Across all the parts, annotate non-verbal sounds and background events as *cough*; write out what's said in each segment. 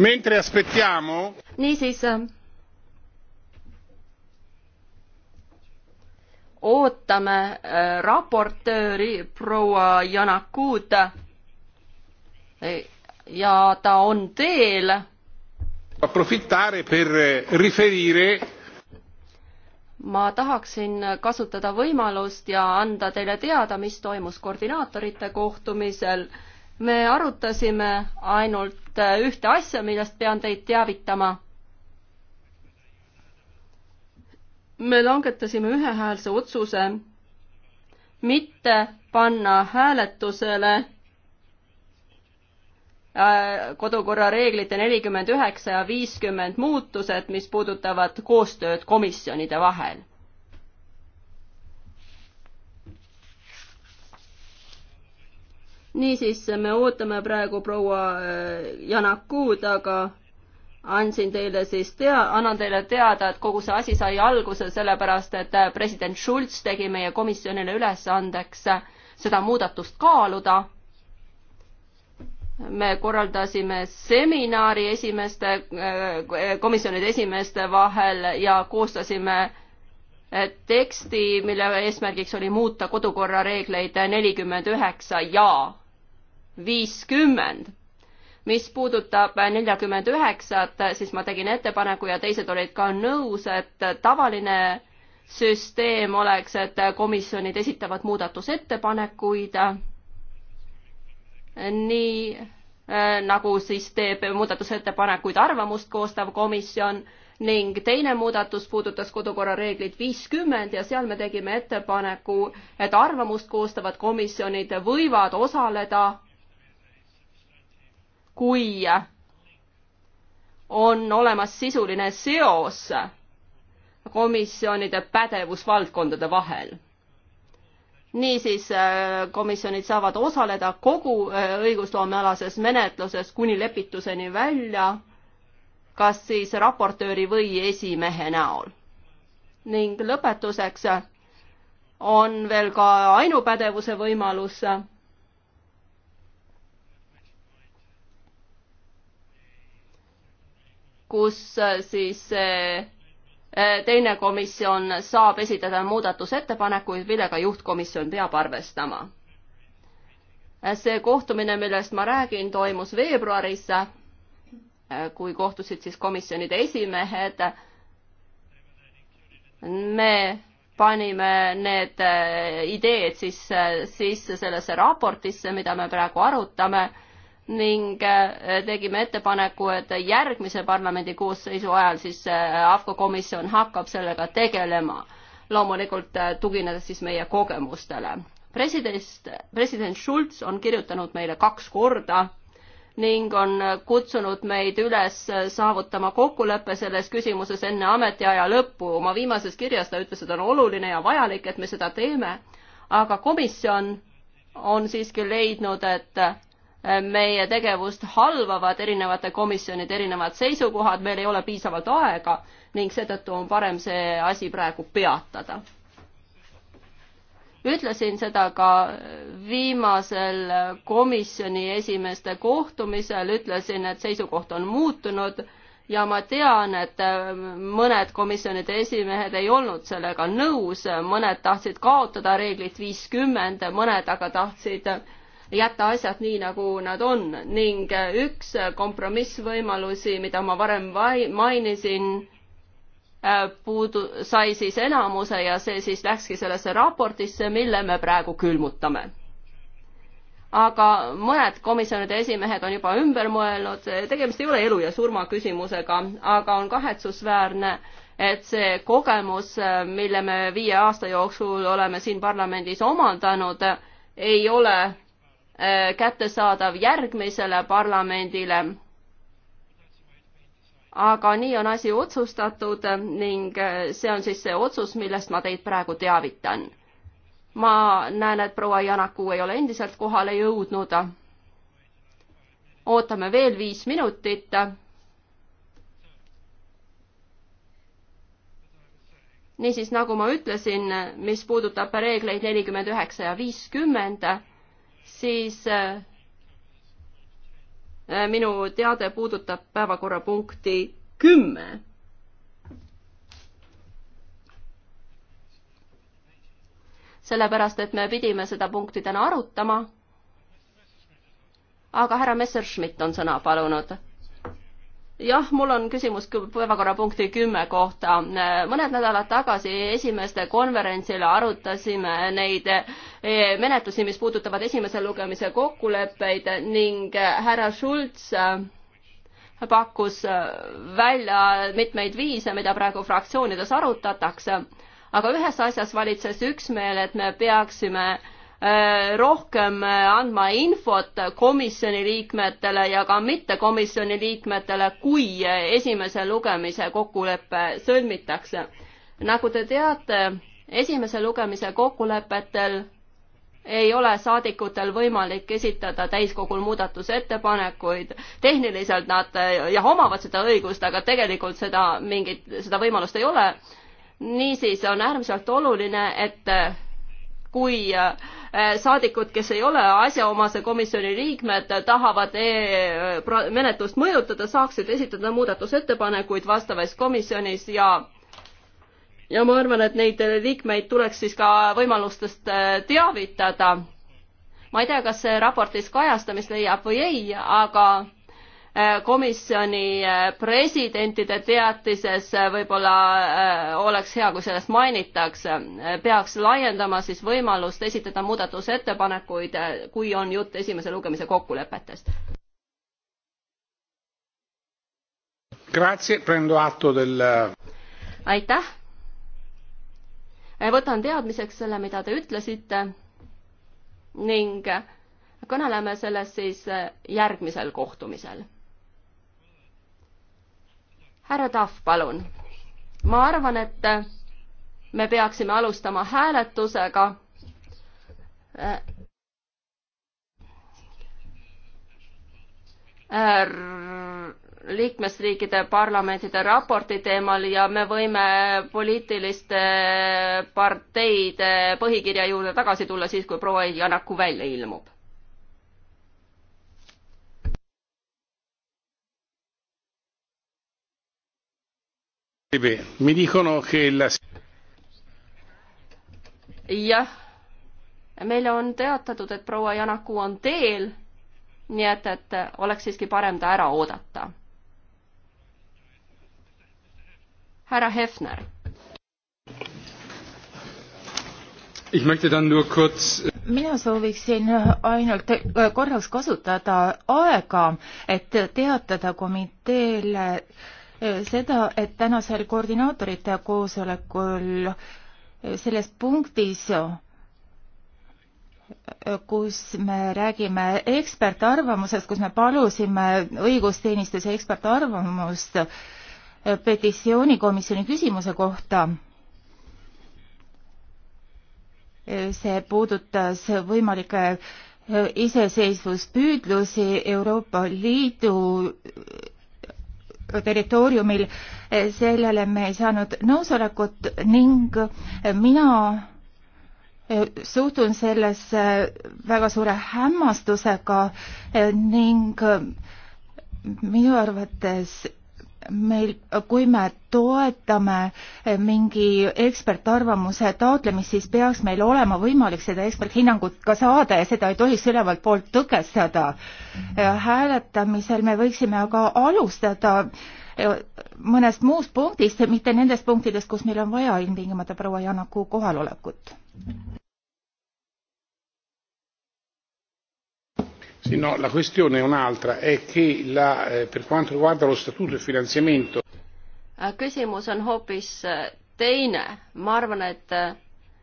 mentre aspettiamo niisiis äh, ootame äh, raportööri proua Janakud ja ta on teel. Approfittare per äh, riferire ma tahaksin kasutada võimalust ja anda teile teada, mis toimus koordinaatorite kohtumisel me arutasime ainult äh, ühte asja, millest pean teid teavitama. me langetasime ühehäälse otsuse mitte panna hääletusele äh, kodukorra reeglite nelikümmend üheksa ja viiskümmend muutused, mis puudutavad koostööd komisjonide vahel niisiis, me ootame praegu proua äh, Janakud, aga andsin teile siis tea-, annan teile teada, et kogu see asi sai alguse sellepärast, et äh, president Schulz tegi meie komisjonile ülesandeks äh, seda muudatust kaaluda. me korraldasime seminari esimeste, komisjonide esimeeste vahel ja koostasime teksti, mille eesmärgiks oli muuta kodukorra reegleid nelikümmend üheksa ja viiskümmend. mis puudutab neljakümmend üheksat, siis ma tegin ettepaneku ja teised olid ka nõus, et tavaline süsteem oleks, et komisjonid esitavad muudatusettepanekuid nii äh, nagu siis teeb muudatusettepanekuid arvamust koostav komisjon ning teine muudatus puudutas kodukorra reeglit viiskümmend ja seal me tegime ettepaneku, et arvamust koostavad komisjonid võivad osaleda, kui on olemas sisuline seos komisjonide pädevusvaldkondade vahel. niisiis äh, komisjonid saavad osaleda kogu äh, õigusloomealases menetluses kuni lepituseni välja kas siis raportööri või esimehe näol. ning lõpetuseks on veel ka ainupädevuse võimalus. kus siis teine komisjon saab esitada muudatusettepanekuid, millega juhtkomisjon peab arvestama. see kohtumine, millest ma räägin, toimus veebruaris kui kohtusid siis komisjonide esimehed. me panime need äh, ideed siis äh, sisse sellesse raportisse, mida me praegu arutame ning äh, tegime ettepaneku, et järgmise parlamendi koosseisu ajal siis AFCO komisjon hakkab sellega tegelema. loomulikult tuginedes siis meie kogemustele. president, president Schulz on kirjutanud meile kaks korda ning on kutsunud meid üles saavutama kokkuleppe selles küsimuses enne ametiaja lõppu. oma viimases kirjas ta ütles, et on oluline ja vajalik, et me seda teeme, aga komisjon on siiski leidnud, et meie tegevust halvavad erinevate komisjonide erinevad seisukohad, meil ei ole piisavalt aega ning seetõttu on parem see asi praegu peatada ütlesin seda ka viimasel komisjoni esimeeste kohtumisel, ütlesin, et seisukoht on muutunud ja ma tean, et mõned komisjonide esimehed ei olnud sellega nõus, mõned tahtsid kaotada reeglit viiskümmend, mõned aga tahtsid jätta asjad nii, nagu nad on ning üks kompromissvõimalusi, mida ma varem mainisin, Äh, puudu, sai siis enamuse ja see siis läkski sellesse raportisse, mille me praegu külmutame. aga mõned komisjonide esimehed on juba ümber mõelnud, tegemist ei ole elu ja surma küsimusega, aga on kahetsusväärne, et see kogemus, äh, mille me viie aasta jooksul oleme siin parlamendis omandanud, ei ole äh, kättesaadav järgmisele parlamendile aga nii on asi otsustatud ning see on siis see otsus, millest ma teid praegu teavitan. ma näen, et proua Janaku ei ole endiselt kohale jõudnud. ootame veel viis minutit. niisiis, nagu ma ütlesin, mis puudutab reegleid nelikümmend üheksa ja viiskümmend, siis Äh, minu teade puudutab päevakorrapunkti kümme. sellepärast, et me pidime seda punkti täna arutama. aga härra Messerschmidt on sõna palunud jah, mul on küsimus päevakorrapunkti kümme kohta. mõned nädalad tagasi esimeste konverentsil arutasime neid eh, menetlusi, mis puudutavad esimese lugemise kokkuleppeid ning härra Schulz eh, pakkus eh, välja mitmeid viise, mida praegu fraktsioonides arutatakse. aga ühes asjas valitses üksmeel, et me peaksime äh, Äh, rohkem äh, andma infot komisjoni liikmetele ja ka mittekomisjoni liikmetele, kui äh, esimese lugemise kokkulepe sõlmitakse. nagu te teate, esimese lugemise kokkulepetel ei ole saadikutel võimalik esitada täiskogul muudatusettepanekuid. tehniliselt nad jah, omavad seda õigust, aga tegelikult seda mingit, seda võimalust ei ole. niisiis on äärmiselt oluline, et kui äh, saadikud, kes ei ole asjaomase komisjoni liikmed, tahavad e menetlust mõjutada, saaksid esitada muudatusettepanekuid vastavas komisjonis ja ja ma arvan, et neid liikmeid tuleks siis ka võimalustest äh, teavitada. ma ei tea, kas see raportis kajastamist leiab või ei, aga Äh, komisjoni äh, presidentide teatises äh, võib-olla oleks hea, kui sellest mainitakse, peaks laiendama siis võimalust esitada muudatusettepanekuid, kui on jutt esimese lugemise kokkulepetest. Del... aitäh. võtan teadmiseks selle, mida te ütlesite ning kõneleme sellest siis järgmisel kohtumisel härra Tahv, palun. ma arvan, et me peaksime alustama hääletusega äh, liikmesriikide parlamentide raporti teemal ja me võime poliitiliste parteide põhikirja juurde tagasi tulla siis, kui proua Janaku välja ilmub jah, meile on teatatud, et proua Janaku on teel, nii et, et oleks siiski parem ta ära oodata. härra Hefner. mina sooviksin ainult korraks kasutada aega, et teatada komiteele äh, seda, et tänasel koordinaatorite koosolekul selles punktis, kus me räägime ekspertarvamusest, kus me palusime õigusteenistuse ekspertarvamust petitsioonikomisjoni küsimuse kohta, see puudutas võimalikke iseseisvuspüüdlusi Euroopa Liidu territooriumil, eh, sellele me ei saanud nõusolekut ning eh, mina eh, suhtun sellesse väga suure hämmastusega ning minu arvates meil, kui me toetame mingi ekspertarvamuse taotlemist, siis peaks meil olema võimalik seda eksperthinnangut ka saada ja seda ei tohiks ülevalt poolt tõkestada. hääletamisel me võiksime aga alustada e, mõnest muust punktist, mitte nendest punktidest, kus meil on vaja ilmtingimata proua Janaku kohalolekut. Sì, no, la questione è un'altra, è che la, eh, per quanto riguarda lo statuto e il finanziamento. Äh, küsimus on hoopis äh, teine. Ma arvan, et äh,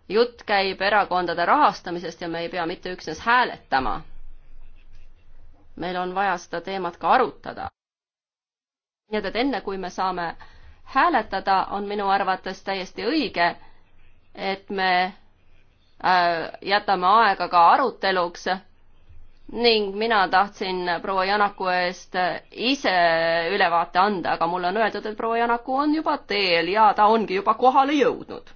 jutt käib erakondade rahastamisest ja me ei pea mitte üksnes hääletama. Meil on vaja seda teemat ka arutada. Nii et enne kui me saame hääletada, on minu arvates täiesti õige, et me jätame aega ka aruteluks ning mina tahtsin proua Janaku eest ise ülevaate anda, aga mulle on öeldud, et proua Janaku on juba teel ja ta ongi juba kohale jõudnud.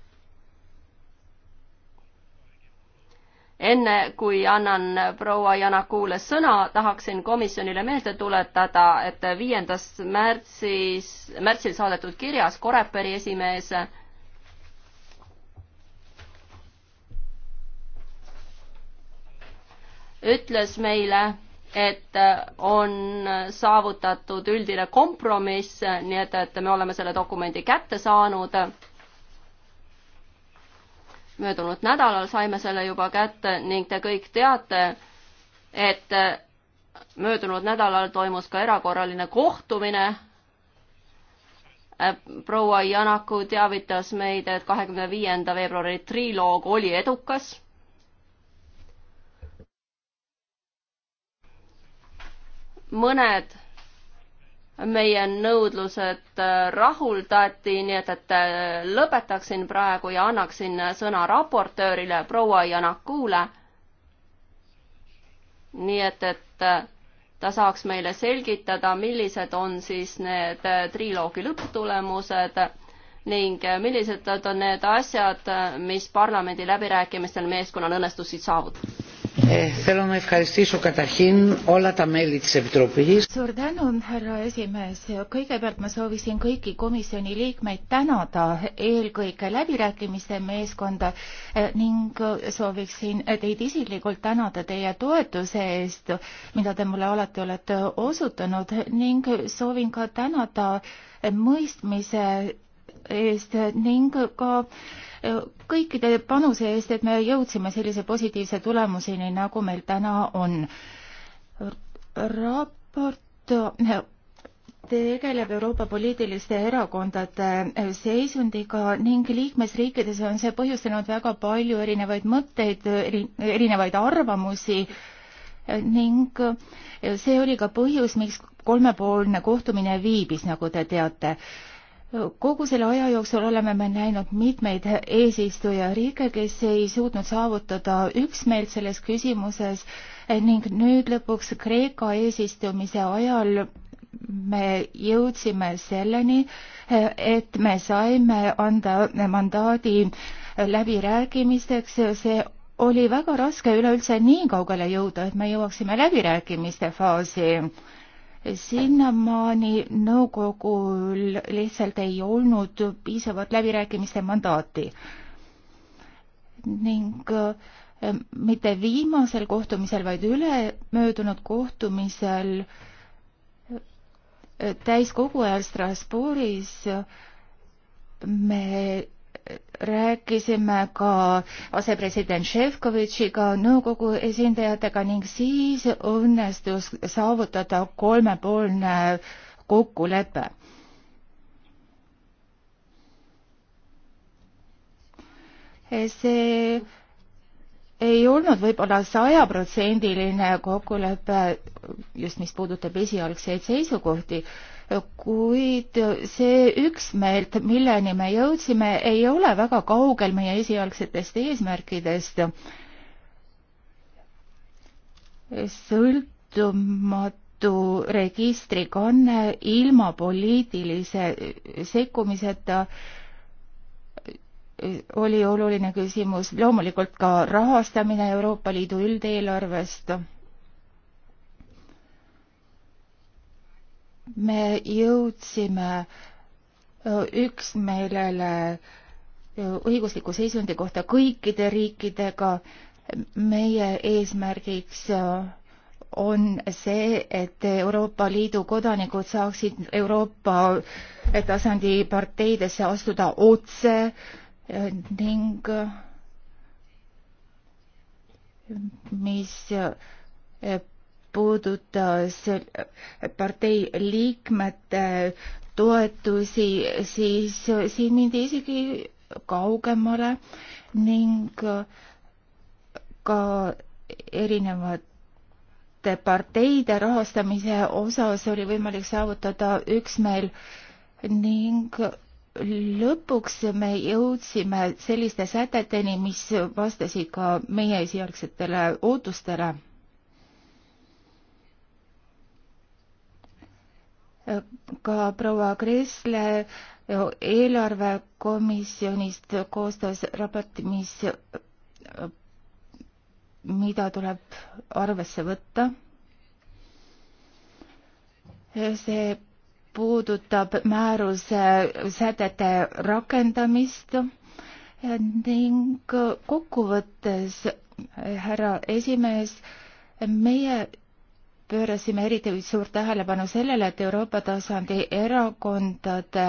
enne kui annan proua Janakule sõna, tahaksin komisjonile meelde tuletada, et viiendas märtsis, märtsil saadetud kirjas Koreperi esimees ütles meile, et äh, on saavutatud üldine kompromiss, nii et, et me oleme selle dokumendi kätte saanud. möödunud nädalal saime selle juba kätte ning te kõik teate, et äh, möödunud nädalal toimus ka erakorraline kohtumine äh, proua Janaku teavitas meid, et kahekümne viienda veebruari triloog oli edukas. mõned meie nõudlused äh, rahuldati, nii et, et äh, lõpetaksin praegu ja annaksin äh, sõna raportöörile proua Janakule. nii et, et ta saaks meile selgitada, millised on siis need triloogi lõpptulemused ning millised on need asjad, mis parlamendi läbirääkimistel meeskonnal õnnestusid saavutada. Ε, θέλω να ευχαριστήσω καταρχήν όλα τα μέλη της Επιτροπής. Suur tänu, härra esimees. Kõigepealt ma soovisin kõiki komisjoni liikmeid tänada eelkõige läbirääkimiste meeskonda eh, ning sooviksin teid isiklikult tänada teie toetuse eest, mida te mulle alati olete osutanud ning soovin ka tänada mõistmise eest ning ka e, kõikide panuse eest, et me jõudsime sellise positiivse tulemuseni, nagu meil täna on. raport e, tegeleb Euroopa poliitiliste erakondade e, seisundiga ning liikmesriikides on see põhjustanud väga palju erinevaid mõtteid, erinevaid arvamusi ning see oli ka põhjus, miks kolmepoolne kohtumine viibis, nagu te teate kogu selle aja jooksul oleme me näinud mitmeid eesistujariike, kes ei suutnud saavutada üksmeelt selles küsimuses ning nüüd lõpuks Kreeka eesistumise ajal me jõudsime selleni, et me saime anda mandaadi läbirääkimisteks, see oli väga raske üleüldse nii kaugele jõuda, et me jõuaksime läbirääkimiste faasi sinnamaani nõukogul lihtsalt ei olnud piisavat läbirääkimiste mandaati ning eh, mitte viimasel kohtumisel, vaid ülemöödunud kohtumisel eh, täiskogu ajal Strasbourgis eh, me rääkisime ka asepresident Šefkovitšiga, nõukogu esindajatega ning siis õnnestus saavutada kolmepoolne kokkulepe. see ei olnud võib-olla sajaprotsendiline kokkulepe just mis puudutab esialgseid seisukohti kuid see üksmeelt, milleni me jõudsime, ei ole väga kaugel meie esialgsetest eesmärkidest. sõltumatu registrikanne ilma poliitilise sekkumiseta oli oluline küsimus, loomulikult ka rahastamine Euroopa Liidu üldeelarvest me jõudsime üksmeelele õigusliku seisundi kohta kõikide riikidega. meie eesmärgiks on see, et Euroopa Liidu kodanikud saaksid Euroopa tasandi parteidesse astuda otse ning mis puudutas partei liikmete toetusi, siis siin mindi isegi kaugemale ning ka erinevate parteide rahastamise osas oli võimalik saavutada üksmeel ning lõpuks me jõudsime selliste säteteni, mis vastasid ka meie esialgsetele ootustele ka proua Kresle eelarvekomisjonist koostas raport, mis, mida tuleb arvesse võtta. see puudutab määruse sätete rakendamist ning kokkuvõttes, härra esimees, meie pöörasime eriti suurt tähelepanu sellele, et Euroopa tasandi erakondade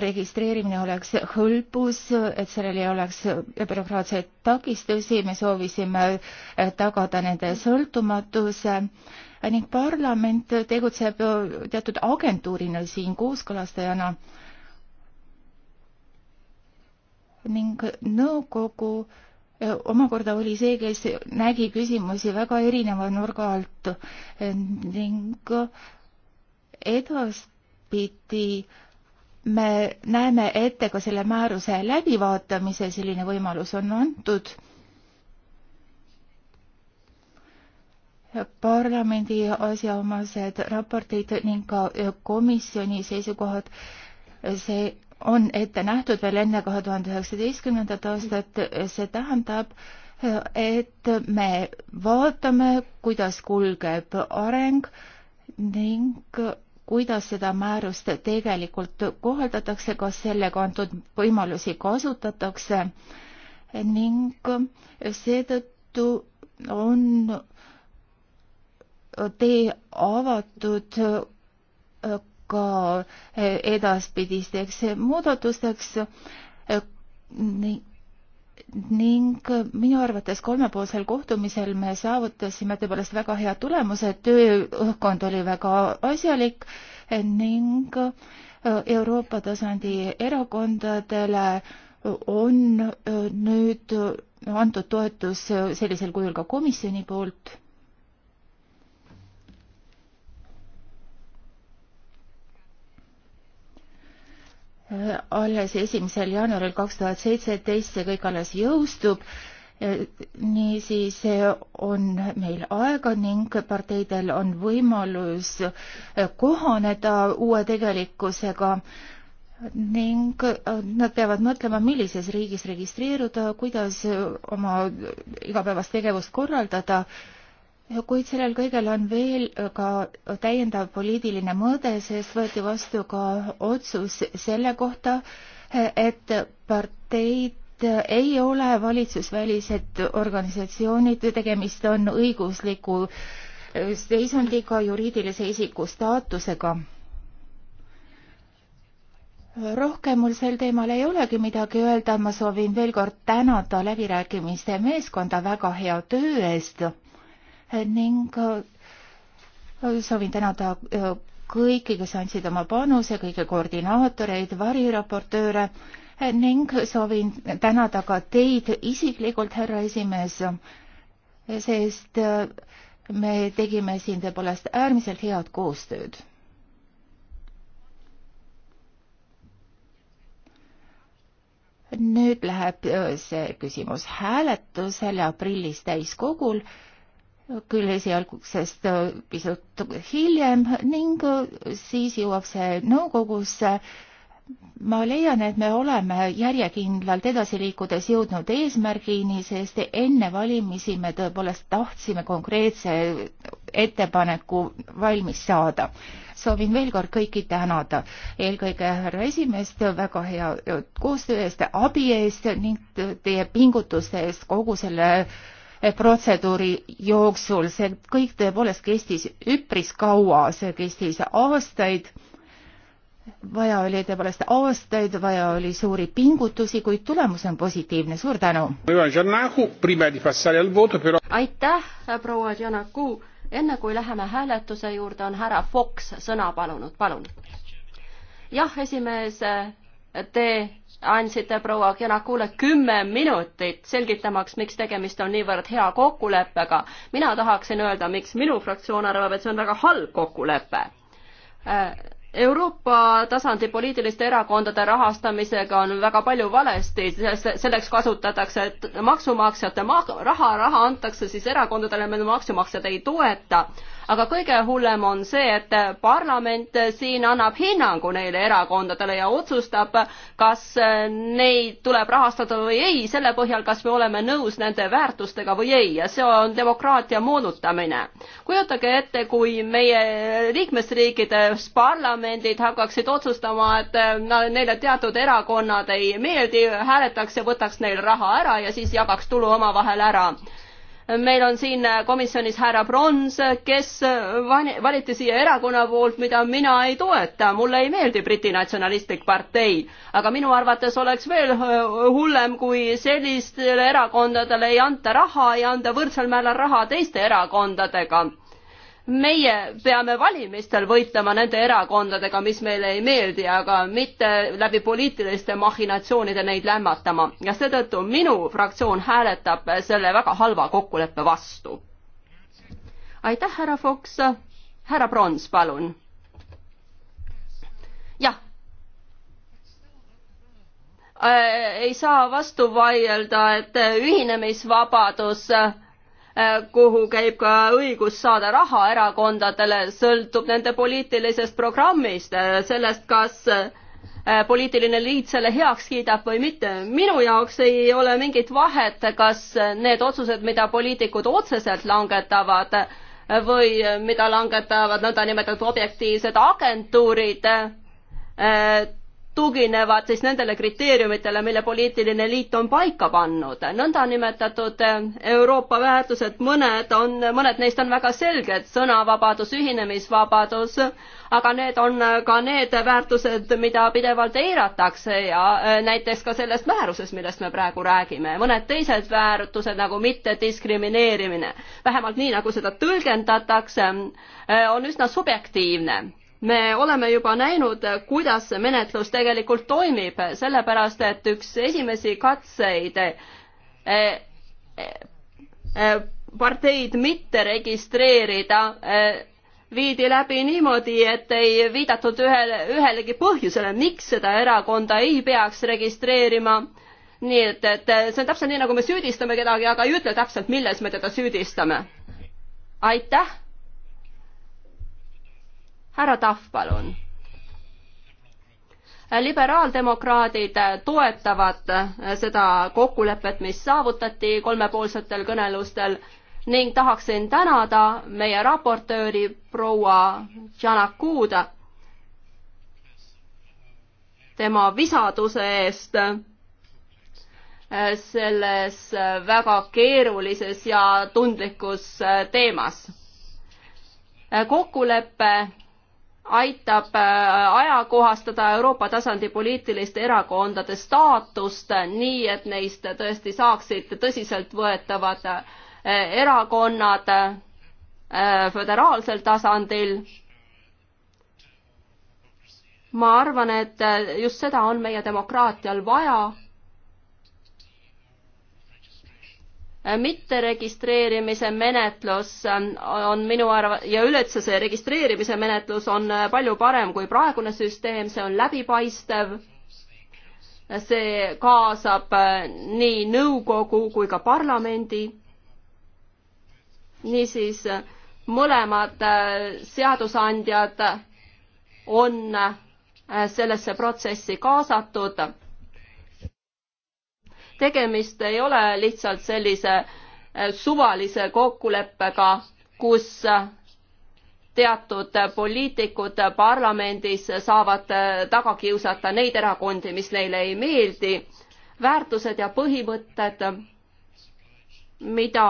registreerimine oleks hõlbus, et sellel ei oleks bürokraatseid takistusi, me soovisime eh, tagada nende sõltumatuse ning parlament tegutseb teatud agentuurina siin kooskõlastajana ning nõukogu no, omakorda oli see, kes nägi küsimusi väga erineva nurga alt ning edaspidi me näeme ette ka selle määruse läbivaatamise, selline võimalus on antud. parlamendi asjaomased raportid ning ka komisjoni seisukohad, see on ette nähtud veel enne kahe tuhande üheksateistkümnendat aastat, see tähendab, et me vaatame, kuidas kulgeb areng ning kuidas seda määrust tegelikult kohaldatakse, kas sellega antud võimalusi kasutatakse ning seetõttu on tee avatud ka e, edaspidisteks muudatusteks e, ning minu arvates kolmepoolsel kohtumisel me saavutasime tõepoolest väga head tulemused, tööõhkkond oli väga asjalik e, ning Euroopa tasandi erakondadele on nüüd antud toetus sellisel kujul ka komisjoni poolt alles esimesel jaanuaril kaks tuhat seitseteist see kõik alles jõustub. E, niisiis on meil aega ning parteidel on võimalus kohaneda uue tegelikkusega ning nad peavad mõtlema, millises riigis registreeruda, kuidas oma igapäevast tegevust korraldada kuid sellel kõigel on veel äh, ka täiendav poliitiline mõõde, sest võeti vastu ka otsus selle kohta, äh, et parteid äh, ei ole valitsusvälised organisatsioonid, tegemist on õigusliku seisundiga, juriidilise isiku staatusega. rohkem mul sel teemal ei olegi midagi öelda, ma soovin veel kord tänada läbirääkimiste meeskonda väga hea töö eest ning äh, soovin tänada äh, kõiki, kes andsid oma panuse, kõiki koordinaatoreid, variraportööre äh, ning soovin tänada ka teid isiklikult, härra esimees, sest me tegime siin tõepoolest äärmiselt head koostööd nüüd läheb see küsimus hääletusele aprillis täiskogul küll esialgsest äh, pisut hiljem ning äh, siis jõuab see nõukogusse. ma leian, et me oleme järjekindlalt edasi liikudes jõudnud eesmärgini, sest enne valimisi me tõepoolest tahtsime konkreetse ettepaneku valmis saada. soovin veel kord kõiki tänada, eelkõige härra esimeest väga hea koostöö eest, abi eest ning teie pingutuste eest kogu selle äh, protseduuri jooksul, see kõik tõepoolest kestis üpris kaua, see kestis aastaid, vaja oli tõepoolest aastaid, vaja oli suuri pingutusi, kuid tulemus on positiivne, suur tänu! aitäh, proua Janaku, enne kui läheme hääletuse juurde, on härra Fox sõna palunud, palun! jah, esimees, te andsite proua Genakule kümme minutit selgitamaks, miks tegemist on niivõrd hea kokkuleppega. mina tahaksin öelda, miks minu fraktsioon arvab, et see on väga halb kokkulepe. Äh, Euroopa tasandi poliitiliste erakondade rahastamisega on väga palju valesti, selleks kasutatakse maksumaksjate raha, raha antakse siis erakondadele, mida maksumaksjad ei toeta aga kõige hullem on see, et parlament siin annab hinnangu neile erakondadele ja otsustab, kas neid tuleb rahastada või ei, selle põhjal, kas me oleme nõus nende väärtustega või ei ja see on demokraatia moonutamine. kujutage ette, kui meie liikmesriikides parlamendid hakkaksid otsustama, et neile teatud erakonnad ei meeldi, hääletaks ja võtaks neil raha ära ja siis jagaks tulu omavahel ära meil on siin äh, komisjonis härra Brons, äh, kes äh, valiti siia erakonna poolt, mida mina ei toeta, mulle ei meeldi Briti Natsionalistlik Partei. aga minu arvates oleks veel hullem, kui sellistele erakondadele ei anta raha ja anda võrdsel määral raha teiste erakondadega meie peame valimistel võitlema nende erakondadega, mis meile ei meeldi, aga mitte läbi poliitiliste mahhinatsioonide neid lämmatama ja seetõttu minu fraktsioon hääletab selle väga halva kokkuleppe vastu. aitäh, härra Fox. härra Brons, palun. jah äh,. ei saa vastu vaielda, et ühinemisvabadus äh, Äh, kuhu käib ka õigus saada raha erakondadele, sõltub nende poliitilisest programmist, äh, sellest, kas äh, poliitiline liit selle heaks kiidab või mitte. minu jaoks ei ole mingit vahet, kas need otsused, mida poliitikud otseselt langetavad või mida langetavad nõndanimetatud objektiivsed agentuurid, tuginevad siis nendele kriteeriumitele, mille poliitiline liit on paika pannud. nõndanimetatud Euroopa väärtused, mõned on, mõned neist on väga selged, sõnavabadus, ühinemisvabadus, aga need on ka need väärtused, mida pidevalt eiratakse ja äh, näiteks ka selles määruses, millest me praegu räägime. mõned teised väärtused nagu mittediskrimineerimine, vähemalt nii, nagu seda tõlgendatakse, äh, on üsna subjektiivne me oleme juba näinud, kuidas see menetlus tegelikult toimib, sellepärast et üks esimesi katseid eh, eh, eh, parteid mitte registreerida viidi läbi niimoodi, et ei viidatud ühele, ühelegi põhjusele, miks seda erakonda ei peaks registreerima. nii et, et see on täpselt nii, nagu me süüdistame kedagi, aga ei ütle täpselt, milles me teda süüdistame. aitäh härra Tahv, palun. liberaaldemokraadid toetavad seda kokkulepet, mis saavutati kolmepoolsetel kõnelustel ning tahaksin tänada meie raportööri proua Janakuda tema visaduse eest selles väga keerulises ja tundlikus teemas. kokkulepe aitab äh, ajakohastada Euroopa tasandi poliitiliste erakondade staatust, nii et neist tõesti saaksid tõsiseltvõetavad äh, erakonnad äh, föderaalsel tasandil. ma arvan, et just seda on meie demokraatial vaja Äh, mitteregistreerimise menetlus ähm, on minu arv- ja üleüldse see registreerimise menetlus on äh, palju parem kui praegune süsteem, see on läbipaistev, äh, see kaasab nii nõukogu kui ka parlamendi. niisiis, mõlemad seadusandjad on sellesse protsessi kaasatud tegemist ei ole lihtsalt sellise äh, suvalise kokkuleppega, kus äh, teatud poliitikud parlamendis saavad äh, taga kiusata neid erakondi, mis neile ei meeldi. väärtused ja põhimõtted, mida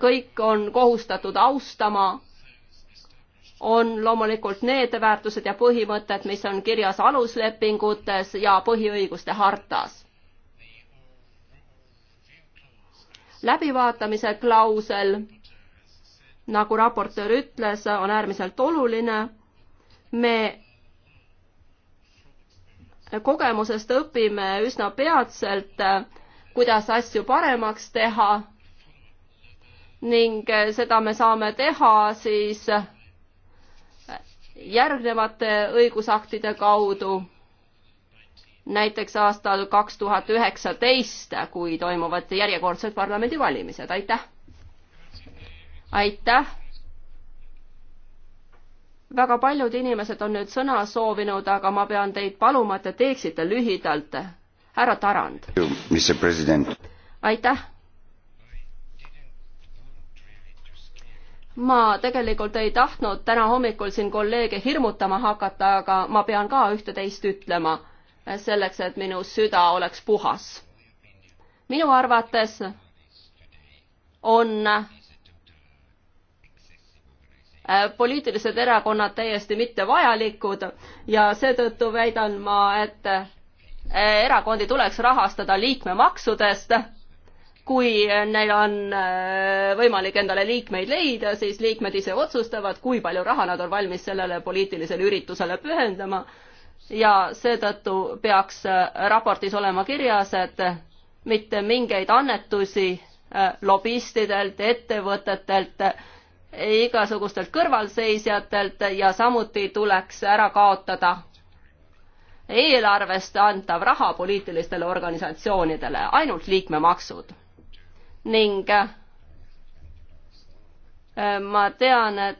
kõik on kohustatud austama on loomulikult need väärtused ja põhimõtted, mis on kirjas aluslepingutes ja põhiõiguste hartas. läbivaatamise klausel, nagu raportöör ütles, on äärmiselt oluline. me kogemusest õpime üsna peatselt, kuidas asju paremaks teha ning seda me saame teha siis järgnevate õigusaktide kaudu, näiteks aastal kaks tuhat üheksateist, kui toimuvad järjekordsed parlamendivalimised, aitäh! aitäh! väga paljud inimesed on nüüd sõna soovinud, aga ma pean teid paluma, et te teeksite lühidalt. härra Tarand. aitäh! ma tegelikult ei tahtnud täna hommikul siin kolleege hirmutama hakata, aga ma pean ka ühte-teist ütlema selleks, et minu süda oleks puhas. minu arvates on äh, poliitilised erakonnad täiesti mittevajalikud ja seetõttu väidan ma, et äh, erakondi tuleks rahastada liikmemaksudest kui neil on äh, võimalik endale liikmeid leida, siis liikmed ise otsustavad, kui palju raha nad on valmis sellele poliitilisele üritusele pühendama ja seetõttu peaks äh, raportis olema kirjas, et mitte mingeid annetusi äh, lobistidelt, ettevõtetelt, igasugustelt kõrvalseisjatelt ja samuti tuleks ära kaotada eelarvest antav raha poliitilistele organisatsioonidele, ainult liikmemaksud ning äh, ma tean, et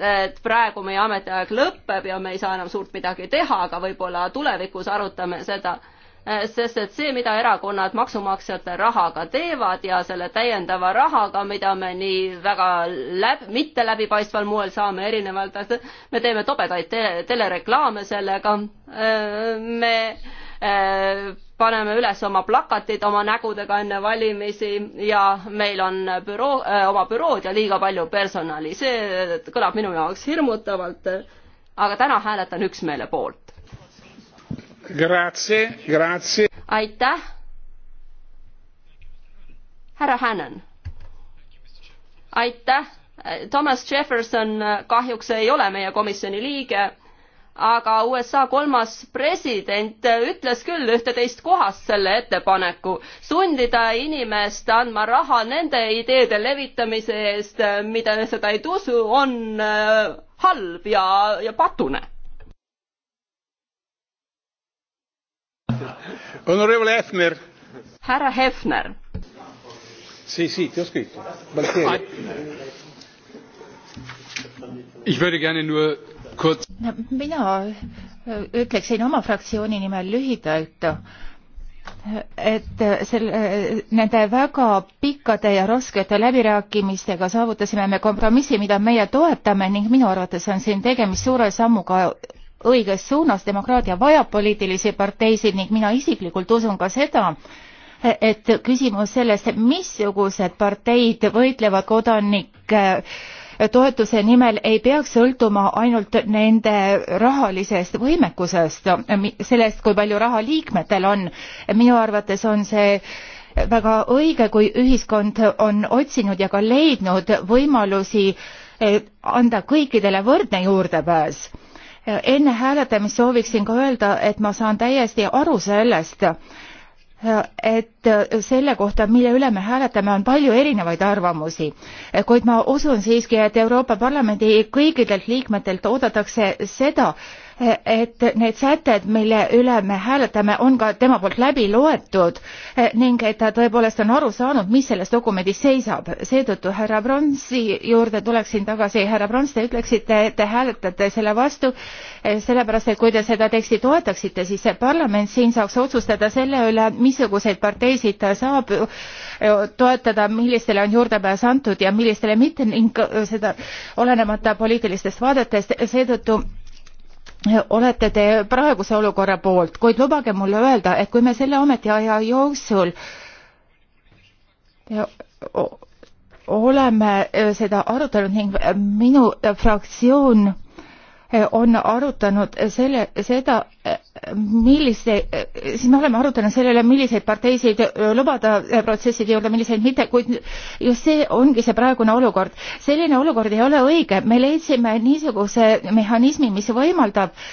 et praegu meie ametiaeg lõpeb ja me ei saa enam suurt midagi teha, aga võib-olla tulevikus arutame seda, äh, sest et see, mida erakonnad maksumaksjate rahaga teevad ja selle täiendava rahaga, mida me nii väga läb-, mitte läbipaistval moel saame erinevalt, me teeme tobedaid te telereklaame sellega, äh, me Äh, paneme üles oma plakatid oma nägudega enne valimisi ja meil on büroo, äh, oma bürood ja liiga palju personali. see äh, kõlab minu jaoks hirmutavalt, aga täna hääletan üksmeele poolt. aitäh. härra Hannan. aitäh. Thomas Jefferson kahjuks ei ole meie komisjoni liige aga USA kolmas president ütles küll ühte-teist kohast selle ettepaneku, sundida inimest andma raha nende ideede levitamise eest, mida seda ei usu, on äh, halb ja, ja patune. Honorable Hefner. härra Hefner. Si, si, ti ho scritto. Baltieri. Ich würde gerne nur mina äh, ütleksin oma fraktsiooni nimel lühidalt, et äh, selle, äh, nende väga pikkade ja raskete läbirääkimistega saavutasime me kompromissi, mida meie toetame ning minu arvates on siin tegemist suure sammuga õiges suunas, demokraatia vajab poliitilisi parteisid ning mina isiklikult usun ka seda, et küsimus sellest, missugused parteid võitlevad kodanike äh, toetuse nimel ei peaks sõltuma ainult nende rahalisest võimekusest, sellest, kui palju raha liikmetel on. minu arvates on see väga õige, kui ühiskond on otsinud ja ka leidnud võimalusi eh, anda kõikidele võrdne juurdepääs. enne hääletamist sooviksin ka öelda, et ma saan täiesti aru sellest, et selle kohta, mille üle me hääletame, on palju erinevaid arvamusi, kuid ma usun siiski, et Euroopa Parlamendi kõikidelt liikmetelt oodatakse seda, et need sätted, mille üle me hääletame, on ka tema poolt läbi loetud eh, ning et ta tõepoolest on aru saanud, mis selles dokumendis seisab. seetõttu härra Bronsi juurde tuleksin tagasi. härra Brons, te ütleksite, et te hääletate selle vastu, eh, sellepärast et kui te seda teksti toetaksite, siis see parlament siin saaks otsustada selle üle, missuguseid parteisid ta saab eh, toetada, millistele on juurdepääs antud ja millistele mitte ning seda olenemata poliitilistest vaadetest. seetõttu olete te praeguse olukorra poolt, kuid lubage mulle öelda, et kui me selle ametiaja jooksul oleme eh, seda arutanud ning minu fraktsioon on arutanud selle, seda, millise, siis me oleme arutanud selle üle, milliseid parteisid lubada protsesside juurde, milliseid mitte, kuid just see ongi see praegune olukord. selline olukord ei ole õige, me leidsime niisuguse mehhanismi, mis võimaldab äh,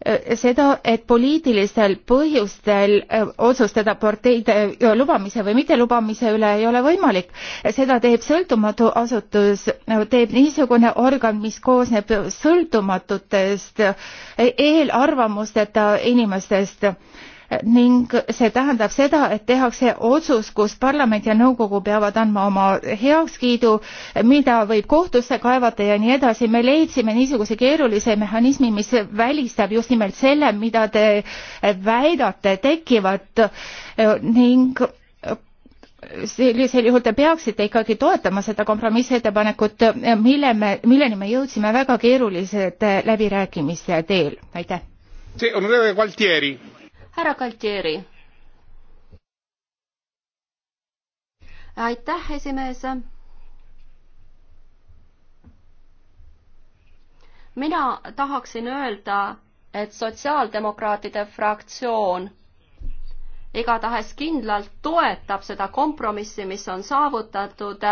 Äh, seda, et poliitilistel põhjustel äh, otsustada parteide äh, lubamise või mittelubamise üle ei ole võimalik. seda teeb sõltumatu asutus, teeb niisugune organ, mis koosneb sõltumatutest eelarvamusteta inimestest ning see tähendab seda, et tehakse otsus, kus parlament ja nõukogu peavad andma oma heakskiidu, mida võib kohtusse kaevata ja nii edasi. me leidsime niisuguse keerulise mehhanismi, mis välistab just nimelt selle, mida te väidate tekkivat e, ning sellisel juhul te peaksite ikkagi toetama seda kompromissettepanekut, mille me, milleni me jõudsime väga keerulised läbirääkimiste teel. aitäh. see on Rene Gualtieri härra Galtieri. aitäh, esimees. mina tahaksin öelda, et sotsiaaldemokraatide fraktsioon igatahes kindlalt toetab seda kompromissi, mis on saavutatud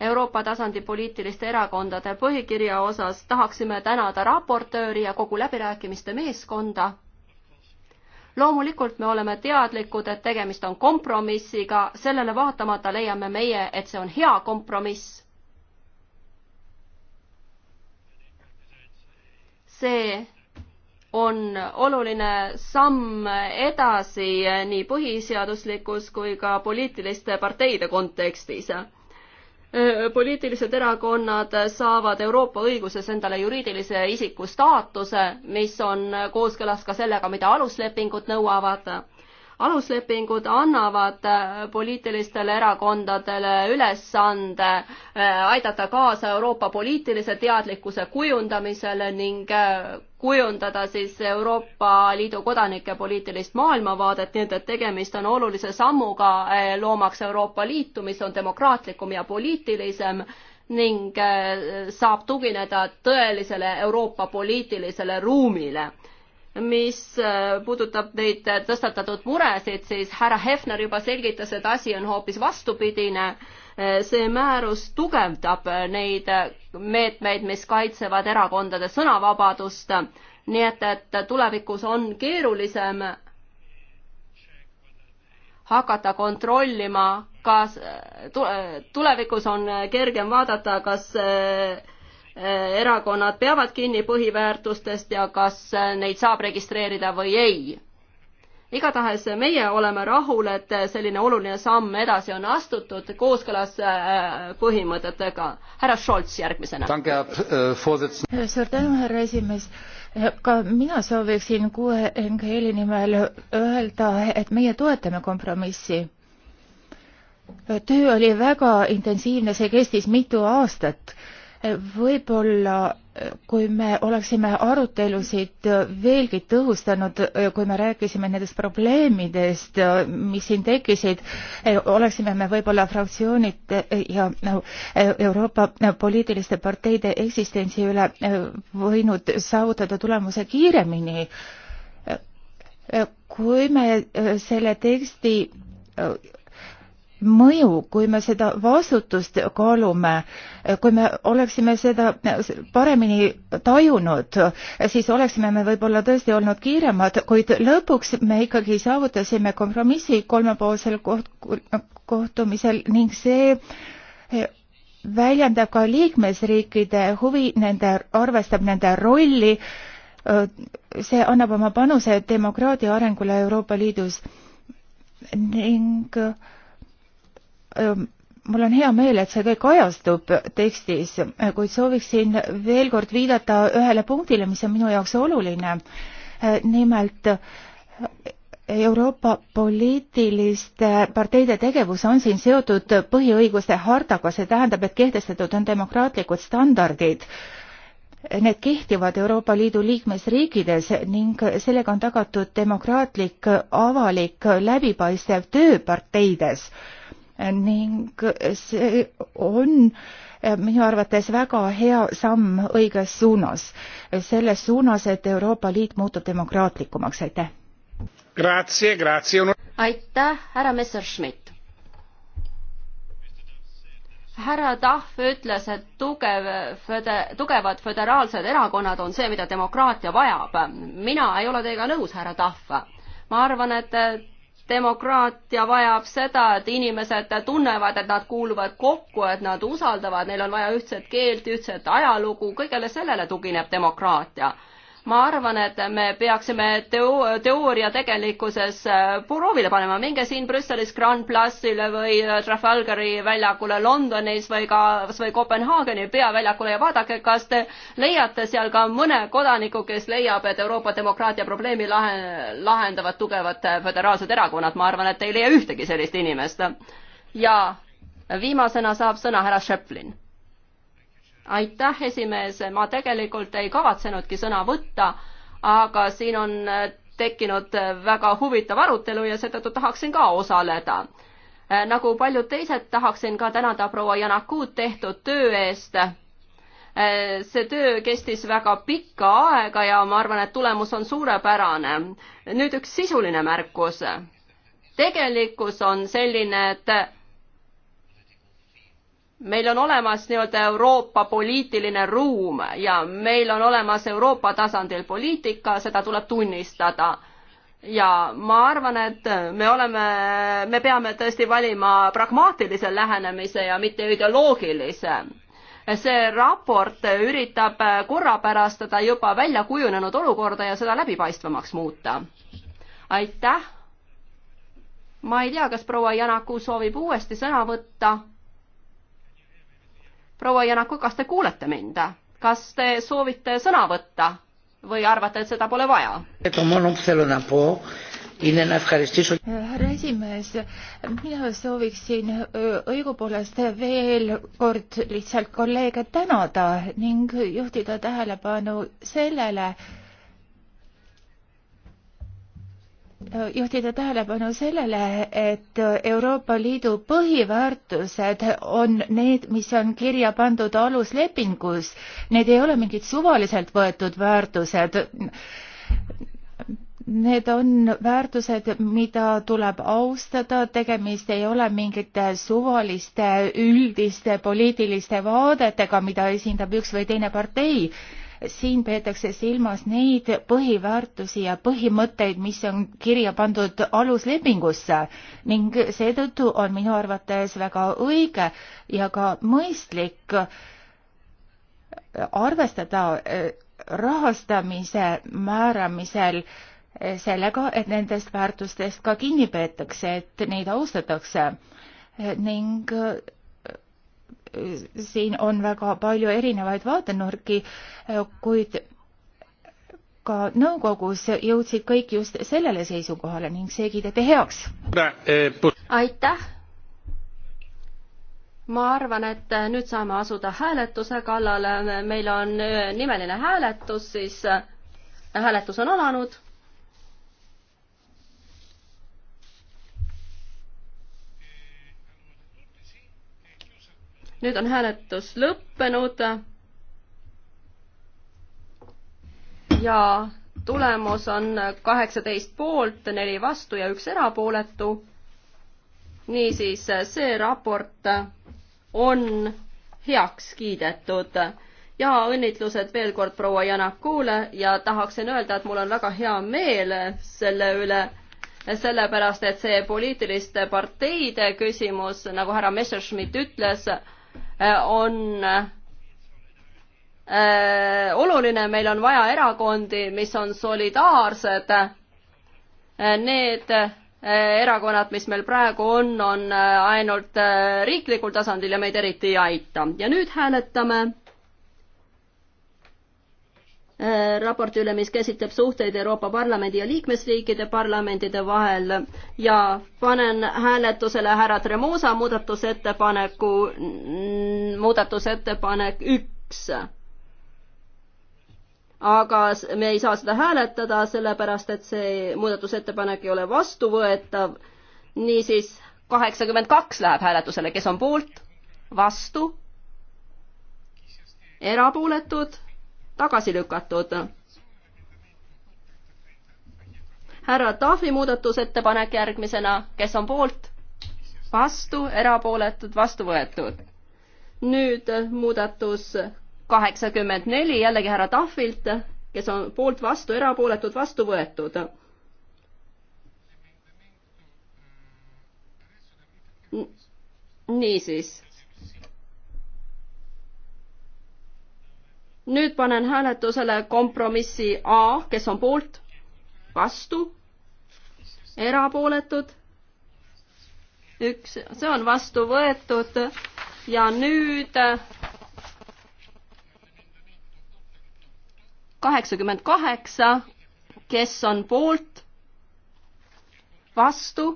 Euroopa tasandi poliitiliste erakondade põhikirja osas. tahaksime tänada raportööri ja kogu läbirääkimiste meeskonda loomulikult me oleme teadlikud, et tegemist on kompromissiga, sellele vaatamata leiame meie, et see on hea kompromiss. see on oluline samm edasi nii põhiseaduslikus kui ka poliitiliste parteide kontekstis Äh, poliitilised erakonnad saavad Euroopa õiguses endale juriidilise isiku staatuse, mis on kooskõlas ka sellega, mida aluslepingud nõuavad. aluslepingud annavad äh, poliitilistele erakondadele ülesande äh, aidata kaasa Euroopa poliitilise teadlikkuse kujundamisele ning kujundada siis Euroopa Liidu kodanike poliitilist maailmavaadet, nii et, et tegemist on olulise sammuga eh, loomaks Euroopa Liitu, mis on demokraatlikum ja poliitilisem ning eh, saab tugineda tõelisele Euroopa poliitilisele ruumile mis eh, puudutab neid tõstatatud muresid, siis härra Hefner juba selgitas, et asi on hoopis vastupidine see määrus tugevdab neid meetmeid, mis kaitsevad erakondade sõnavabadust, nii et, et tulevikus on keerulisem hakata kontrollima, kas tulevikus on kergem vaadata, kas eh, erakonnad peavad kinni põhiväärtustest ja kas neid saab registreerida või ei igatahes meie oleme rahul, et selline oluline samm edasi on astutud kooskõlas äh, põhimõtetega. härra Scholz järgmisena. Äh, äh, suur tänu, härra esimees. ka mina sooviksin kuue NGL-i nimel öelda, et meie toetame kompromissi töö oli väga intensiivne, see kestis mitu aastat võib-olla eh, kui me oleksime arutelusid eh, veelgi tõhustanud, eh, kui me rääkisime nendest probleemidest, mis siin tekkisid, oleksime me võib-olla fraktsioonid ja Euroopa poliitiliste parteide eksistentsi üle võinud saavutada tulemuse kiiremini. kui me selle teksti mõju, kui me seda vastutust kaalume, kui me oleksime seda paremini tajunud, siis oleksime me võib-olla tõesti olnud kiiremad, kuid lõpuks me ikkagi saavutasime kompromissi kolmepoolsel koht-, kohtumisel ning see väljendab ka liikmesriikide huvi, nende, arvestab nende rolli, see annab oma panuse demokraatia arengule Euroopa Liidus ning äh, mul on hea meel, et see kõik ajastub tekstis, kuid sooviksin veel kord viidata ühele punktile, mis on minu jaoks oluline. nimelt Euroopa poliitiliste parteide tegevus on siin seotud põhiõiguste hardaga, see tähendab, et kehtestatud on demokraatlikud standardid. Need kehtivad Euroopa Liidu liikmesriikides ning sellega on tagatud demokraatlik, avalik, läbipaistev töö parteides ning see on eh, minu arvates väga hea samm õiges suunas, selles suunas, et Euroopa Liit muutub demokraatlikumaks, aitäh! aitäh, härra Messerschmidt! härra Tahv ütles, et tugev föde-, tugevad föderaalsed erakonnad on see, mida demokraatia vajab. mina ei ole teiega nõus, härra Tahv. ma arvan, et demokraatia vajab seda, et inimesed tunnevad, et nad kuuluvad kokku, et nad usaldavad, neil on vaja ühtset keelt, ühtset ajalugu, kõigele sellele tugineb demokraatia ma arvan, et me peaksime teo-, teooria tegelikkuses äh, proovile panema, minge siin Brüsselis Grand Place'ile või äh, Trafalgari väljakule Londonis või ka kas või Kopenhaageni peaväljakule ja vaadake, kas te leiate seal ka mõne kodaniku, kes leiab, et Euroopa demokraatia probleemi lahe, lahendavad tugevad äh, föderaalsed erakonnad, ma arvan, et ei leia ühtegi sellist inimest. ja viimasena saab sõna härra Šeplin aitäh, esimees, ma tegelikult ei kavatsenudki sõna võtta, aga siin on äh, tekkinud äh, väga huvitav arutelu ja seetõttu tahaksin ka osaleda. Äh, nagu paljud teised, tahaksin ka tänada proua Janakut tehtud töö eest. see töö kestis väga pikka aega ja ma arvan, et tulemus on suurepärane. nüüd üks sisuline märkus. tegelikkus on selline, et meil on olemas nii-öelda Euroopa poliitiline ruum ja meil on olemas Euroopa tasandil poliitika, seda tuleb tunnistada. ja ma arvan, et me oleme, me peame tõesti valima pragmaatilise lähenemise ja mitte ideoloogilise. see raport üritab korrapärastada juba välja kujunenud olukorda ja seda läbipaistvamaks muuta. aitäh! ma ei tea, kas proua Janaku soovib uuesti sõna võtta proua Janaku, kas te kuulete mind? kas te soovite sõna võtta või arvate, et seda pole vaja? härra esimees, mina sooviksin õigupoolest veel kord lihtsalt kolleege tänada ning juhtida tähelepanu sellele, juhtida tähelepanu sellele, et Euroopa Liidu põhiväärtused on need, mis on kirja pandud aluslepingus. Need ei ole mingid suvaliselt võetud väärtused. Need on väärtused, mida tuleb austada, tegemist ei ole mingite suvaliste üldiste poliitiliste vaadetega, mida esindab üks või teine partei siin peetakse silmas neid põhiväärtusi ja põhimõtteid, mis on kirja pandud aluslepingusse ning seetõttu on minu arvates väga õige ja ka mõistlik arvestada äh, rahastamise määramisel äh, sellega, et nendest väärtustest ka kinni peetakse, et neid austatakse äh, ning siin on väga palju erinevaid vaatenurki, kuid ka nõukogus jõudsid kõik just sellele seisukohale ning see kiideti heaks. aitäh! ma arvan, et nüüd saame asuda hääletuse kallale, meil on nimeline hääletus, siis hääletus on alanud nüüd on hääletus lõppenud. ja tulemus on kaheksateist poolt, neli vastu ja üks erapooletu. niisiis, see raport on heaks kiidetud ja õnnitlused veel kord proua Janakule ja tahaksin öelda, et mul on väga hea meel selle üle, sellepärast et see poliitiliste parteide küsimus, nagu härra Messerschmidt ütles, Äh, on äh, oluline, meil on vaja erakondi, mis on solidaarsed. Äh, need erakonnad, mis meil praegu on, on ainult riiklikul tasandil ja meid eriti ei aita. ja nüüd hääletame raporti üle, mis käsitleb suhteid Euroopa Parlamendi ja liikmesriikide parlamentide vahel ja panen hääletusele härra Tremosa muudatusettepaneku, muudatusettepanek üks. aga me ei saa seda hääletada, sellepärast et see muudatusettepanek ei ole vastuvõetav. niisiis kaheksakümmend kaks läheb hääletusele, kes on poolt, vastu, erapooletud tagasi lükatud. härra Tahvi muudatusettepanek järgmisena, kes on poolt? vastu, erapooletud, vastu võetud. nüüd muudatus kaheksakümmend neli, jällegi härra Tahvilt, kes on poolt, vastu, erapooletud, vastu võetud niisiis nüüd panen hääletusele kompromissi A, kes on poolt, vastu, erapooletud, üks, see on vastu võetud ja nüüd kaheksakümmend kaheksa, kes on poolt, vastu,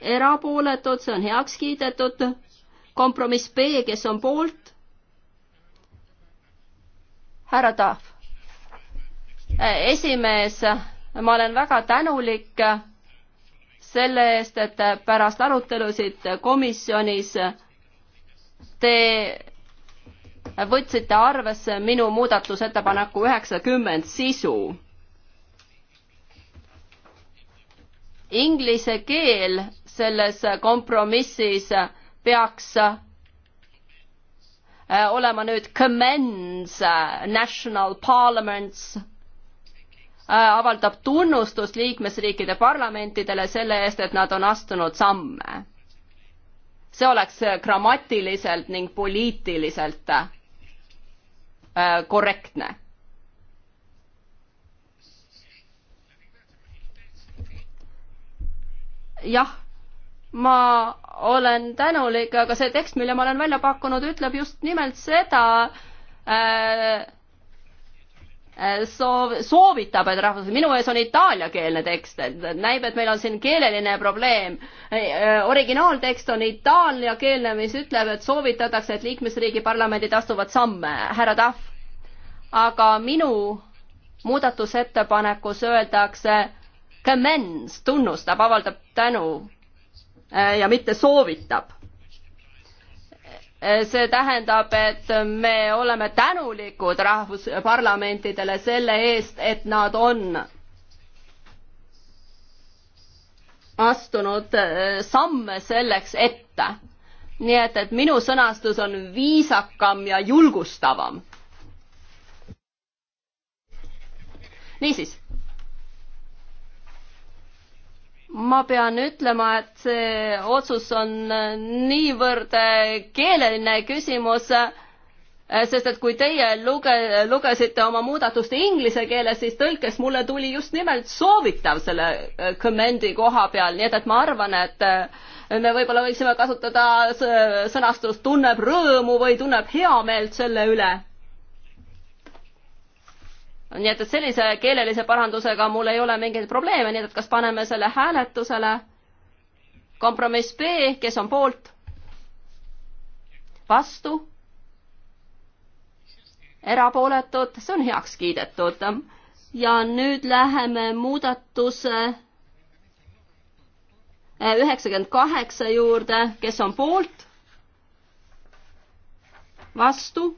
erapooletud, see on heaks kiidetud, kompromiss B, kes on poolt, härra Tahv. esimees, ma olen väga tänulik selle eest, et pärast arutelusid komisjonis te võtsite arvesse minu muudatusettepaneku üheksakümmend sisu. Inglise keel selles kompromissis peaks Äh, olema nüüd Commends äh, National Parliaments äh, avaldab tunnustust liikmesriikide parlamentidele selle eest, et nad on astunud samme. see oleks grammatiliselt ning poliitiliselt korrektne. jah, ma olen tänulik, aga see tekst, mille ma olen välja pakkunud, ütleb just nimelt seda äh, äh soov, soovitab, et rahvus, minu ees on itaaliakeelne tekst, et näib, et meil on siin keeleline probleem. Äh, originaaltekst on itaaliakeelne, mis ütleb, et soovitatakse, et liikmesriigi parlamendid astuvad samme, härra Tahv. aga minu muudatusettepanekus öeldakse commends, tunnustab, avaldab tänu Äh, ja mitte soovitab äh, see tähendab, et me oleme tänulikud rahvusparlamentidele selle eest, et nad on astunud äh, samme selleks ette. nii et, et minu sõnastus on viisakam ja julgustavam. niisiis, ma pean ütlema, et see otsus on niivõrd keeleline küsimus, sest et kui teie luge-, lugesite oma muudatust inglise keeles, siis tõlkes mulle tuli just nimelt soovitav selle commend'i koha peal, nii et, et ma arvan, et me võib-olla võiksime kasutada sõnastust tunneb rõõmu või tunneb heameelt selle üle nii et, et sellise keelelise parandusega mul ei ole mingeid probleeme, nii et kas paneme selle hääletusele? kompromiss B, kes on poolt? vastu? erapooletud, see on heaks kiidetud. ja nüüd läheme muudatuse üheksakümmend kaheksa juurde, kes on poolt? vastu?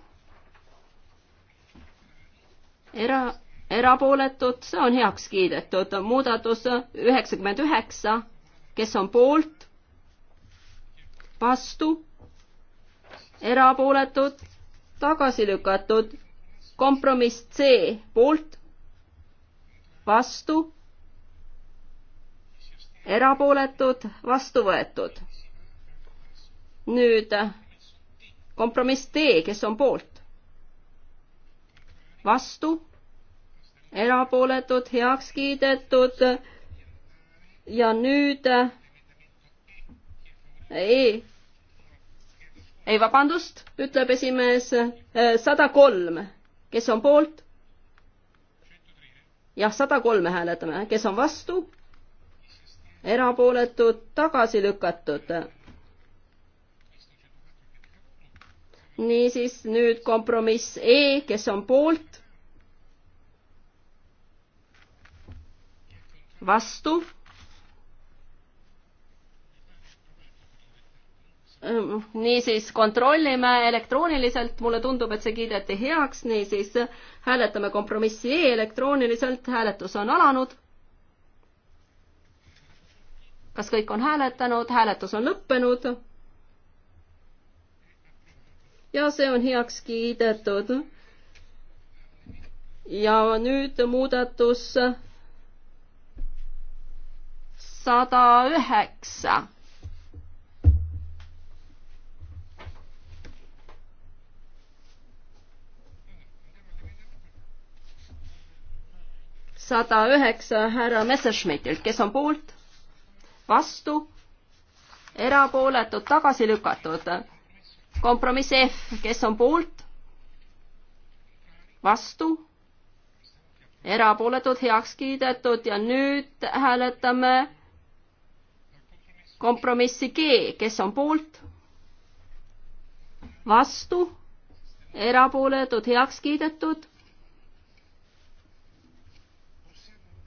era, erapooletud, see on heaks kiidetud. muudatus üheksakümmend üheksa, kes on poolt, vastu, erapooletud, tagasi lükatud. kompromiss C poolt, vastu, erapooletud, vastu võetud. nüüd kompromiss D, kes on poolt? vastu, erapooletud, heaks kiidetud ja nüüd ei, ei vabandust, ütleb esimees, sada kolm, kes on poolt? jah, sada kolme hääletame, kes on vastu? erapooletud, tagasi lükatud niisiis nüüd kompromiss E, kes on poolt? vastu? niisiis kontrollime elektrooniliselt, mulle tundub, et see kiideti heaks, niisiis hääletame kompromissi E elektrooniliselt, hääletus on alanud. kas kõik on hääletanud, hääletus on lõppenud ja see on heaks kiidetud. ja nüüd muudatus sada üheksa. sada üheksa härra Messerschmittilt, kes on poolt, vastu, erapooletud, tagasi lükatud kompromiss F, kes on poolt? vastu? erapooletud, heaks kiidetud ja nüüd hääletame kompromissi G, kes on poolt? vastu? erapooletud, heaks kiidetud.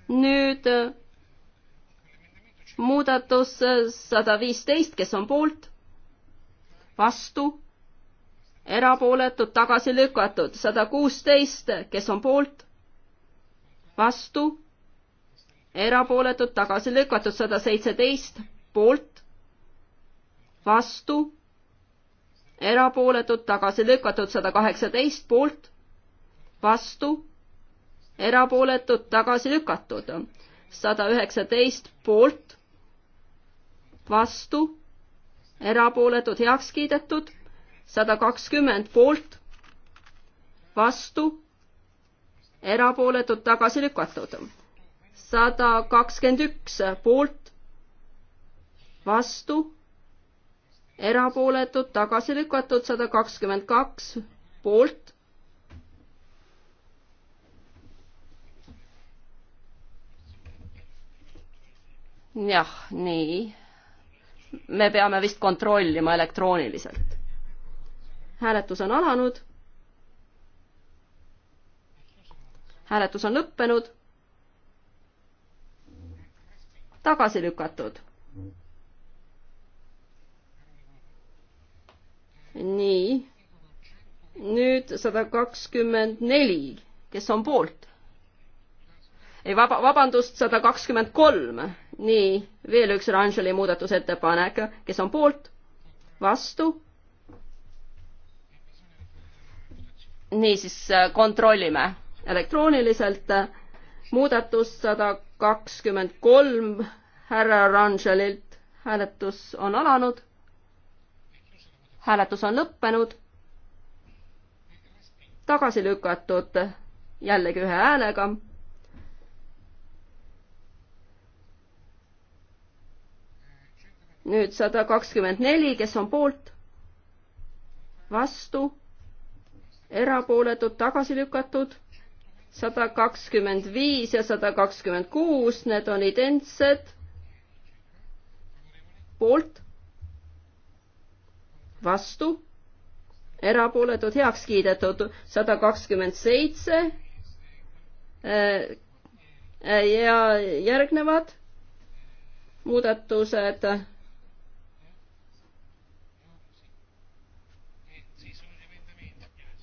nüüd muudatus sada viisteist, kes on poolt? vastu, erapooletud, tagasi lükatud, sada kuusteist, kes on poolt, vastu, erapooletud, tagasi lükatud, sada seitseteist, poolt, vastu, erapooletud, tagasi lükatud, sada kaheksateist, poolt, vastu, erapooletud, tagasi lükatud, sada üheksateist, poolt, vastu erapooletud heaks kiidetud, sada kakskümmend poolt, vastu, erapooletud tagasi lükatud, sada kakskümmend üks poolt, vastu, erapooletud tagasi lükatud, sada kakskümmend kaks poolt jah, nii me peame vist kontrollima elektrooniliselt. hääletus on alanud. hääletus on lõppenud. tagasi lükatud. nii, nüüd sada kakskümmend neli, kes on poolt? ei, vaba, vabandust, sada kakskümmend kolm nii, veel üks Rangeli muudatusettepanek, kes on poolt, vastu. niisiis äh, kontrollime elektrooniliselt äh, muudatus sada kakskümmend kolm härra Rangelilt, hääletus on alanud. hääletus on lõppenud. tagasi lükatud jällegi ühe häälega nüüd sada kakskümmend neli, kes on poolt, vastu, erapooletud, tagasi lükatud, sada kakskümmend viis ja sada kakskümmend kuus, need on identsed, poolt, vastu, erapooletud, heaks kiidetud, sada kakskümmend seitse äh, ja järgnevad muudatused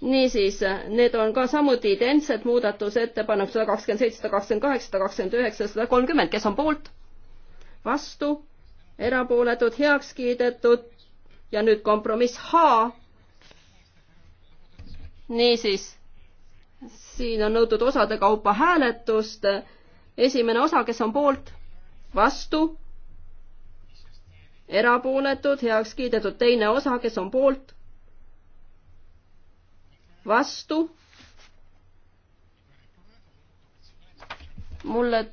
niisiis, need on ka samuti identsed muudatusettepanekud sada kakskümmend seitse, sada kakskümmend kaheksa, sada kakskümmend üheksa, sada kolmkümmend, kes on poolt, vastu, erapooletud, heaks kiidetud ja nüüd kompromiss H. niisiis, siin on nõutud osade kaupa hääletust. esimene osa, kes on poolt, vastu, erapooletud, heaks kiidetud, teine osa, kes on poolt, vastu. mulle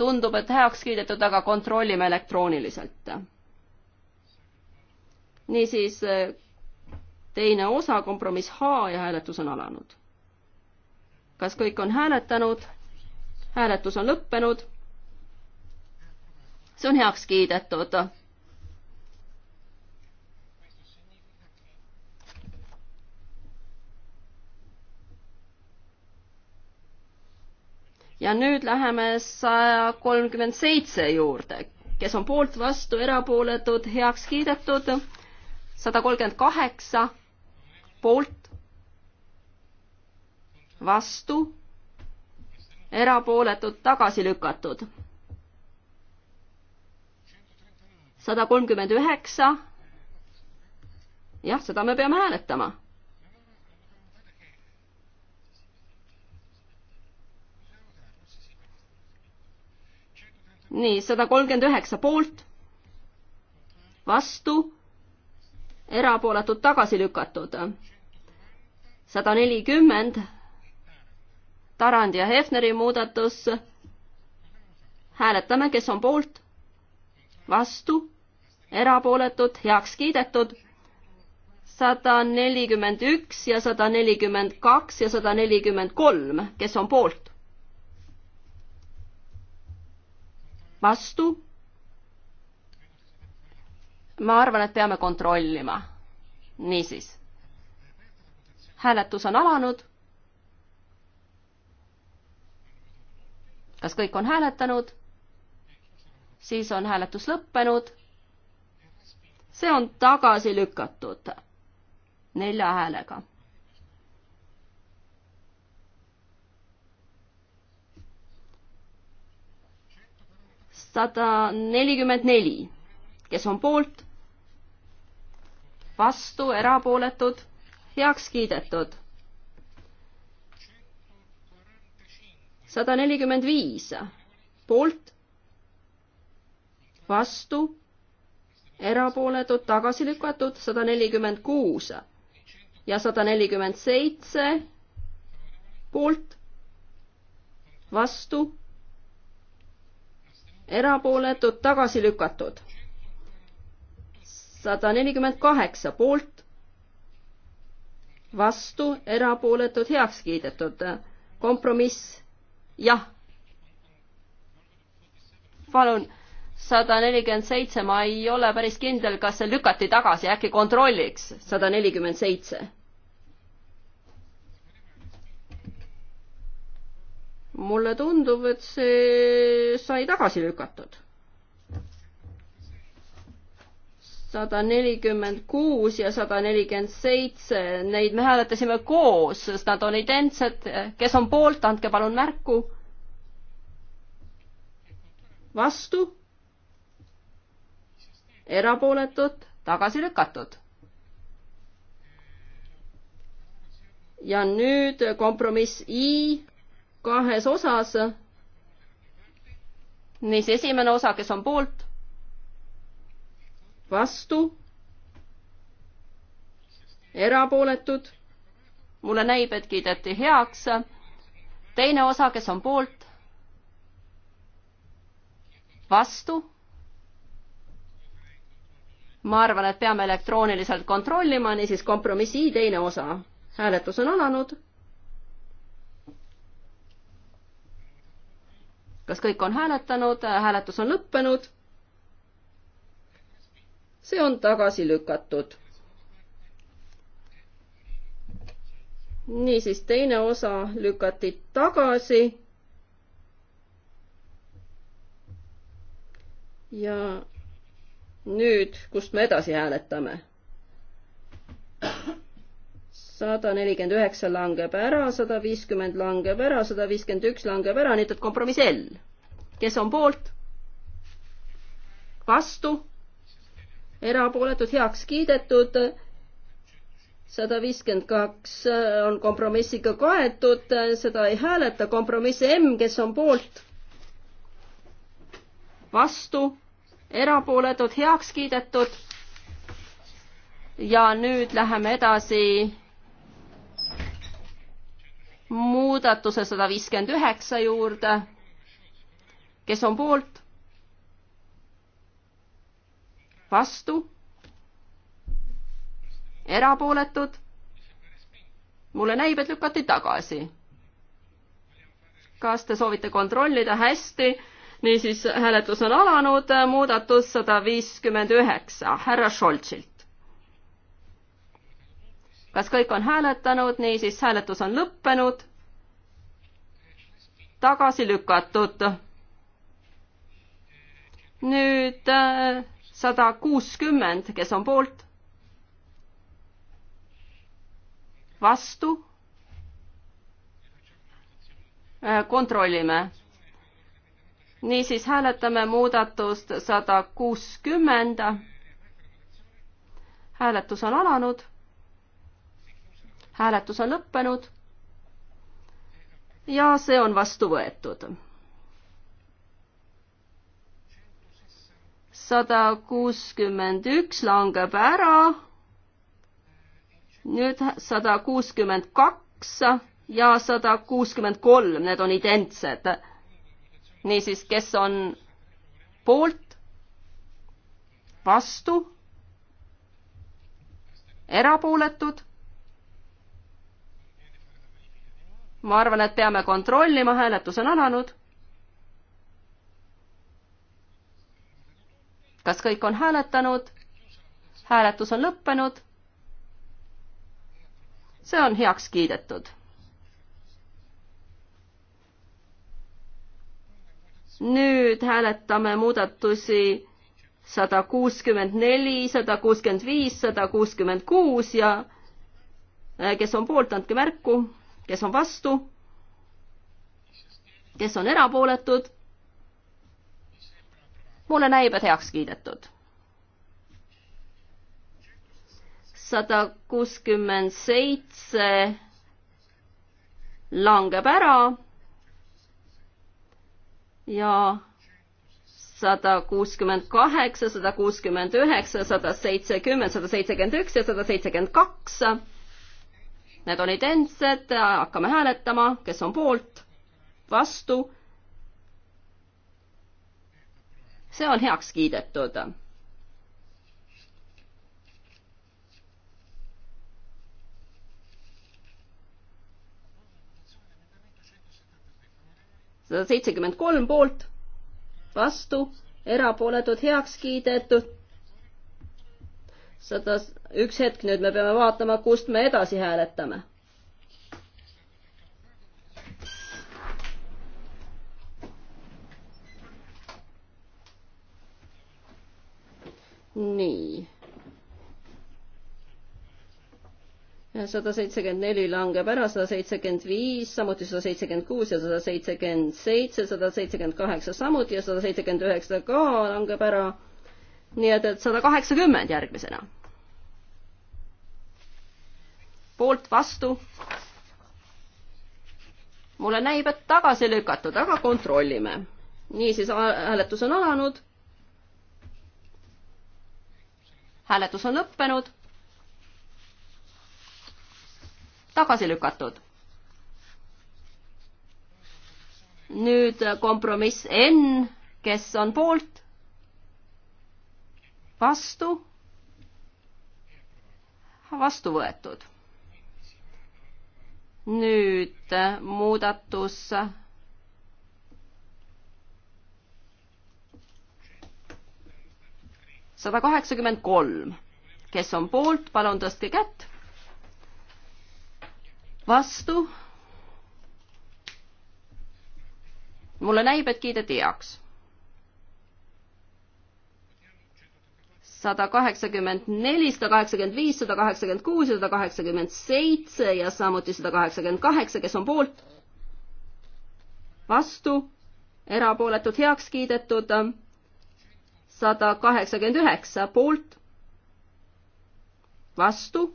tundub, et heaks kiidetud, aga kontrollime elektrooniliselt. niisiis teine osa, kompromiss H ja hääletus on alanud. kas kõik on hääletanud? hääletus on lõppenud. see on heaks kiidetud ja nüüd läheme saja kolmkümmend seitse juurde, kes on poolt, vastu, erapooletud, heaks kiidetud, sada kolmkümmend kaheksa poolt, vastu, erapooletud, tagasi lükatud. sada kolmkümmend üheksa, jah, seda me peame hääletama nii, sada kolmkümmend üheksa poolt, vastu, erapooletud tagasi lükatud. sada nelikümmend, Tarand ja Hefneri muudatus. hääletame, kes on poolt, vastu, erapooletud, heaks kiidetud sada nelikümmend üks ja sada nelikümmend kaks ja sada nelikümmend kolm, kes on poolt? vastu? ma arvan, et peame kontrollima. niisiis. hääletus on alanud. kas kõik on hääletanud? siis on hääletus lõppenud. see on tagasi lükatud nelja häälega sada nelikümmend neli, kes on poolt, vastu, erapooletud, heaks kiidetud. sada nelikümmend viis, poolt, vastu, erapooletud, tagasi lükatud, sada nelikümmend kuus ja sada nelikümmend seitse, poolt, vastu erapooletud, tagasi lükatud. sada nelikümmend kaheksa poolt, vastu, erapooletud, heaks kiidetud. kompromiss, jah. palun, sada nelikümmend seitse, ma ei ole päris kindel, kas see lükati tagasi, äkki kontrolliks, sada nelikümmend seitse mulle tundub, et see sai tagasi lükatud. sada nelikümmend kuus ja sada nelikümmend seitse, neid me hääletasime koos, sest nad on identsed. kes on poolt, andke palun märku. vastu? erapooletud, tagasi lükatud ja nüüd kompromiss I kahes osas. niisiis, esimene osa, kes on poolt, vastu, erapooletud, mulle näib, et kiideti heaks. teine osa, kes on poolt, vastu ma arvan, et peame elektrooniliselt kontrollima, niisiis kompromissi teine osa. hääletus on alanud. kas kõik on hääletanud, hääletus on lõppenud? see on tagasi lükatud. niisiis, teine osa lükati tagasi. ja nüüd, kust me edasi hääletame? sada nelikümmend üheksa langeb ära, sada viiskümmend langeb ära, sada viiskümmend üks langeb ära, nii et kompromiss L. kes on poolt? vastu? erapooletud, heaks kiidetud. sada viiskümmend kaks on kompromissiga kaetud, seda ei hääleta, kompromiss M, kes on poolt? vastu? erapooletud, heaks kiidetud ja nüüd läheme edasi muudatuse sada viiskümmend üheksa juurde. kes on poolt? vastu? erapooletud? mulle näib, et lükati tagasi. kas te soovite kontrollida? hästi. niisiis, hääletus on alanud, muudatus sada viiskümmend üheksa, härra Šoltšilt kas kõik on hääletanud, niisiis hääletus on lõppenud. tagasi lükatud. nüüd äh, sada kuuskümmend, kes on poolt? vastu? Äh, kontrollime. niisiis hääletame muudatust sada kuuskümmend. hääletus on alanud hääletus on lõppenud ja see on vastu võetud. sada kuuskümmend üks langeb ära. nüüd sada kuuskümmend kaks ja sada kuuskümmend kolm, need on identsed. niisiis, kes on poolt, vastu, erapooletud ma arvan, et peame kontrollima, hääletus on alanud. kas kõik on hääletanud? hääletus on lõppenud. see on heaks kiidetud. nüüd hääletame muudatusi sada kuuskümmend neli, sada kuuskümmend viis, sada kuuskümmend kuus ja äh, kes on poolt, andke märku kes on vastu? kes on erapooletud? mulle näib, et heaks kiidetud. sada kuuskümmend seitse langeb ära ja sada kuuskümmend kaheksa, sada kuuskümmend üheksa, sada seitsekümmend, sada seitsekümmend üks ja sada seitsekümmend kaks Need on identsed, hakkame hääletama, kes on poolt, vastu. see on heaks kiidetud sada seitsekümmend kolm poolt, vastu, erapooletud, heaks kiidetud, sada, üks hetk, nüüd me peame vaatama, kust me edasi hääletame. nii. sada seitsekümmend neli langeb ära, sada seitsekümmend viis, samuti sada seitsekümmend kuus ja sada seitsekümmend seitse, sada seitsekümmend kaheksa samuti ja sada seitsekümmend üheksa ka langeb ära nii et, et sada kaheksakümmend järgmisena. poolt, vastu. mulle näib, et tagasi lükatud, aga kontrollime. niisiis, hääletus on alanud. hääletus on lõppenud. tagasi lükatud nüüd kompromiss N, kes on poolt, vastu, vastu võetud. nüüd äh, muudatus sada kaheksakümmend kolm. kes on poolt, palun tõstke kätt. vastu. mulle näib, et kiideti heaks sada kaheksakümmend neli, sada kaheksakümmend viis, sada kaheksakümmend kuus ja sada kaheksakümmend seitse ja samuti sada kaheksakümmend kaheksa, kes on poolt, vastu, erapooletud heaks kiidetud, sada kaheksakümmend üheksa poolt, vastu,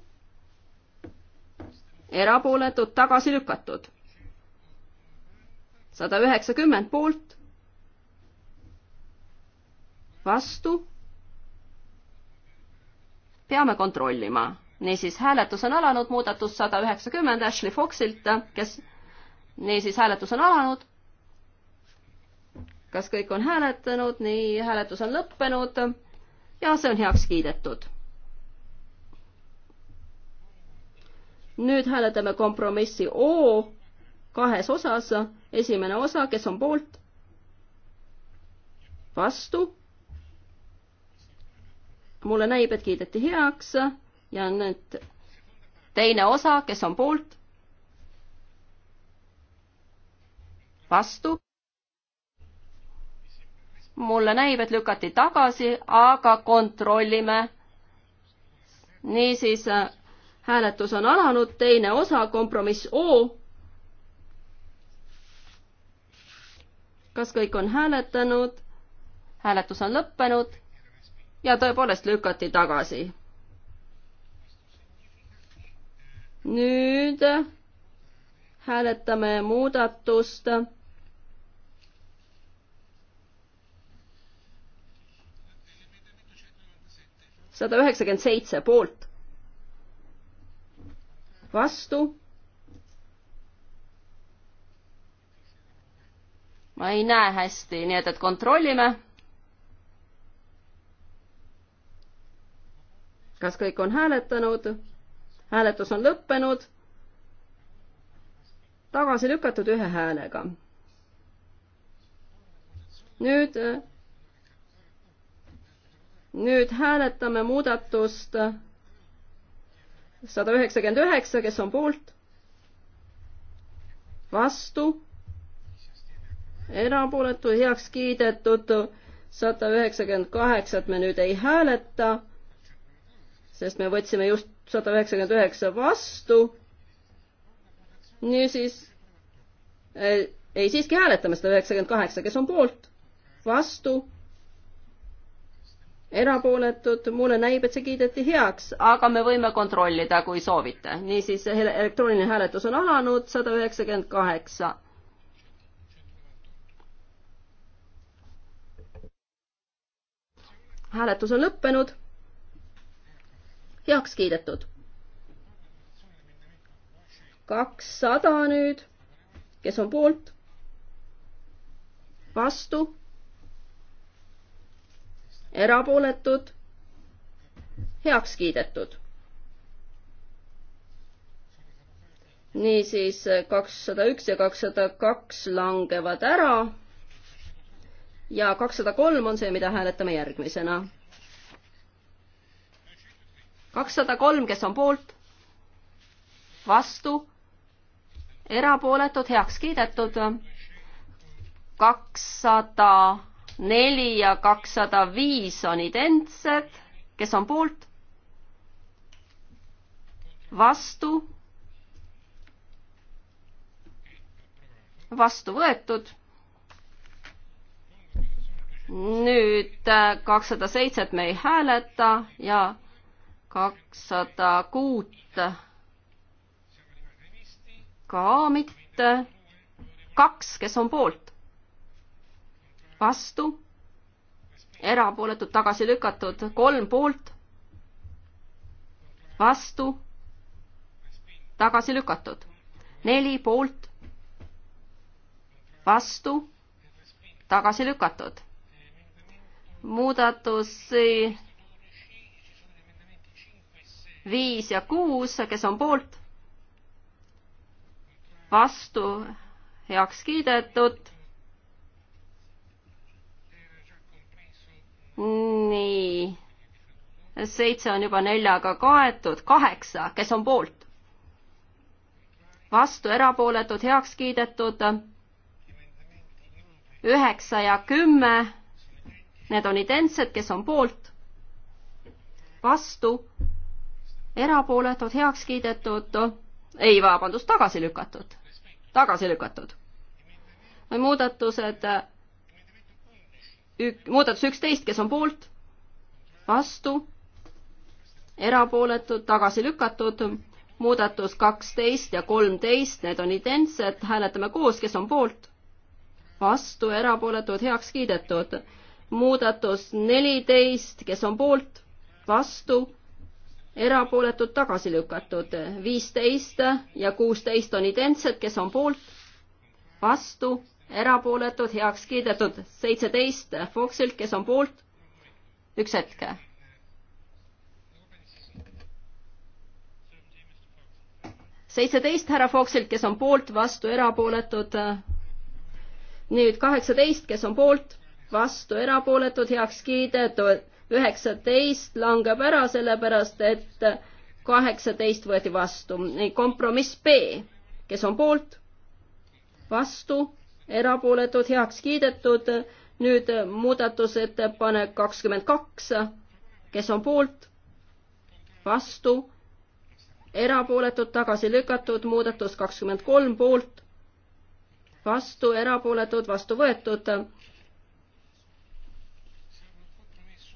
erapooletud tagasi lükatud, sada üheksakümmend poolt, vastu peame kontrollima. niisiis, hääletus on alanud, muudatus sada üheksakümmend Ashley Foxilt, kes, niisiis, hääletus on alanud. kas kõik on hääletanud, nii, hääletus on lõppenud ja see on heaks kiidetud. nüüd hääletame kompromissi O kahes osas, esimene osa, kes on poolt, vastu mulle näib, et kiideti heaks ja nüüd teine osa, kes on poolt? vastu? mulle näib, et lükati tagasi, aga kontrollime. niisiis, äh, hääletus on alanud, teine osa, kompromiss O. kas kõik on hääletanud? hääletus on lõppenud ja tõepoolest lükati tagasi. nüüd hääletame muudatust. sada üheksakümmend seitse poolt, vastu. ma ei näe hästi, nii et, et kontrollime kas kõik on hääletanud? hääletus on lõppenud. tagasi lükatud ühe häälega. nüüd, nüüd hääletame muudatust sada üheksakümmend üheksa, kes on poolt, vastu, erapooletu, heaks kiidetud, sada üheksakümmend kaheksat me nüüd ei hääleta sest me võtsime just sada üheksakümmend üheksa vastu. niisiis, äh, ei siiski hääletame sada üheksakümmend kaheksa, kes on poolt, vastu, erapooletud, mulle näib, et see kiideti heaks, aga me võime kontrollida, kui soovite. niisiis, elektrooniline hääletus on alanud, sada üheksakümmend kaheksa hääletus on lõppenud heaks kiidetud. kakssada nüüd, kes on poolt? vastu? erapooletud? heaks kiidetud niisiis kakssada üks ja kakssada kaks langevad ära. ja kakssada kolm on see, mida hääletame järgmisena kakssada kolm, kes on poolt, vastu, erapooletud, heaks kiidetud, kakssada neli ja kakssada viis on identsed, kes on poolt, vastu, vastu võetud nüüd äh, kakssada seitset me ei hääleta ja kakssada kuut ka mitte. kaks, kes on poolt? vastu? erapooletud tagasi lükatud, kolm poolt? vastu? tagasi lükatud, neli poolt? vastu? tagasi lükatud. muudatusi viis ja kuus, kes on poolt? vastu, heaks kiidetud. nii, seitse on juba neljaga kaetud, kaheksa, kes on poolt? vastu, erapooletud, heaks kiidetud. üheksa ja kümme, need on identsed, kes on poolt? vastu erapooletud, heaks kiidetud, ei, vabandust, tagasi lükatud, tagasi lükatud. muudatused, muudatus üksteist, kes on poolt, vastu, erapooletud, tagasi lükatud, muudatus kaksteist ja kolmteist, need on identsed, hääletame koos, kes on poolt, vastu, erapooletud, heaks kiidetud. muudatus neliteist, kes on poolt, vastu erapooletud tagasi lükatud, viisteist ja kuusteist on identsed, kes on poolt, vastu, erapooletud, heaks kiidetud, seitseteist Foxilt, kes on poolt, üks hetk. seitseteist härra Foxilt, kes on poolt, vastu, erapooletud, nüüd kaheksateist, kes on poolt, vastu, erapooletud, heaks kiidetud üheksateist langeb ära, sellepärast et kaheksateist võeti vastu. kompromiss B, kes on poolt, vastu, erapooletud, heaks kiidetud. nüüd muudatusettepanek kakskümmend kaks, kes on poolt, vastu, erapooletud, tagasi lükatud, muudatus kakskümmend kolm poolt, vastu, erapooletud, vastu võetud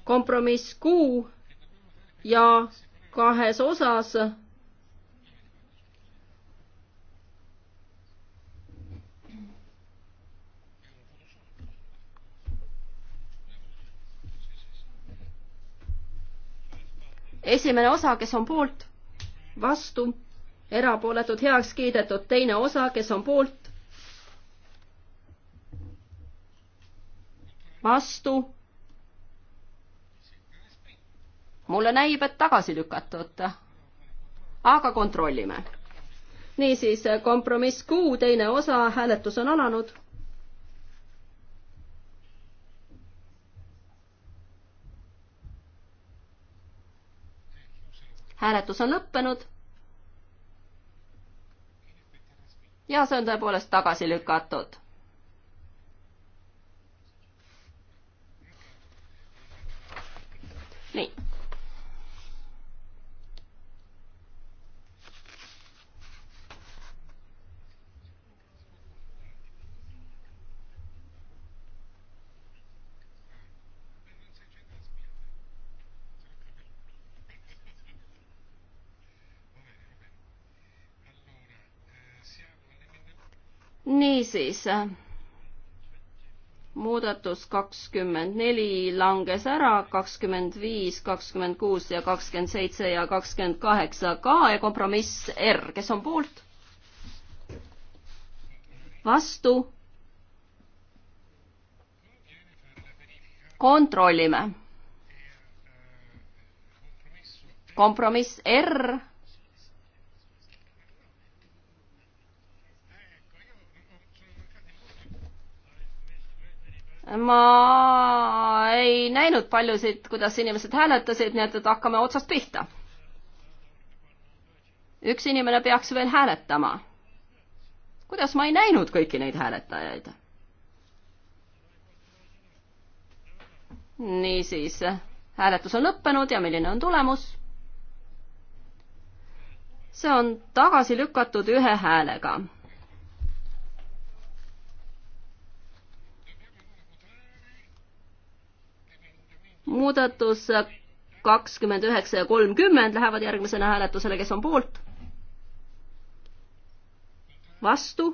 kompromiss kuu ja kahes osas esimene osa, kes on poolt, vastu, erapooletud, heaks kiidetud, teine osa, kes on poolt, vastu, mulle näib, et tagasi lükatud. aga kontrollime. niisiis, kompromiss kuu teine osa, hääletus on alanud. hääletus on lõppenud. ja see on tõepoolest tagasi lükatud nii. niisiis, muudatus kakskümmend neli langes ära, kakskümmend viis, kakskümmend kuus ja kakskümmend seitse ja kakskümmend kaheksa ka ja kompromiss R, kes on poolt? vastu? kontrollime. kompromiss R ma ei näinud paljusid, kuidas inimesed hääletasid, nii et, et hakkame otsast pihta. üks inimene peaks veel hääletama. kuidas ma ei näinud kõiki neid hääletajaid? niisiis, hääletus on lõppenud ja milline on tulemus? see on tagasi lükatud ühe häälega muudatus kakskümmend üheksa ja kolmkümmend lähevad järgmisena hääletusele, kes on poolt? vastu?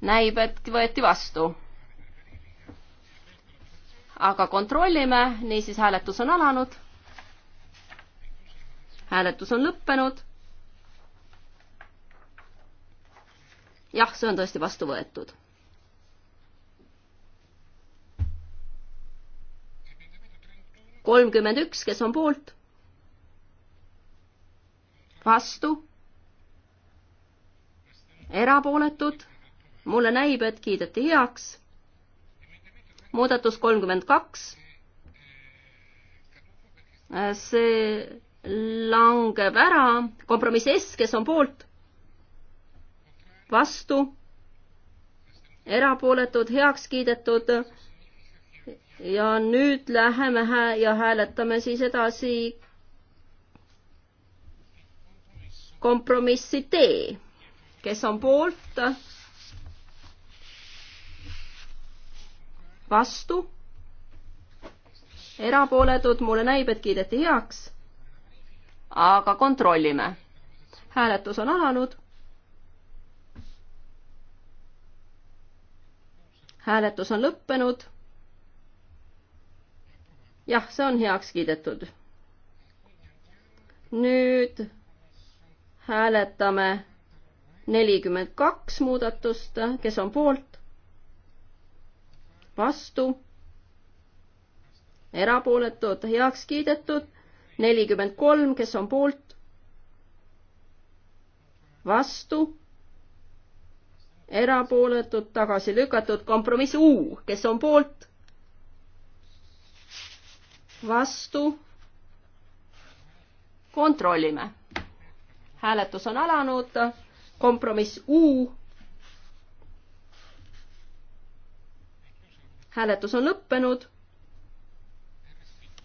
näib, et võeti vastu. aga kontrollime, niisiis hääletus on alanud. hääletus on lõppenud jah, see on tõesti vastu võetud. kolmkümmend üks, kes on poolt? vastu? erapooletud? mulle näib, et kiideti heaks. muudatus kolmkümmend kaks. see langeb ära. kompromiss S, kes on poolt? vastu, erapooletud, heaks kiidetud. ja nüüd läheme hää- ja hääletame siis edasi kompromissi tee, kes on poolt, vastu, erapooletud, mulle näib, et kiideti heaks. aga kontrollime. hääletus on alanud. hääletus on lõppenud. jah, see on heaks kiidetud. nüüd hääletame nelikümmend kaks muudatust, kes on poolt, vastu, erapooletud, heaks kiidetud, nelikümmend kolm, kes on poolt, vastu erapooletud, tagasi lükatud, kompromiss U, kes on poolt? vastu. kontrollime. hääletus on alanud, kompromiss U. hääletus on lõppenud,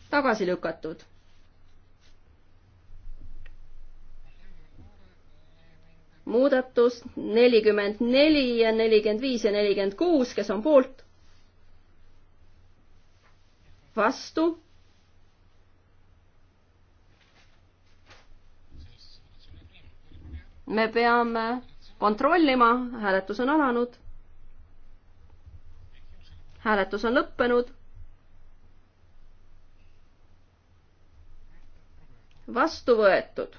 tagasi lükatud muudatus nelikümmend neli ja nelikümmend viis ja nelikümmend kuus, kes on poolt? vastu? me peame kontrollima, hääletus on alanud. hääletus on lõppenud. vastu võetud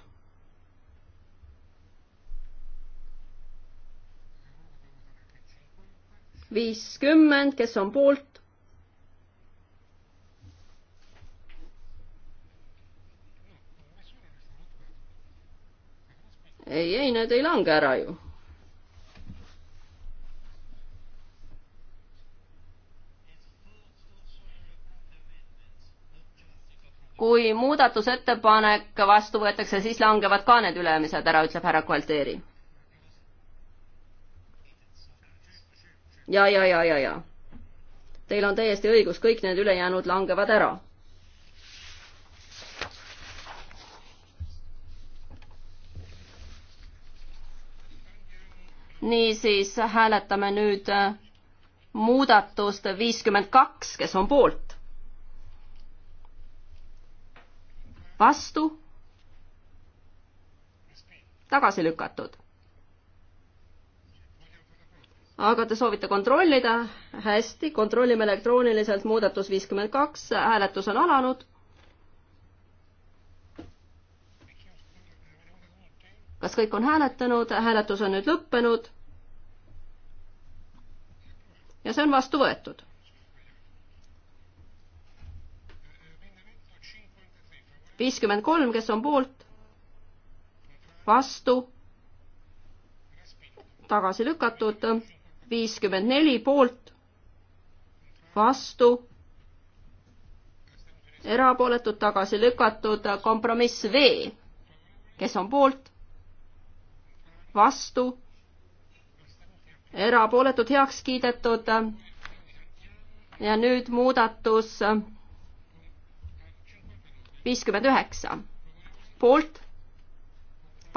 viiskümmend, kes on poolt? ei, ei, need ei lange ära ju kui muudatusettepanek vastu võetakse, siis langevad ka need ülemised ära, ütleb härra Gualteri. ja, ja, ja, ja, ja. Teil on täiesti õigus, kõik need ülejäänud langevad ära. niisiis hääletame nüüd äh, muudatust viiskümmend kaks, kes on poolt. vastu. tagasi lükatud aga te soovite kontrollida. hästi, kontrollime elektrooniliselt muudatus viiskümmend kaks, hääletus on alanud. kas kõik on hääletanud, hääletus on nüüd lõppenud? ja see on vastu võetud. viiskümmend kolm, kes on poolt, vastu, tagasi lükatud viiskümmend neli poolt, vastu, erapooletud, tagasi lükatud, kompromiss V, kes on poolt, vastu, erapooletud, heaks kiidetud ja nüüd muudatus viiskümmend üheksa, poolt,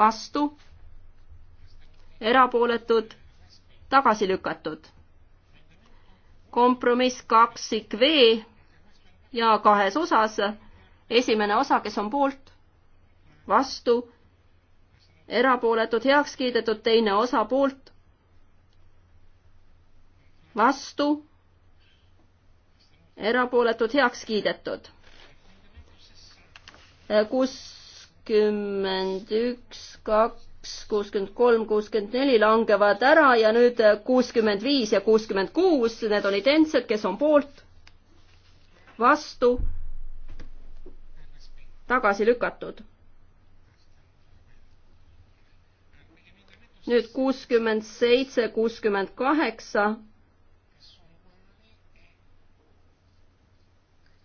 vastu, erapooletud tagasi lükatud. kompromiss kaksik V ja kahes osas. esimene osa, kes on poolt, vastu, erapooletud, heaks kiidetud, teine osa poolt, vastu, erapooletud, heaks kiidetud. kuuskümmend üks, kaks, kuuskümmend kolm, kuuskümmend neli langevad ära ja nüüd kuuskümmend viis ja kuuskümmend kuus, need on identsed, kes on poolt, vastu, tagasi lükatud. nüüd kuuskümmend seitse, kuuskümmend kaheksa.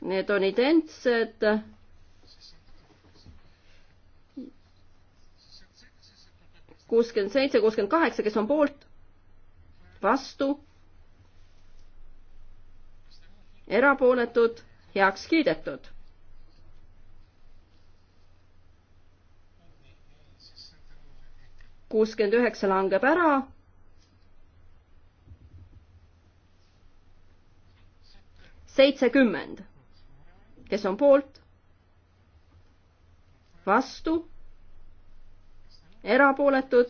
Need on identsed kuuskümmend seitse, kuuskümmend kaheksa, kes on poolt, vastu, erapooletud, heaks kiidetud. kuuskümmend üheksa langeb ära. seitsekümmend, kes on poolt, vastu erapooletud.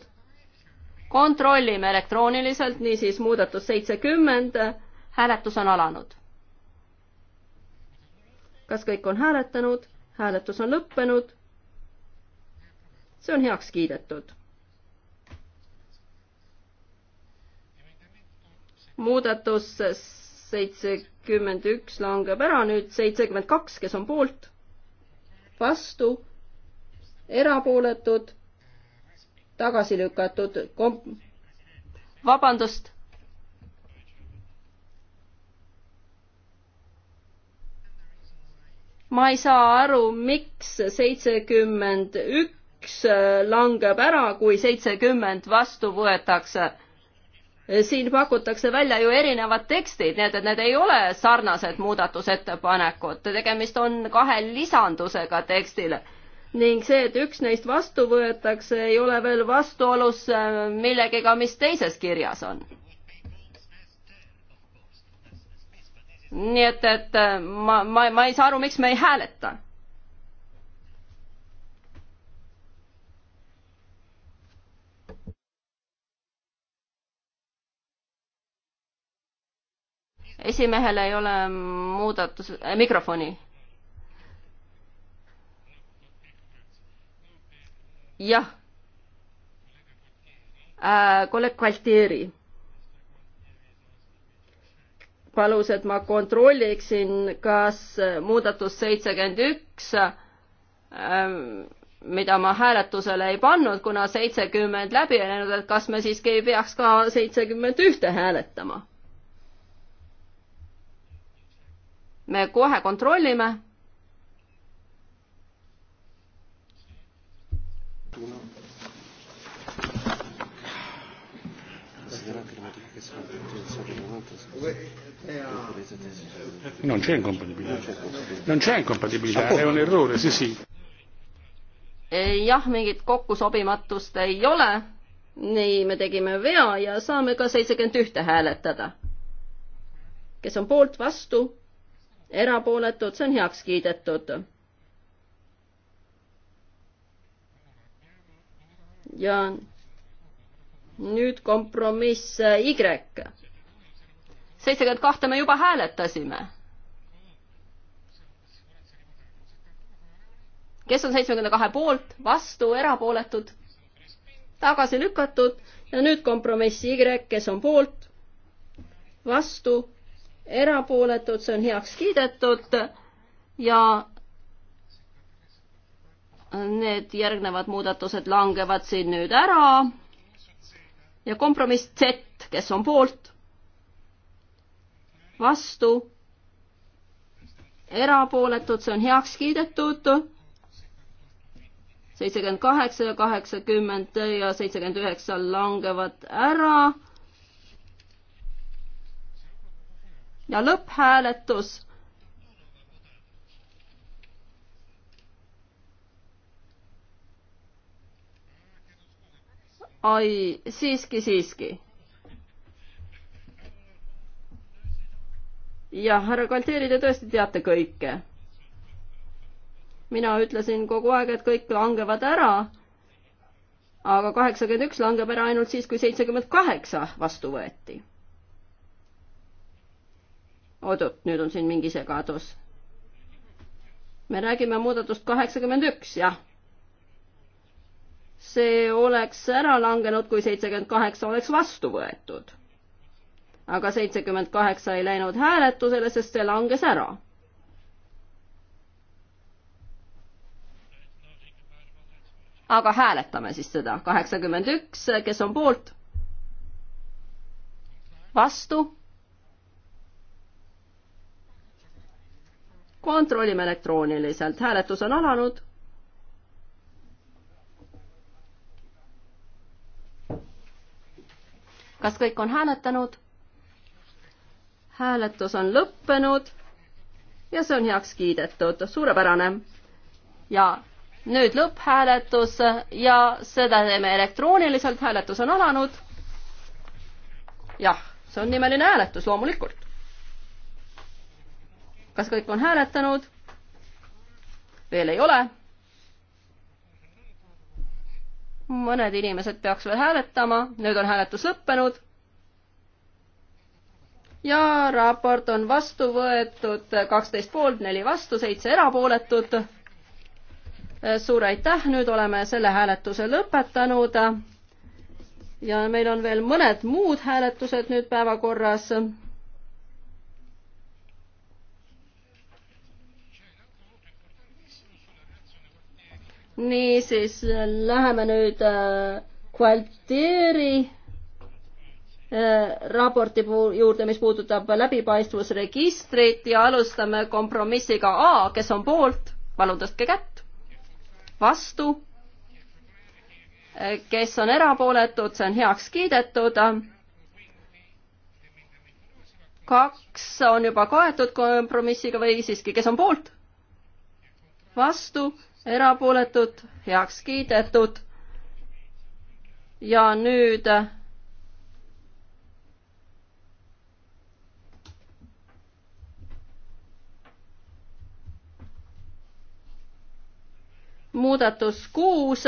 kontrollime elektrooniliselt, niisiis muudatus seitsekümmend, hääletus on alanud. kas kõik on hääletanud? hääletus on lõppenud. see on heaks kiidetud. muudatus seitsekümmend üks langeb ära, nüüd seitsekümmend kaks, kes on poolt, vastu, erapooletud, tagasi lükatud kom-, vabandust. ma ei saa aru, miks seitsekümmend üks langeb ära, kui seitsekümmend vastu võetakse. siin pakutakse välja ju erinevad tekstid, nii et, et need ei ole sarnased muudatusettepanekud, tegemist on kahe lisandusega tekstile ning see, et üks neist vastu võetakse, ei ole veel vastuolus äh, millegagi, mis teises kirjas on. nii et, et äh, ma, ma, ma ei saa aru, miks me ei hääleta esimehel ei ole muudatus äh,, mikrofoni jah äh,, kolleeg Gualtieri palus, et ma kontrolliksin, kas muudatus seitsekümmend üks, ähm, mida ma hääletusele ei pannud, kuna seitsekümmend läbi ei läinud, et kas me siiski ei peaks ka seitsekümmend ühte hääletama. me kohe kontrollime Non eh, eh, ah. c'è incompatibilità. Non c'è incompatibilità, è un errore, sì sì. Eh, jah, mingit kokkusobimatust ei ole. nii, me tegime vea ja saame ka seitsekümmend ühte hääletada. kes on poolt, vastu, erapooletud, see on heaks kiidetud ja nüüd kompromiss äh, Y. seitsekümmend kahte me juba hääletasime. kes on seitsmekümne kahe poolt, vastu, erapooletud, tagasi lükatud ja nüüd kompromiss Y, kes on poolt, vastu, erapooletud, see on heaks kiidetud ja need järgnevad muudatused langevad siin nüüd ära ja kompromiss Z, kes on poolt, vastu, erapooletud, see on heaks kiidetud, seitsekümmend kaheksa ja kaheksakümmend ja seitsekümmend üheksa langevad ära ja lõpphääletus ai, siiski, siiski. jah, härra Galtieri, te tõesti teate kõike. mina ütlesin kogu aeg, et kõik langevad ära, aga kaheksakümmend üks langeb ära ainult siis, kui seitsekümmend kaheksa vastu võeti. oot-oot, nüüd on siin mingi segadus. me räägime muudatust kaheksakümmend üks, jah see oleks ära langenud, kui seitsekümmend kaheksa oleks vastu võetud. aga seitsekümmend kaheksa ei läinud hääletusele, sest see langes ära. aga hääletame siis seda, kaheksakümmend üks, kes on poolt? vastu? kontrollime elektrooniliselt, hääletus on alanud kas kõik on hääletanud? hääletus on lõppenud ja see on heaks kiidetud, suurepärane. ja nüüd lõpphääletus ja seda teeme elektrooniliselt, hääletus on alanud. jah, see on nimeline hääletus loomulikult. kas kõik on hääletanud? veel ei ole mõned inimesed peaks veel hääletama, nüüd on hääletus lõppenud. ja raport on vastu võetud, kaksteist poolt, neli vastu, seitse erapooletut. suur aitäh, nüüd oleme selle hääletuse lõpetanud. ja meil on veel mõned muud hääletused nüüd päevakorras niisiis läheme nüüd äh, kvaliteeri äh, raporti juurde, mis puudutab läbipaistvusregistrit ja alustame kompromissiga A, kes on poolt, palun tõstke kätt. vastu, äh, kes on erapooletud, see on heaks kiidetud. kaks on juba kaetud kompromissiga või siiski, kes on poolt? vastu erapooletud, heaks kiidetud. ja nüüd muudatus kuus.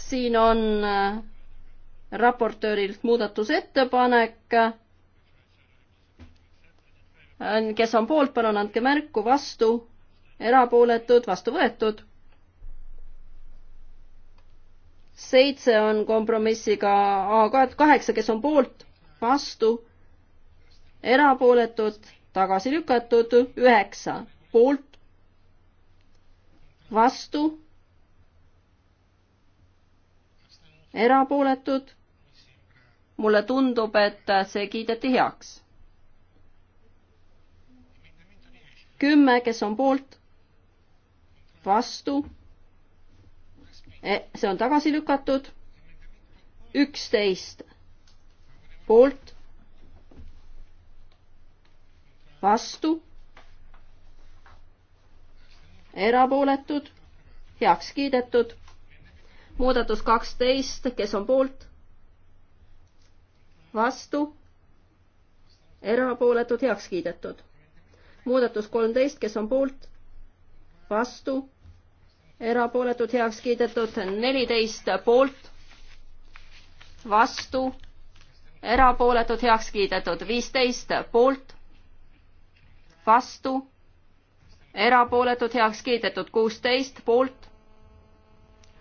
siin on raportöörilt muudatusettepanek kes on poolt, palun andke märku, vastu, erapooletud, vastu võetud. seitse on kompromissiga A kaheksa, kes on poolt, vastu, erapooletud, tagasi lükatud, üheksa, poolt, vastu, erapooletud. mulle tundub, et see kiideti heaks kümme, kes on poolt, vastu, eh, see on tagasi lükatud, üksteist poolt, vastu, erapooletud, heaks kiidetud, muudatus kaksteist, kes on poolt, vastu, erapooletud, heaks kiidetud muudatus kolmteist, kes on poolt, vastu, erapooletud heaks kiidetud, neliteist poolt, vastu, erapooletud heaks kiidetud, viisteist poolt, vastu, erapooletud heaks kiidetud, kuusteist poolt,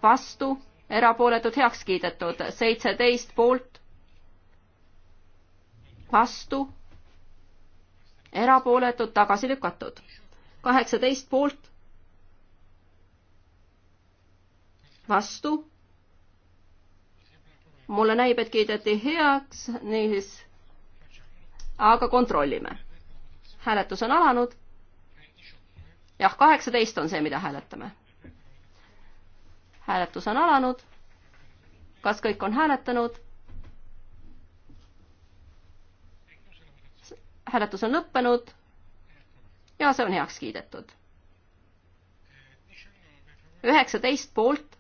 vastu, erapooletud heaks kiidetud, seitseteist poolt, vastu erapooletud, tagasi lükatud. kaheksateist poolt, vastu. mulle näib, et kiideti heaks, niisiis, aga kontrollime. hääletus on alanud. jah, kaheksateist on see, mida hääletame. hääletus on alanud. kas kõik on hääletanud? hääletus on lõppenud ja see on heaks kiidetud. üheksateist poolt,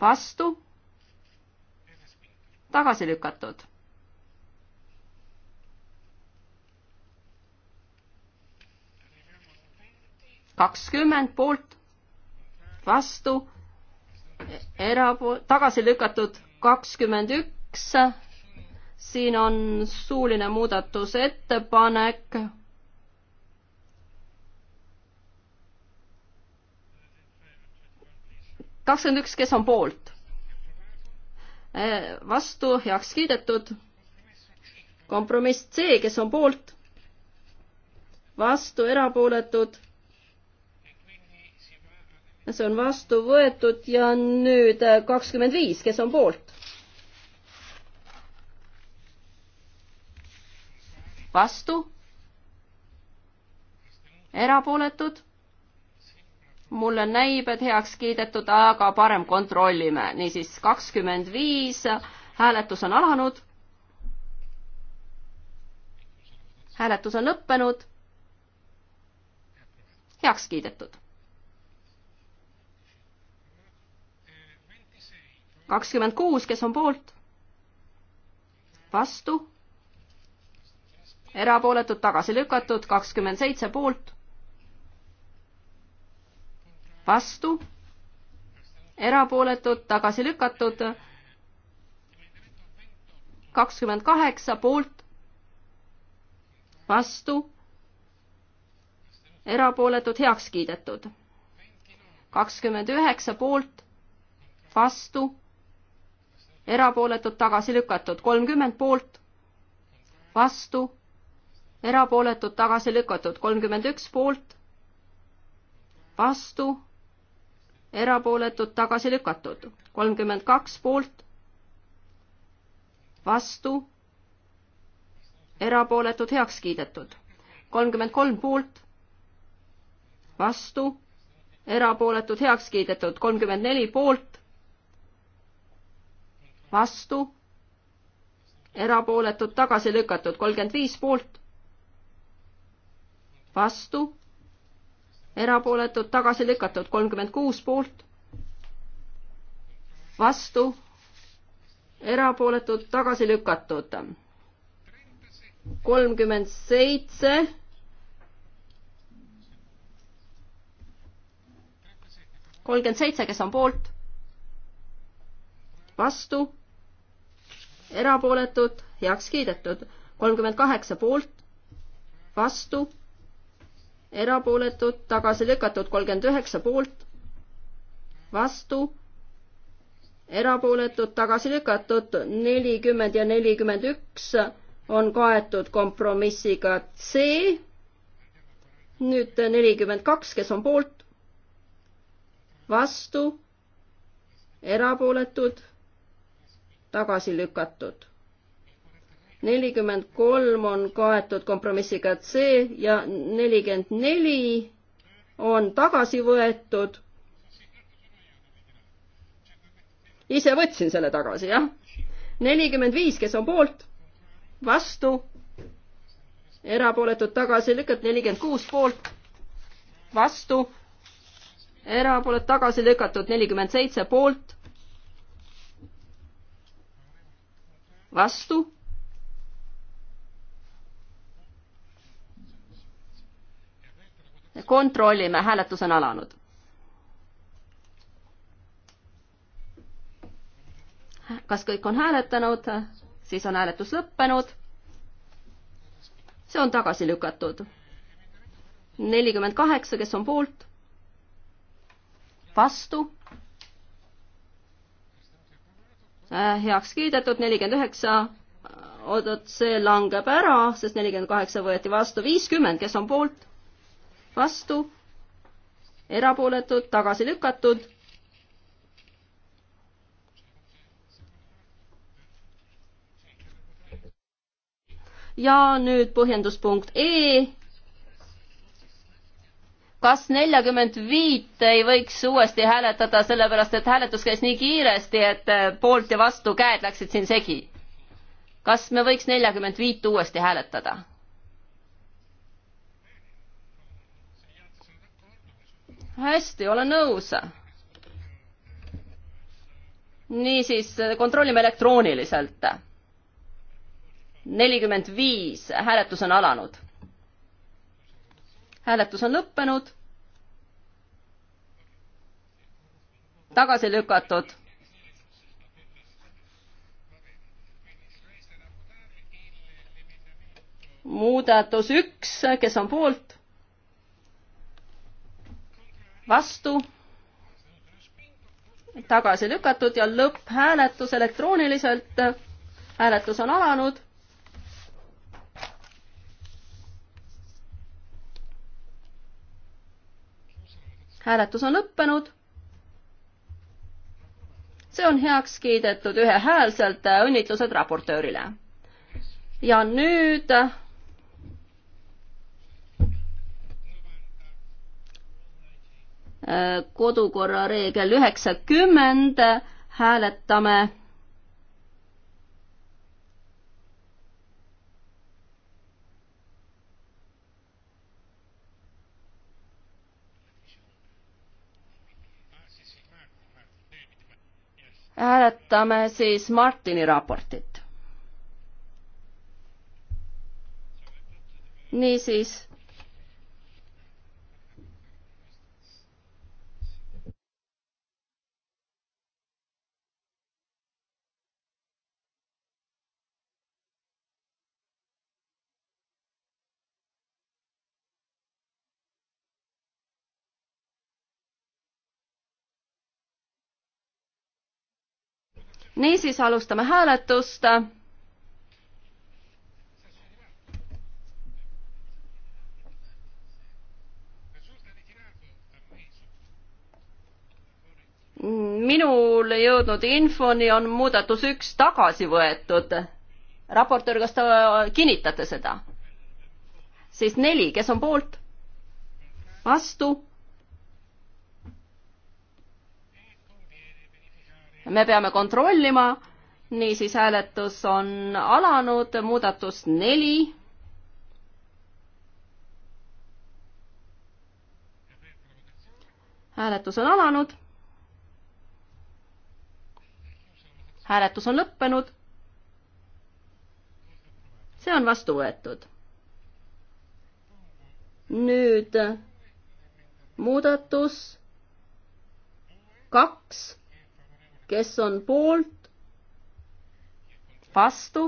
vastu, tagasi lükatud. kakskümmend poolt, vastu, erapo-, tagasi lükatud kakskümmend üks siin on suuline muudatusettepanek. kakskümmend üks, kes on poolt? vastu, heaks kiidetud. kompromiss C, kes on poolt? vastu, erapooletud see on vastu võetud ja nüüd kakskümmend viis, kes on poolt? vastu, erapooletud. mulle näib, et heaks kiidetud, aga parem kontrollime. niisiis kakskümmend viis, hääletus on alanud. hääletus on lõppenud. heaks kiidetud. kakskümmend kuus, kes on poolt? vastu erapooletud, tagasi lükatud, kakskümmend seitse poolt, vastu, erapooletud, tagasi lükatud, kakskümmend kaheksa poolt, vastu, erapooletud, heaks kiidetud, kakskümmend üheksa poolt, vastu, erapooletud, tagasi lükatud, kolmkümmend poolt, vastu erapooletud, tagasi lükatud, kolmkümmend üks poolt, vastu, erapooletud, tagasi lükatud, kolmkümmend kaks poolt, vastu, erapooletud, heaks kiidetud, kolmkümmend kolm poolt, vastu, erapooletud, heaks kiidetud, kolmkümmend neli poolt, vastu, erapooletud, tagasi lükatud, kolmkümmend viis poolt vastu, erapooletud, tagasi lükatud, kolmkümmend kuus poolt, vastu, erapooletud, tagasi lükatud, kolmkümmend seitse, kolmkümmend seitse, kes on poolt, vastu, erapooletud, heaks kiidetud, kolmkümmend kaheksa poolt, vastu erapooletud, tagasi lükatud kolmkümmend üheksa poolt, vastu, erapooletud, tagasi lükatud nelikümmend ja nelikümmend üks on kaetud kompromissiga C. nüüd nelikümmend kaks, kes on poolt, vastu, erapooletud, tagasi lükatud nelikümmend kolm on kaetud kompromissiga C ja nelikümmend neli on tagasi võetud. ise võtsin selle tagasi, jah. nelikümmend viis, kes on poolt, vastu, erapooletud tagasi lükata, nelikümmend kuus poolt, vastu, erapooletud tagasi lükatud, nelikümmend seitse poolt, vastu kontrollime, hääletus on alanud. kas kõik on hääletanud, siis on hääletus lõppenud. see on tagasi lükatud. nelikümmend kaheksa, kes on poolt, vastu, äh, heaks kiidetud, nelikümmend üheksa, oot-oot, see langeb ära, sest nelikümmend kaheksa võeti vastu, viiskümmend, kes on poolt vastu, erapooletud, tagasi lükatud. ja nüüd põhjenduspunkt E. kas neljakümmend viit ei võiks uuesti hääletada, sellepärast et hääletus käis nii kiiresti, et äh, poolt ja vastu käed läksid siin segi. kas me võiks neljakümmend viit uuesti hääletada? hästi, olen nõus. niisiis, kontrollime elektrooniliselt. nelikümmend viis, hääletus on alanud. hääletus on lõppenud. tagasi lükatud muudatus üks, kes on poolt, vastu, tagasi lükatud ja lõpphääletus elektrooniliselt. hääletus on alanud. hääletus on lõppenud. see on heaks kiidetud ühehäälselt, õnnitlused raportöörile. ja nüüd kodukorra reegel üheksakümmend, hääletame. hääletame siis Martini raportit. niisiis niisiis, alustame hääletust. minule jõudnud infoni on muudatus üks tagasi võetud. raportöör, kas te kinnitate seda? siis neli, kes on poolt? vastu me peame kontrollima, niisiis hääletus on alanud, muudatus neli. hääletus on alanud. hääletus on lõppenud. see on vastu võetud. nüüd muudatus kaks kes on poolt, vastu,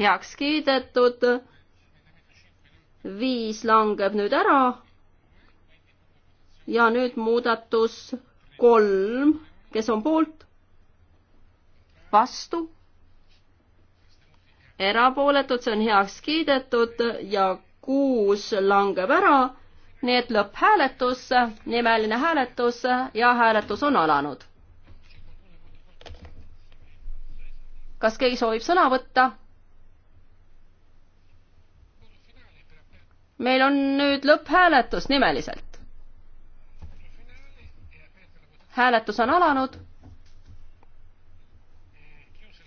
heaks kiidetud, viis langeb nüüd ära ja nüüd muudatus kolm, kes on poolt, vastu, erapooletud, see on heaks kiidetud ja kuus langeb ära nii et lõpphääletus, nimeline hääletus ja hääletus on alanud. kas keegi soovib sõna võtta? meil on nüüd lõpphääletus nimeliselt. hääletus on alanud.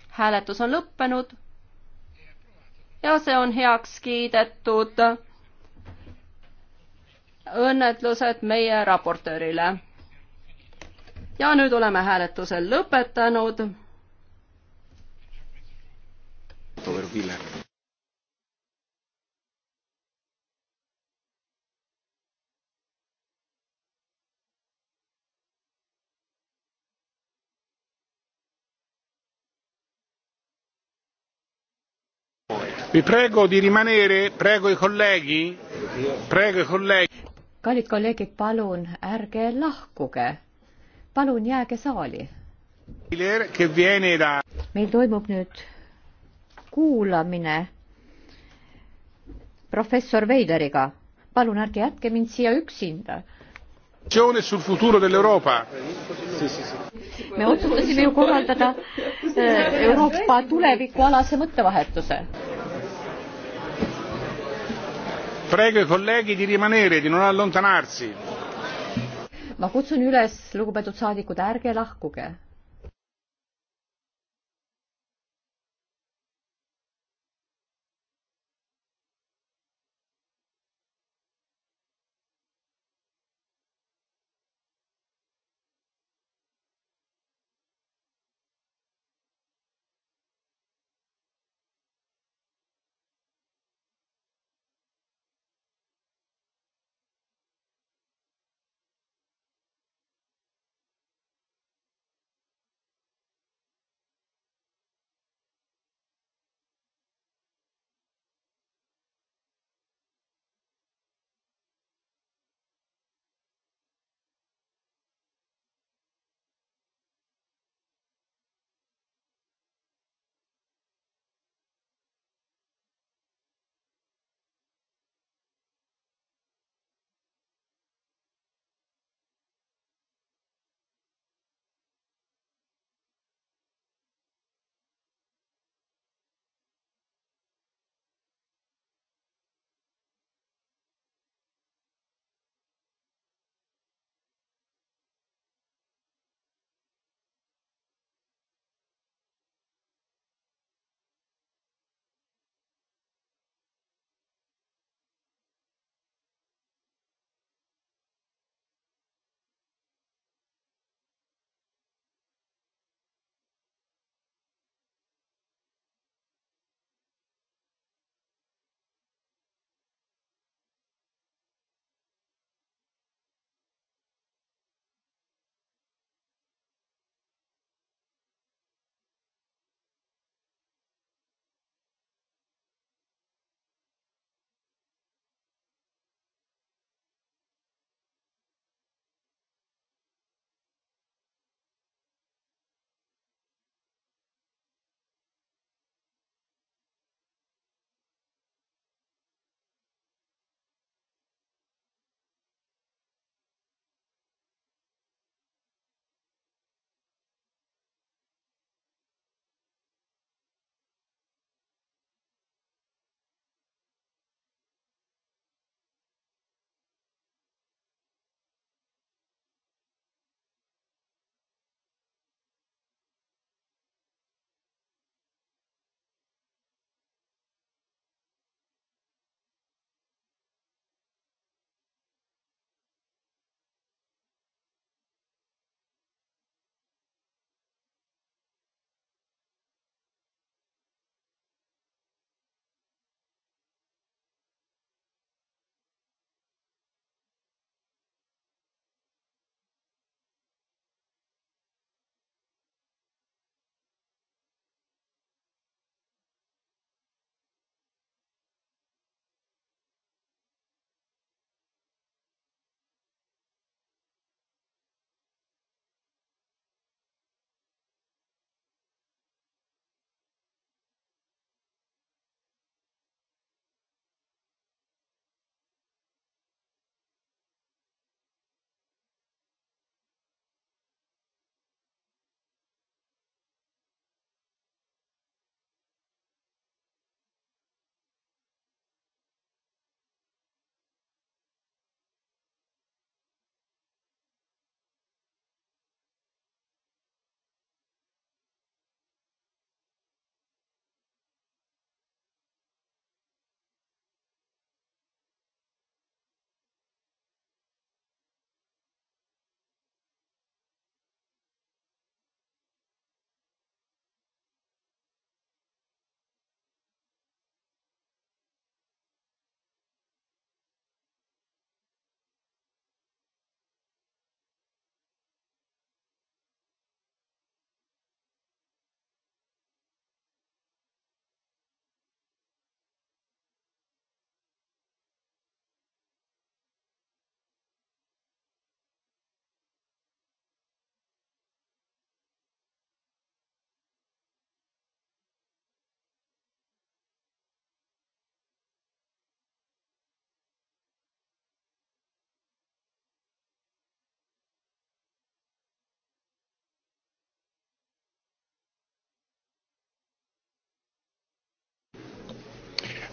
hääletus on lõppenud. ja see on heaks kiidetud õnnetlused meie raportöörile. ja nüüd oleme hääletuse lõpetanud. vi prego di rimanere prego i colleghi prego i colleghi kallid kolleegid, palun ärge lahkuge, palun jääge saali. meil toimub nüüd kuulamine professor Veideriga. palun ärge jätke mind siia üksinda. me otsustasime ju korraldada eh, Euroopa tulevikualase mõttevahetuse prego i colleghi di rimanere, di non allontanarsi. ma kutsun üles, lugupeetud saadikud, ärge lahkuge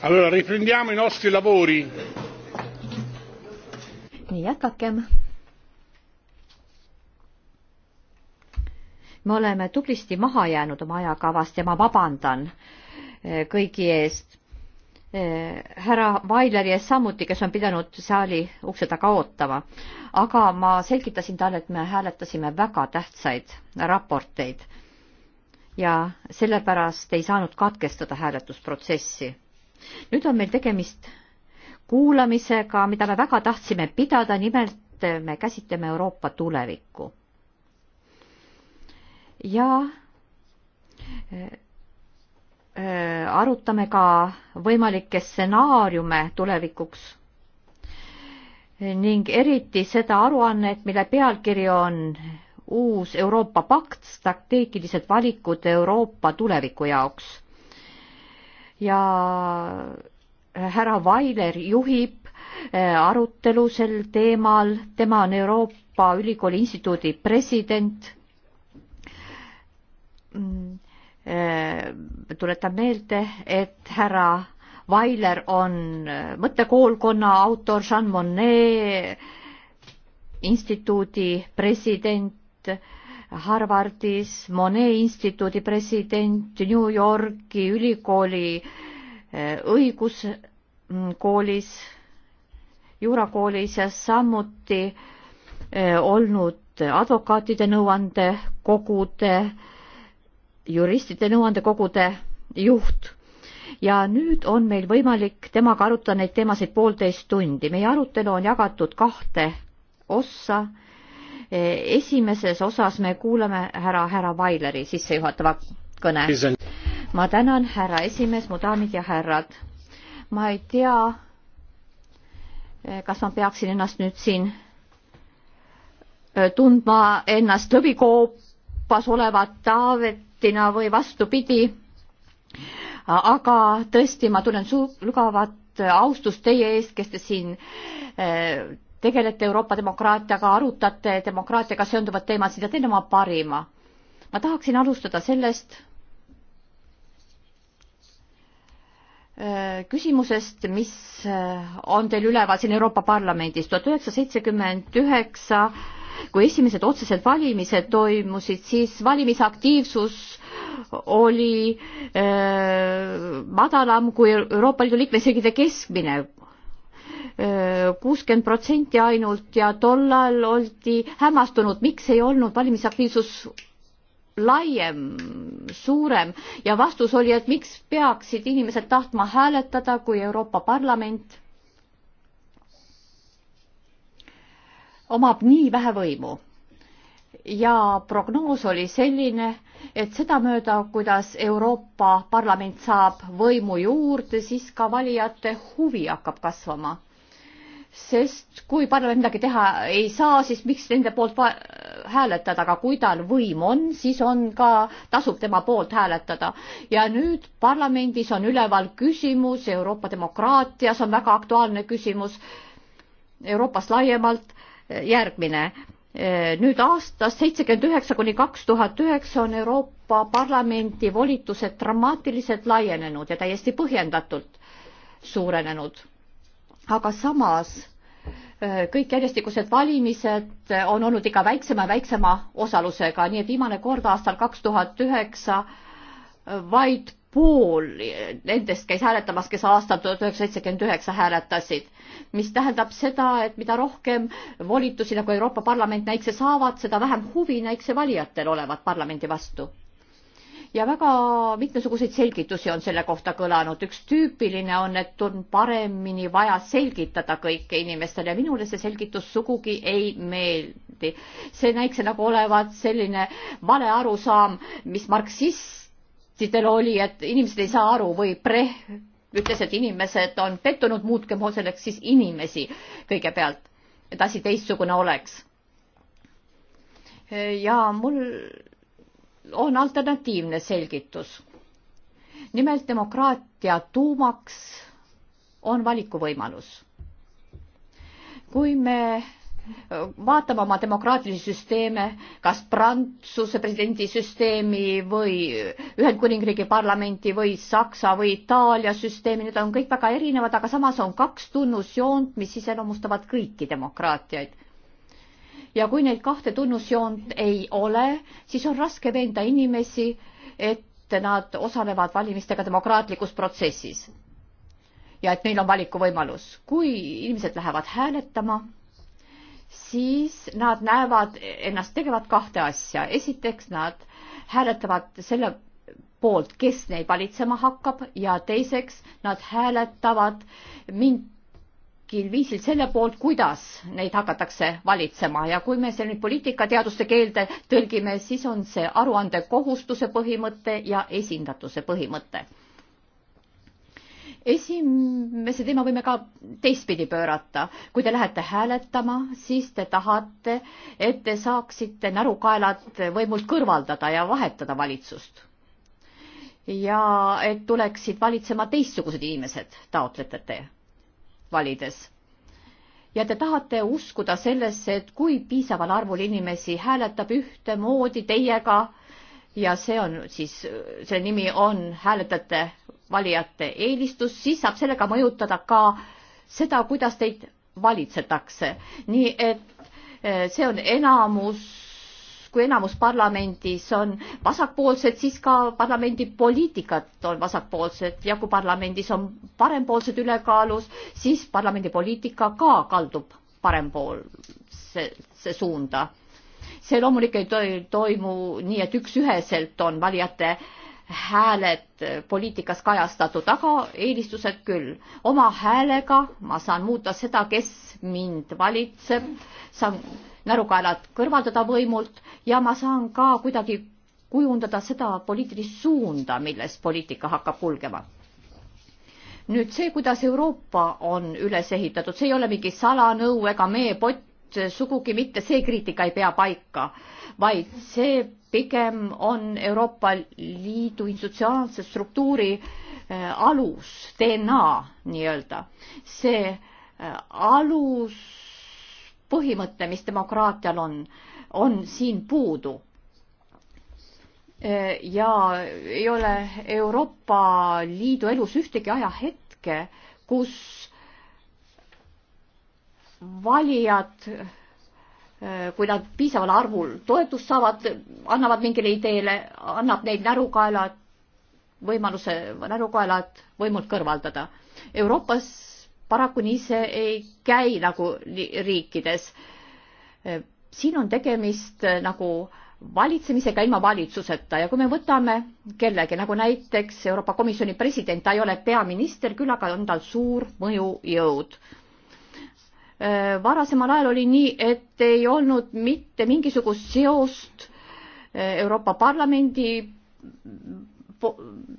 Allora riprendiamo i nostri lavori. nii, jätkakem. me oleme tublisti maha jäänud oma ajakavast ja ma vabandan eh, kõigi eest. Eh, härra Vaileri ees samuti, kes on pidanud saali ukse taga ootama. aga ma selgitasin talle, et me hääletasime väga tähtsaid raporteid ja sellepärast ei saanud katkestada hääletusprotsessi nüüd on meil tegemist kuulamisega, mida me väga tahtsime pidada, nimelt me käsitleme Euroopa tulevikku. ja äh, äh, arutame ka võimalikke stsenaariume tulevikuks ning eriti seda aruannet, mille pealkiri on uus Euroopa pakt, strateegilised valikud Euroopa tuleviku jaoks ja äh, härra Vailer juhib äh, arutelu sel teemal, tema on Euroopa Ülikooli Instituudi president. Mm, äh, tuletan meelde, et härra Vailer on mõttekoolkonna autor, Jean Monnet instituudi president Harvardis, Monet instituudi president, New Yorgi ülikooli eh, õiguskoolis, juurakoolis ja samuti eh, olnud advokaatide nõuandekogude, juristide nõuandekogude juht ja nüüd on meil võimalik temaga arutada neid teemasid poolteist tundi. meie arutelu on jagatud kahte ossa Eh, esimeses osas me kuulame härra, härra Vaileri sissejuhatava kõne. ma tänan, härra esimees, mu daamid ja härrad. ma ei tea, eh, kas ma peaksin ennast nüüd siin eh, tundma ennast lõvikoopas olevat Taavetina või vastupidi. aga tõesti, ma tunnen suur, lugavat austust teie ees, kes te siin tegelete Euroopa demokraatiaga, arutate demokraatiaga seonduvat teemasid ja teen oma parima. ma tahaksin alustada sellest äh, küsimusest, mis äh, on teil üleval siin Euroopa Parlamendis. tuhat üheksasada seitsekümmend üheksa, kui esimesed otsesed valimised toimusid, siis valimisaktiivsus oli öö, äh, madalam kui Euroopa Liidu liikmesriikide keskmine kuuskümmend protsenti ainult ja tollal oldi hämmastunud, miks ei olnud valimisaktiivsus laiem, suurem ja vastus oli, et miks peaksid inimesed tahtma hääletada, kui Euroopa Parlament omab nii vähe võimu. ja prognoos oli selline, et sedamööda, kuidas Euroopa Parlament saab võimu juurde, siis ka valijate huvi hakkab kasvama sest kui parlament midagi teha ei saa, siis miks nende poolt hääletada, aga kui tal võim on, siis on ka, tasub tema poolt hääletada. ja nüüd parlamendis on üleval küsimus Euroopa demokraatias on väga aktuaalne küsimus Euroopas laiemalt järgmine. nüüd aastast seitsekümmend üheksa kuni kaks tuhat üheksa on Euroopa Parlamendi volitused dramaatiliselt laienenud ja täiesti põhjendatult suurenenud aga samas äh, kõik järjestikused valimised äh, on olnud ikka väiksema ja väiksema osalusega, nii et viimane kord aastal kaks tuhat üheksa äh, vaid pool nendest käis hääletamas, kes aastal tuhat üheksasada seitsekümmend üheksa hääletasid, mis tähendab seda, et mida rohkem volitusi nagu Euroopa Parlament näikse saavad, seda vähem huvi näikse valijatel olevat parlamendi vastu ja väga mitmesuguseid selgitusi on selle kohta kõlanud. üks tüüpiline on, et on paremini vaja selgitada kõike inimestele. minule see selgitus sugugi ei meeldi. see näikse nagu olevat selline vale arusaam, mis marksistidel oli, et inimesed ei saa aru või Brecht ütles, et inimesed on pettunud, muutkem selleks siis inimesi kõigepealt, et asi teistsugune oleks. ja mul on alternatiivne selgitus. nimelt demokraatia tuumaks on valikuvõimalus. kui me vaatame oma demokraatilisi süsteeme, kas Prantsuse presidendisüsteemi või Ühendkuningriigi parlamenti või Saksa või Itaalia süsteemi, need on kõik väga erinevad, aga samas on kaks tunnusjoont, mis iseloomustavad kõiki demokraatiaid ja kui neid kahte tunnusjoont ei ole, siis on raske veenda inimesi, et nad osalevad valimistega demokraatlikus protsessis. ja et neil on valikuvõimalus. kui inimesed lähevad hääletama, siis nad näevad ennast tegevat kahte asja. esiteks nad hääletavad selle poolt, kes neid valitsema hakkab ja teiseks nad hääletavad mind mingilgi viisil selle poolt, kuidas neid hakatakse valitsema ja kui me selle nüüd poliitikateaduste keelde tõlgime, siis on see aruandekohustuse põhimõte ja esindatuse põhimõte. esimese teema võime ka teistpidi pöörata. kui te lähete hääletama, siis te tahate, et te saaksite närukaelad võimult kõrvaldada ja vahetada valitsust ja et tuleksid valitsema teistsugused inimesed, taotlete te valides. ja te tahate uskuda sellesse, et kui piisaval arvul inimesi hääletab ühtemoodi teiega ja see on siis, selle nimi on hääletajate, valijate eelistus, siis saab sellega mõjutada ka seda, kuidas teid valitsetakse. nii et eh, see on enamus kui enamus parlamendis on vasakpoolsed, siis ka parlamendi poliitikad on vasakpoolsed ja kui parlamendis on parempoolsed ülekaalus, siis parlamendi poliitika ka kaldub parempoolse suunda. see loomulikult ei to toimu nii, et üks-üheselt on valijate hääled poliitikas kajastatud, aga eelistused küll. oma häälega ma saan muuta seda, kes mind valitseb, saan närukaelad kõrvaldada võimult ja ma saan ka kuidagi kujundada seda poliitilist suunda, milles poliitika hakkab kulgema. nüüd see, kuidas Euroopa on üles ehitatud, see ei ole mingi salanõu ega meepott, sugugi mitte see kriitika ei pea paika, vaid see pigem on Euroopa Liidu institutsionaalse struktuuri äh, alus, DNA nii-öelda. see äh, alus põhimõte, mis demokraatial on, on siin puudu. ja ei ole Euroopa Liidu elus ühtegi ajahetke, kus valijad kui nad piisaval arvul toetust saavad, annavad mingile ideele, annab neid närukaelad, võimaluse närukaelad võimult kõrvaldada. Euroopas paraku nii see ei käi nagu riikides. siin on tegemist eh, nagu valitsemisega ilma valitsuseta ja kui me võtame kellegi nagu näiteks Euroopa Komisjoni president, ta ei ole peaminister, küll aga on tal suur mõjujõud. Eh, varasemal ajal oli nii, et ei olnud mitte mingisugust seost eh, Euroopa Parlamendi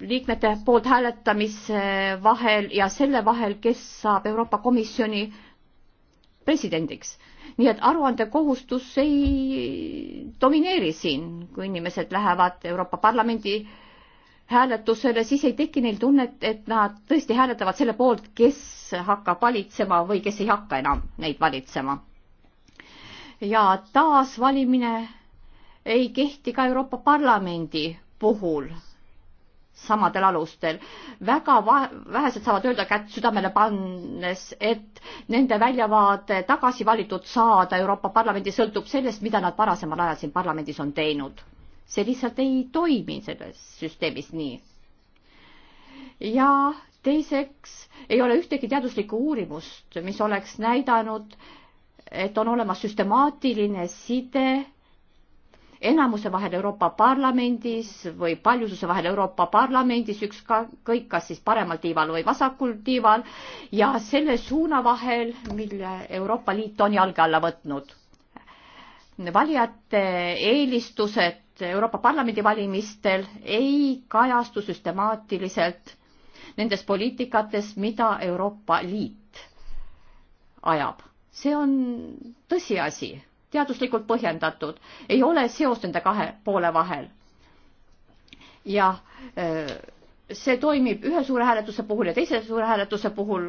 liikmete poolt hääletamise vahel ja selle vahel, kes saab Euroopa Komisjoni presidendiks. nii et aruandekohustus ei domineeri siin, kui inimesed lähevad Euroopa Parlamendi hääletusele, siis ei teki neil tunnet, et nad tõesti hääletavad selle poolt, kes hakkab valitsema või kes ei hakka enam neid valitsema. ja taasvalimine ei kehti ka Euroopa Parlamendi puhul samadel alustel. väga vähesed saavad öelda kätt südamele pannes, et nende väljavaade tagasi valitud saada Euroopa Parlamendi sõltub sellest, mida nad varasemal ajal siin parlamendis on teinud. see lihtsalt ei toimi selles süsteemis nii. ja teiseks ei ole ühtegi teaduslikku uurimust, mis oleks näidanud, et on olemas süstemaatiline side enamuse vahel Euroopa Parlamendis või paljususe vahel Euroopa Parlamendis, ükskõik kas siis paremal tiival või vasakul tiival ja selle suuna vahel, mille Euroopa Liit on jalge alla võtnud. valijate eelistused Euroopa Parlamendi valimistel ei kajastu süstemaatiliselt nendes poliitikates, mida Euroopa Liit ajab. see on tõsiasi teaduslikult põhjendatud, ei ole seost nende kahe poole vahel. ja äh, see toimib ühe suure hääletuse puhul ja teise suure hääletuse puhul,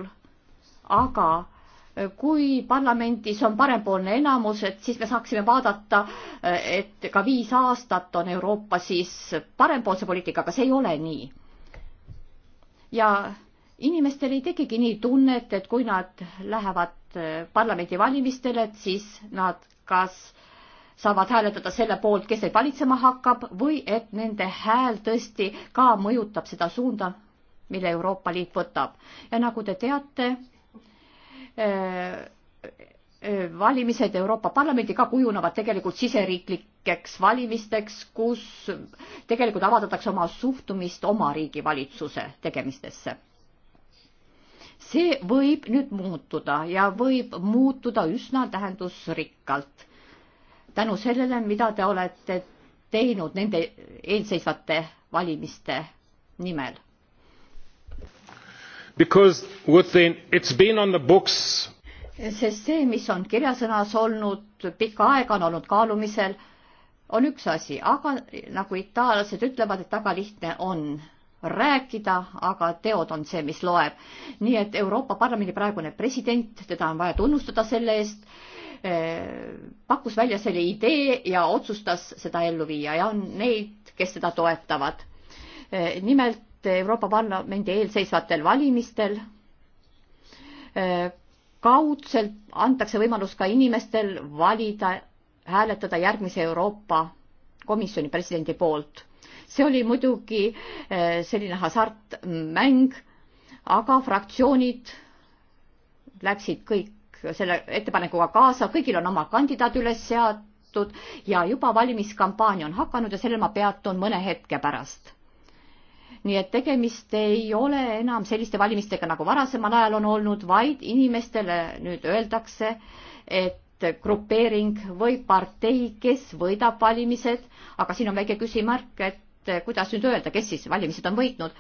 aga äh, kui parlamendis on parempoolne enamus, et siis me saaksime vaadata, äh, et ka viis aastat on Euroopa siis parempoolse poliitikaga, see ei ole nii. ja inimestel ei tekigi nii tunnet, et kui nad lähevad parlamendivalimistele, et siis nad kas saavad hääletada selle poolt, kes neid valitsema hakkab või et nende hääl tõesti ka mõjutab seda suunda, mille Euroopa Liit võtab. ja nagu te teate, äh, äh, valimised Euroopa Parlamendi ka kujunevad tegelikult siseriiklikeks valimisteks, kus tegelikult avaldatakse oma suhtumist oma riigi valitsuse tegemistesse see võib nüüd muutuda ja võib muutuda üsna tähendusrikkalt tänu sellele, mida te olete teinud nende eelseisvate valimiste nimel. Because what they, it's been on the books sest see, mis on kirjasõnas olnud pikka aega, on olnud kaalumisel, on üks asi, aga nagu itaallased ütlevad, et väga lihtne on rääkida, aga teod on see, mis loeb. nii et Euroopa Parlamendi praegune president, teda on vaja tunnustada selle eest, eh, pakkus välja selle idee ja otsustas seda ellu viia ja on neid, kes seda toetavad. Eh, nimelt Euroopa Parlamendi eelseisvatel valimistel eh, kaudselt antakse võimalus ka inimestel valida, hääletada järgmise Euroopa Komisjoni presidendi poolt see oli muidugi eh, selline hasartmäng, aga fraktsioonid läksid kõik selle ettepanekuga kaasa, kõigil on oma kandidaat üles seatud ja juba valimiskampaania on hakanud ja sellel ma peatun mõne hetke pärast. nii et tegemist ei ole enam selliste valimistega, nagu varasemal ajal on olnud, vaid inimestele nüüd öeldakse, et grupeering või partei, kes võidab valimised, aga siin on väike küsimärk, et et eh, kuidas nüüd öelda, kes siis valimised on võitnud,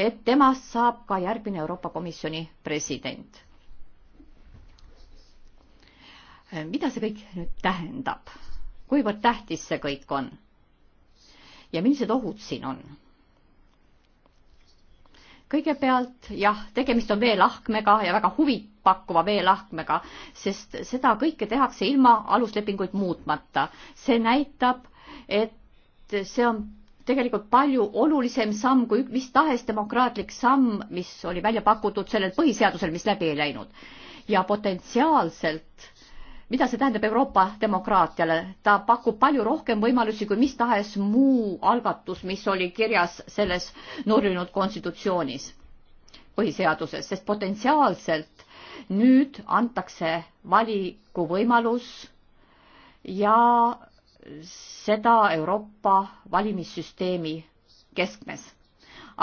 et temast saab ka järgmine Euroopa Komisjoni president. Eh, mida see kõik nüüd tähendab? kuivõrd tähtis see kõik on? ja millised ohud siin on? kõigepealt jah, tegemist on veelahkmega ja väga huvipakkuva veelahkmega, sest seda kõike tehakse ilma aluslepinguid muutmata. see näitab, et see on tegelikult palju olulisem samm kui mis tahes demokraatlik samm, mis oli välja pakutud sellel põhiseadusel, mis läbi ei läinud. ja potentsiaalselt, mida see tähendab Euroopa demokraatiale, ta pakub palju rohkem võimalusi kui mis tahes muu algatus, mis oli kirjas selles nurjunud konstitutsioonis, põhiseaduses, sest potentsiaalselt nüüd antakse valikuvõimalus ja seda Euroopa valimissüsteemi keskmes.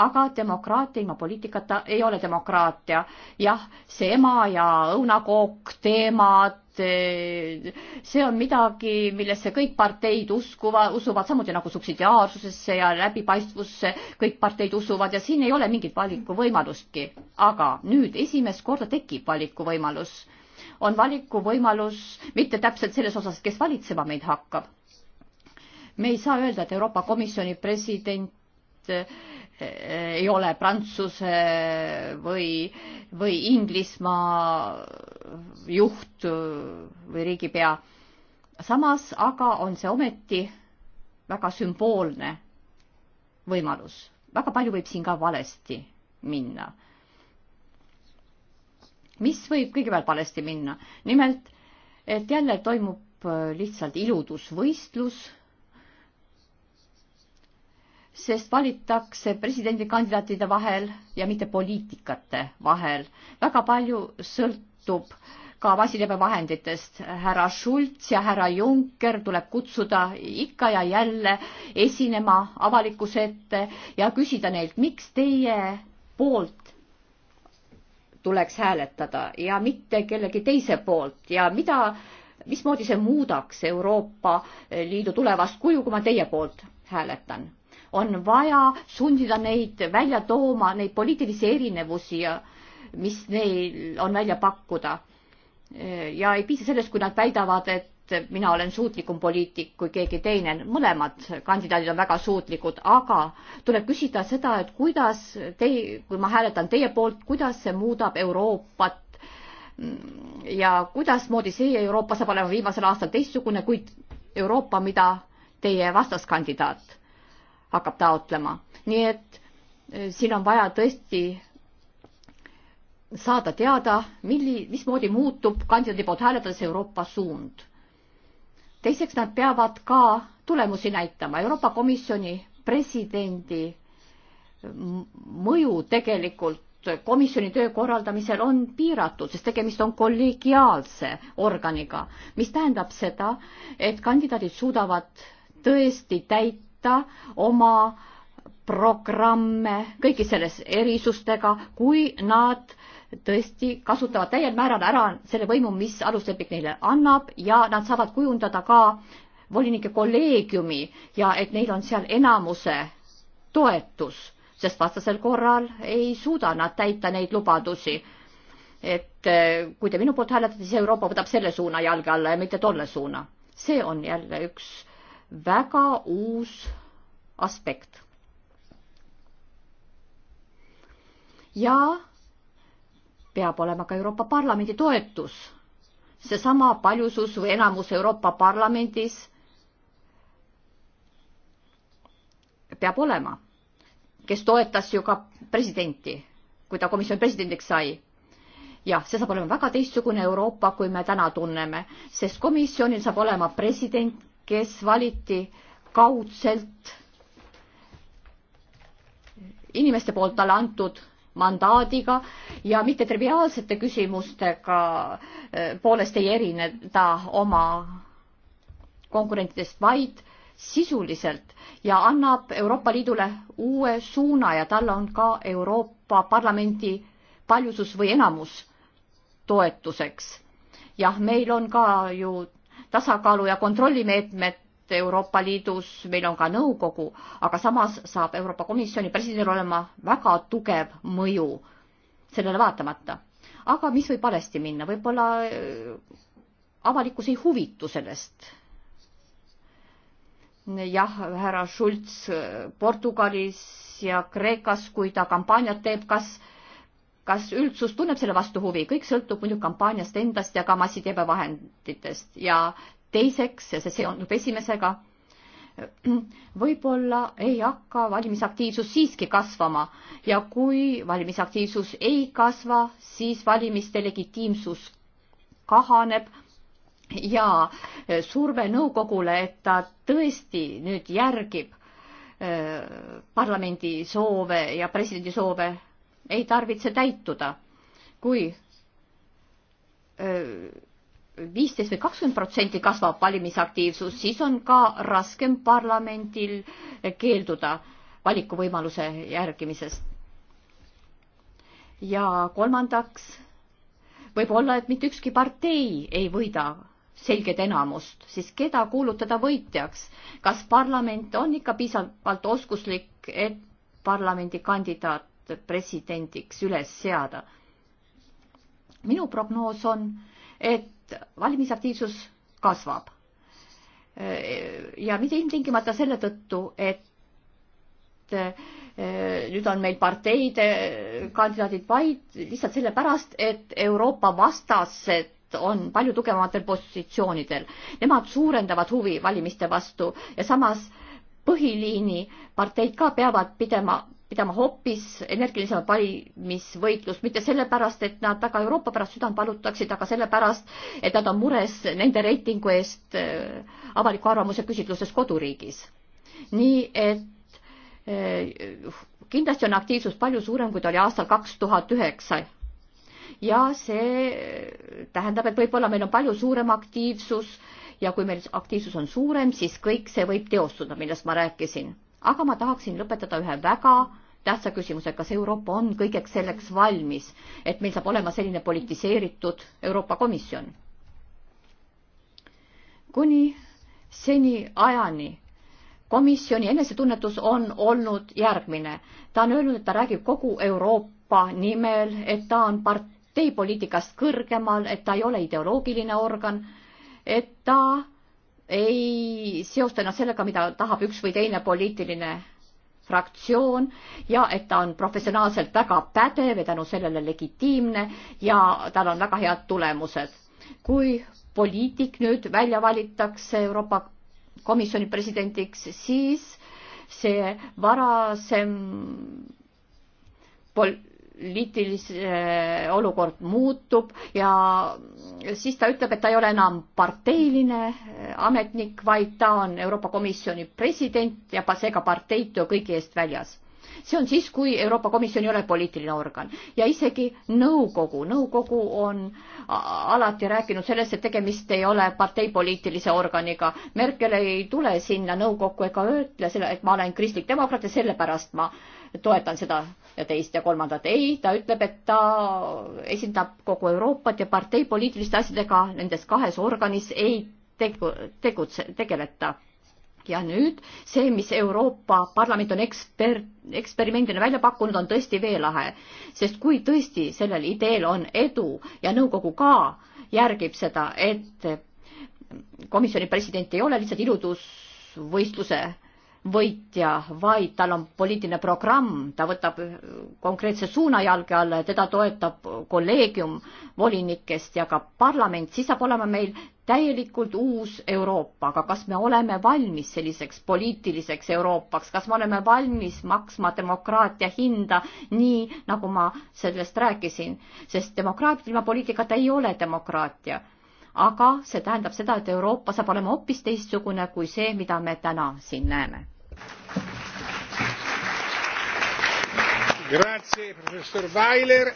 aga demokraatia ilma poliitikata ei ole demokraatia. jah, see ema ja õunakook teemad, see on midagi, millesse kõik parteid uskuvad, usuvad samuti nagu subsidiaarsusesse ja läbipaistvusse, kõik parteid usuvad ja siin ei ole mingit valikuvõimalustki. aga nüüd esimest korda tekib valikuvõimalus on valikuvõimalus mitte täpselt selles osas, kes valitsema meid hakkab me ei saa öelda, et Euroopa Komisjoni president eh, ei ole Prantsuse või, või Inglismaa juht või riigipea. samas aga on see ometi väga sümboolne võimalus, väga palju võib siin ka valesti minna. mis võib kõigepealt valesti minna? nimelt, et jälle toimub lihtsalt iludusvõistlus sest valitakse presidendikandidaatide vahel ja mitte poliitikate vahel. väga palju sõltub ka Vassiljeva vahenditest. härra Schulz ja härra Juncker tuleb kutsuda ikka ja jälle esinema avalikkuse ette ja küsida neilt, miks teie poolt tuleks hääletada ja mitte kellegi teise poolt ja mida, mismoodi see muudaks Euroopa Liidu tulevast kuju, kui ma teie poolt hääletan on vaja sundida neid välja tooma, neid poliitilisi erinevusi ja mis neil on välja pakkuda. ja ei piisa sellest, kui nad väidavad, et mina olen suutlikum poliitik kui keegi teine, mõlemad kandidaadid on väga suutlikud, aga tuleb küsida seda, et kuidas tei-, kui ma hääletan teie poolt, kuidas see muudab Euroopat ja kuidasmoodi see Euroopa saab olema viimasel aastal teistsugune kui Euroopa, mida teie vastaskandidaat hakkab taotlema. nii et eh, siin on vaja tõesti saada teada, milli, mismoodi muutub kandidaadi poolt hääletades Euroopa suund. teiseks, nad peavad ka tulemusi näitama. Euroopa Komisjoni presidendi mõju tegelikult komisjoni töö korraldamisel on piiratud, sest tegemist on kollegiaalse organiga, mis tähendab seda, et kandidaadid suudavad tõesti täita muuta oma programme, kõigi selles erisustega, kui nad tõesti kasutavad täiel määral ära selle võimu, mis alusleping neile annab ja nad saavad kujundada ka volinike kolleegiumi ja et neil on seal enamuse toetus, sest vastasel korral ei suuda nad täita neid lubadusi. et eh, kui te minu poolt hääletate, siis Euroopa võtab selle suuna jalge alla ja mitte tolle suuna. see on jälle üks väga uus aspekt. ja peab olema ka Euroopa Parlamendi toetus. seesama paljusus või enamus Euroopa Parlamendis peab olema, kes toetas ju ka presidenti, kui ta komisjoni presidendiks sai. jah, see saab olema väga teistsugune Euroopa, kui me täna tunneme, sest komisjonil saab olema president, kes valiti kaudselt inimeste poolt talle antud mandaadiga ja mitte triviaalsete küsimustega eh, poolest ei erine ta oma konkurentidest, vaid sisuliselt ja annab Euroopa Liidule uue suuna ja tal on ka Euroopa Parlamendi paljusus või enamus toetuseks. jah, meil on ka ju tasakaalu ja kontrollimeetmed Euroopa Liidus, meil on ka nõukogu, aga samas saab Euroopa Komisjoni presidendil olema väga tugev mõju sellele vaatamata. aga mis võib valesti minna, võib-olla äh, avalikkus ei huvitu sellest. jah, härra Schulz äh, Portugalis ja Kreekas, kui ta kampaaniat teeb, kas äh, kas üldsus tunneb selle vastu huvi, kõik sõltub muidugi kampaaniast endast ja ka massiteabevahenditest ja teiseks, ja see seondub esimesega, võib-olla ei hakka valimisaktiivsus siiski kasvama ja kui valimisaktiivsus ei kasva, siis valimiste legitiimsus kahaneb ja surve nõukogule, et ta tõesti nüüd järgib eh, parlamendi soove ja presidendi soove ei tarvitse täituda kui. kui viisteist või kakskümmend protsenti kasvab valimisaktiivsus, siis on ka raskem parlamendil keelduda valikuvõimaluse järgimisest. ja kolmandaks, võib-olla, et mitte ükski partei ei võida selget enamust, siis keda kuulutada võitjaks, kas parlament on ikka piisavalt oskuslik, et parlamendi kandidaat Gruusiat presidendiks üles seada. minu prognoos on, et valimisaktiivsus kasvab. ja mitte ilmtingimata selle tõttu, et eh, nüüd on meil parteide kandidaadid vaid lihtsalt sellepärast, et Euroopa vastased on palju tugevamatel positsioonidel. Nemad suurendavad huvi valimiste vastu ja samas põhiliini parteid ka peavad pidema, pidama hoopis energilisemat valimisvõitlust, mitte sellepärast, et nad väga Euroopa pärast südant valutaksid, aga sellepärast, et nad on mures nende reitingu eest äh, avaliku arvamuse küsitluses koduriigis. nii et äh, kindlasti on aktiivsus palju suurem, kui ta oli aastal kaks tuhat üheksa. ja see äh, tähendab, et võib-olla meil on palju suurem aktiivsus ja kui meil aktiivsus on suurem, siis kõik see võib teostuda, millest ma rääkisin aga ma tahaksin lõpetada ühe väga tähtsa küsimuse, kas Euroopa on kõigeks selleks valmis, et meil saab olema selline politiseeritud Euroopa Komisjon? kuni seni ajani komisjoni enesetunnetus on olnud järgmine. ta on öelnud, et ta räägib kogu Euroopa nimel, et ta on parteipoliitikast kõrgemal, et ta ei ole ideoloogiline organ, et ta ei seosta ennast sellega, mida tahab üks või teine poliitiline fraktsioon ja et ta on professionaalselt väga pädev ja tänu sellele legitiimne ja tal on väga head tulemused. kui poliitik nüüd välja valitakse Euroopa Komisjoni presidendiks, siis see varasem pol-, poliitilise äh, olukord muutub ja siis ta ütleb, et ta ei ole enam parteiline äh, ametnik, vaid ta on Euroopa Komisjoni president ja seega parteitu kõigi eest väljas see on siis, kui Euroopa Komisjon ei ole poliitiline organ ja isegi nõukogu, nõukogu on alati rääkinud sellest, et tegemist ei ole parteipoliitilise organiga. Merkel ei tule sinna nõukokku ega ütle selle, et ma olen kristlik demokraat ja sellepärast ma toetan seda ja teist ja kolmandat. ei, ta ütleb, et ta esindab kogu Euroopat ja parteipoliitiliste asjadega nendes kahes organis ei tegu, tegutse, tegeleta ja nüüd see, mis Euroopa Parlament on ekspert, eksperimendina välja pakkunud, on tõesti veelahe. sest kui tõesti sellel ideel on edu ja nõukogu ka järgib seda, et komisjoni president ei ole lihtsalt iludusvõistluse võitja, vaid tal on poliitiline programm, ta võtab konkreetse suuna jalge alla ja teda toetab kolleegium volinikest ja ka parlament, siis saab olema meil täielikult uus Euroopa, aga kas me oleme valmis selliseks poliitiliseks Euroopaks, kas me oleme valmis maksma demokraatia hinda nii, nagu ma sellest rääkisin, sest demokraatia ilma poliitikata ei ole demokraatia. aga see tähendab seda, et Euroopa saab olema hoopis teistsugune kui see, mida me täna siin näeme. Grazie professor Weiler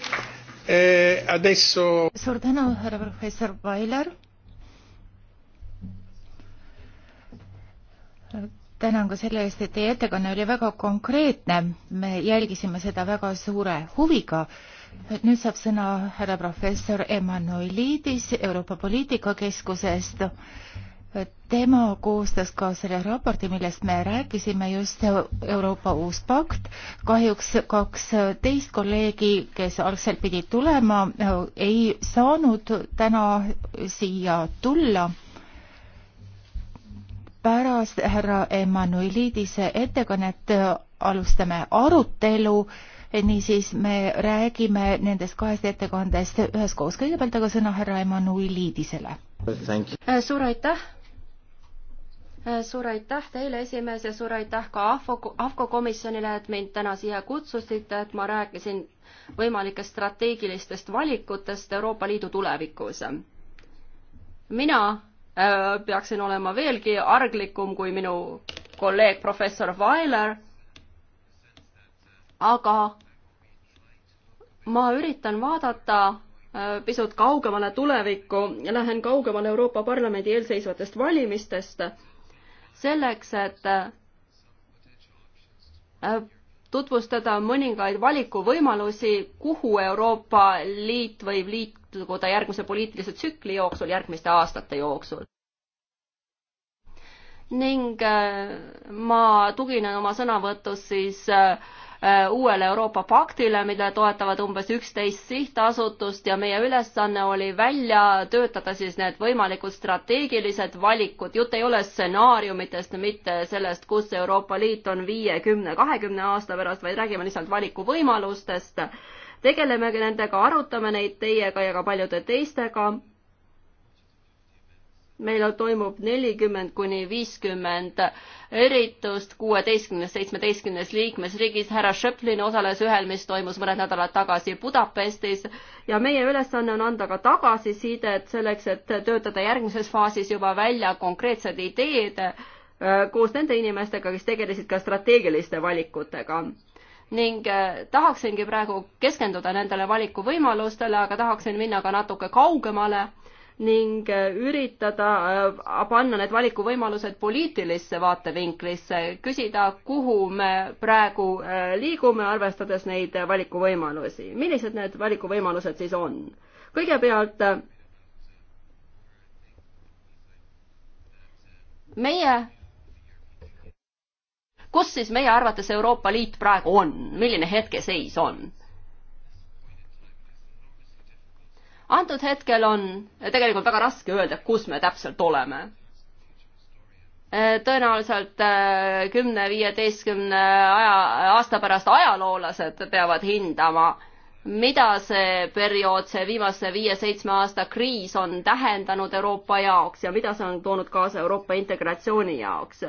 eh,, adesso. suur tänu, härra professor Weiler tänan ka selle eest, et teie ettekanne oli väga konkreetne. me jälgisime seda väga suure huviga. nüüd saab sõna härra professor Emmanuelidis Euroopa Poliitikakeskusest. tema koostas ka selle raporti, millest me rääkisime, just Euroopa uus pakt. kahjuks kaks teist kolleegi, kes algselt pidid tulema, ei saanud täna siia tulla pärast härra Emmanuelidise ettekannet alustame arutelu, niisiis me räägime nendest kahest ettekandest üheskoos. kõigepealt aga sõna härra Emmanuelidisele. Äh, suur aitäh! Äh, suur aitäh teile, esimees, ja suur aitäh ka AFCO, AFCO komisjonile, et mind täna siia kutsusite, et ma rääkisin võimalikest strateegilistest valikutest Euroopa Liidu tulevikus. mina Äh, peaksin olema veelgi arglikum kui minu kolleeg professor Vaeler. aga ma üritan vaadata äh, pisut kaugemale tulevikku ja lähen kaugemale Euroopa Parlamendi eelseisvatest valimistest selleks, et äh, tutvustada mõningaid valikuvõimalusi, kuhu Euroopa Liit võib liit jätkuda järgmise poliitilise tsükli jooksul, järgmiste aastate jooksul. ning äh, ma tuginen oma sõnavõtus siis äh, uuele Euroopa paktile, mida toetavad umbes üksteist sihtasutust ja meie ülesanne oli välja töötada siis need võimalikud strateegilised valikud, jutt ei ole stsenaariumitest, mitte sellest, kus Euroopa Liit on viie, kümne, kahekümne aasta pärast, vaid räägime lihtsalt valikuvõimalustest tegelemegi nendega, arutame neid teiega ja ka paljude teistega. meil toimub nelikümmend kuni viiskümmend üritust kuueteistkümnes, seitsmeteistkümnes liikmesriigis. härra Schöpflin osales ühel, mis toimus mõned nädalad tagasi Budapestis ja meie ülesanne on anda ka tagasisidet selleks, et töötada järgmises faasis juba välja konkreetsed ideed äh, koos nende inimestega, kes tegelesid ka strateegiliste valikutega ning äh, tahaksingi praegu keskenduda nendele valikuvõimalustele, aga tahaksin minna ka natuke kaugemale ning äh, üritada äh, panna need valikuvõimalused poliitilisse vaatevinklisse, küsida, kuhu me praegu liigume, arvestades neid valikuvõimalusi. millised need valikuvõimalused siis on? kõigepealt meie kus siis meie arvates Euroopa Liit praegu on, milline hetkeseis on? antud hetkel on tegelikult väga raske öelda, kus me täpselt oleme. tõenäoliselt äh, kümne, viieteistkümne aja, aasta pärast ajaloolased peavad hindama, mida see periood, see viimase viie-seitsme aasta kriis on tähendanud Euroopa jaoks ja mida see on toonud kaasa Euroopa integratsiooni jaoks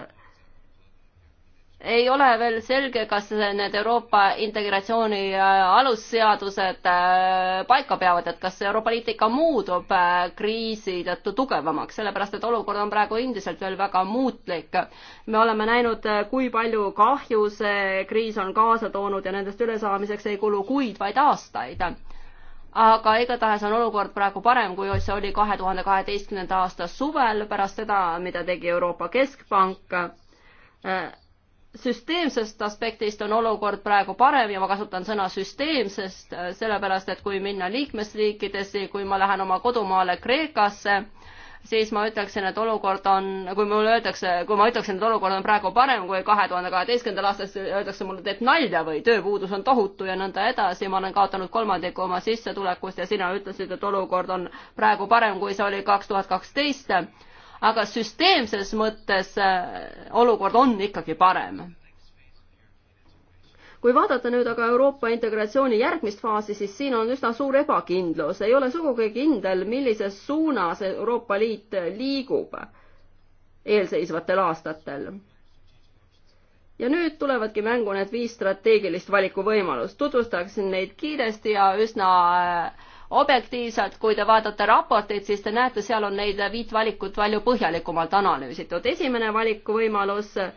ei ole veel selge, kas need Euroopa integratsiooni äh, alusseadused äh, paika peavad, et kas Euroopa Liit ikka muutub äh, kriisi tõttu tugevamaks, sellepärast et olukord on praegu endiselt veel väga muutlik. me oleme näinud, kui palju kahju see kriis on kaasa toonud ja nendest ülesaamiseks ei kulu kuid, vaid aastaid aga igatahes on olukord praegu parem, kui see oli kahe tuhande kaheteistkümnenda aasta suvel pärast seda, mida tegi Euroopa Keskpank süsteemsest aspektist on olukord praegu parem ja ma kasutan sõna süsteemsest, äh, sellepärast et kui minna liikmesriikidesse, kui ma lähen oma kodumaale Kreekasse, siis ma ütleksin, et olukord on, kui mulle öeldakse, kui ma ütleksin, et olukord on praegu parem kui kahe tuhande kaheteistkümnendal aastal, siis öeldakse mulle, teed nalja või tööpuudus on tohutu ja nõnda edasi, ma olen kaotanud kolmandiku oma sissetulekust ja sina ütlesid, et olukord on praegu parem, kui see oli kaks tuhat kaksteist aga süsteemses mõttes äh, olukord on ikkagi parem. kui vaadata nüüd aga Euroopa integratsiooni järgmist faasi, siis siin on üsna suur ebakindlus, ei ole sugugi kindel, millises suunas Euroopa Liit liigub eelseisvatel aastatel ja nüüd tulevadki mängu need viis strateegilist valikuvõimalust. tutvustaksin neid kiiresti ja üsna äh, objektiivselt, kui te vaatate raporteid, siis te näete, seal on neid viit valikut palju põhjalikumalt analüüsitud. esimene valikuvõimalus äh,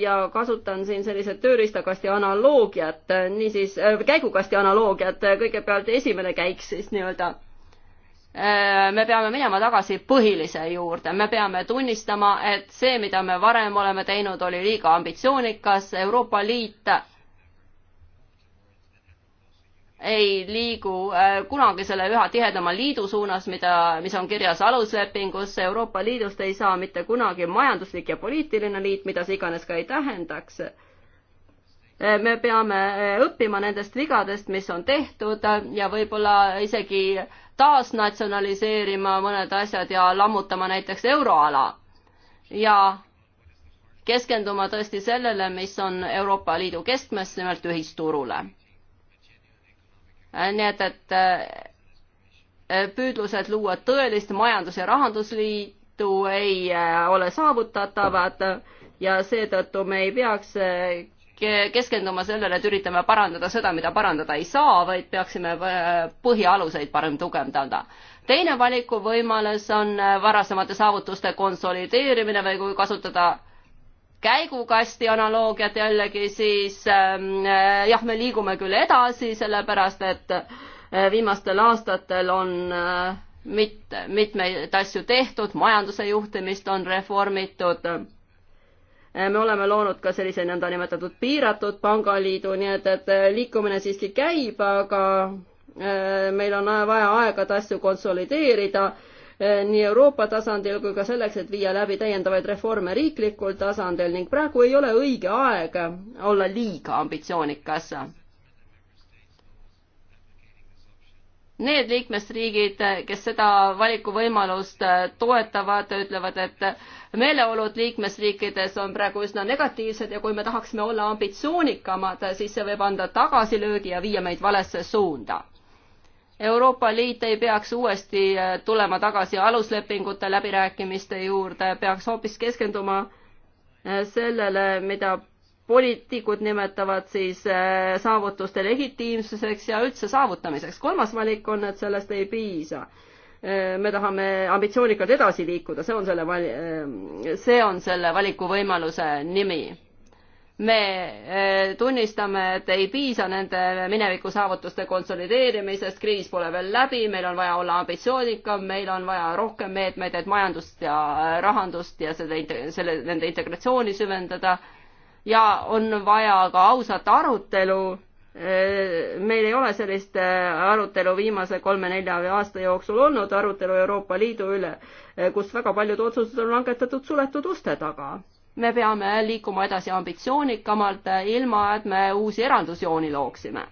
ja kasutan siin sellise tööriistakasti analoogiat, äh, niisiis äh, käigukasti analoogiat, kõigepealt esimene käik siis nii-öelda me peame minema tagasi põhilise juurde, me peame tunnistama, et see, mida me varem oleme teinud, oli liiga ambitsioonikas, Euroopa Liit ei liigu äh, kunagi selle üha tihedama liidu suunas, mida, mis on kirjas aluslepingus, Euroopa Liidust ei saa mitte kunagi majanduslik ja poliitiline liit, mida see iganes ka ei tähendaks. Äh, me peame äh, õppima nendest vigadest, mis on tehtud ja võib-olla isegi taasnatsionaliseerima mõned asjad ja lammutama näiteks euroala. ja keskenduma tõesti sellele, mis on Euroopa Liidu keskmes, nimelt ühisturule Äh, nii et, et äh, püüdlused luua tõelist majandus- ja rahandusliitu ei äh, ole saavutatavad ja seetõttu me ei peaks keskenduma sellele, et üritame parandada seda, mida parandada ei saa, vaid peaksime põhialuseid parem tugevdada. teine valikuvõimalus on varasemate saavutuste konsolideerimine või kui kasutada käigukasti analoogiat jällegi, siis ähm, äh, jah, me liigume küll edasi, sellepärast et äh, viimastel aastatel on äh, mit-, mitmeid asju tehtud, majanduse juhtimist on reformitud, me oleme loonud ka sellise nõndanimetatud piiratud pangaliidu, nii et, et liikumine siiski käib, aga meil on vaja aegade asju konsolideerida Eh, nii Euroopa tasandil kui ka selleks, et viia läbi täiendavaid reforme riiklikul tasandil ning praegu ei ole õige aeg olla liiga ambitsioonikas. Need liikmesriigid, kes seda valikuvõimalust eh, toetavad, ütlevad, et meeleolud liikmesriikides on praegu üsna negatiivsed ja kui me tahaksime olla ambitsioonikamad, siis see võib anda tagasilöögi ja viia meid valesse suunda Euroopa Liit ei peaks uuesti äh, tulema tagasi aluslepingute läbirääkimiste juurde, peaks hoopis keskenduma äh, sellele, mida poliitikud nimetavad siis äh, saavutuste legitiimsuseks ja üldse saavutamiseks. kolmas valik on, et sellest ei piisa. me tahame ambitsioonikalt edasi liikuda, see on selle vali-, see on selle valikuvõimaluse nimi me eh, tunnistame, et ei piisa nende mineviku saavutuste konsolideerimisest, kriis pole veel läbi, meil on vaja olla ambitsioonikam, meil on vaja rohkem meetmeid, et majandust ja eh, rahandust ja selle, selle, nende integratsiooni süvendada. ja on vaja ka ausat arutelu. Eh, meil ei ole sellist arutelu viimase kolme-nelja aasta jooksul olnud, arutelu Euroopa Liidu üle, kus väga paljud otsused on langetatud suletud uste taga me peame liikuma edasi ambitsioonikamalt, ilma et me uusi eraldusjooni looksime.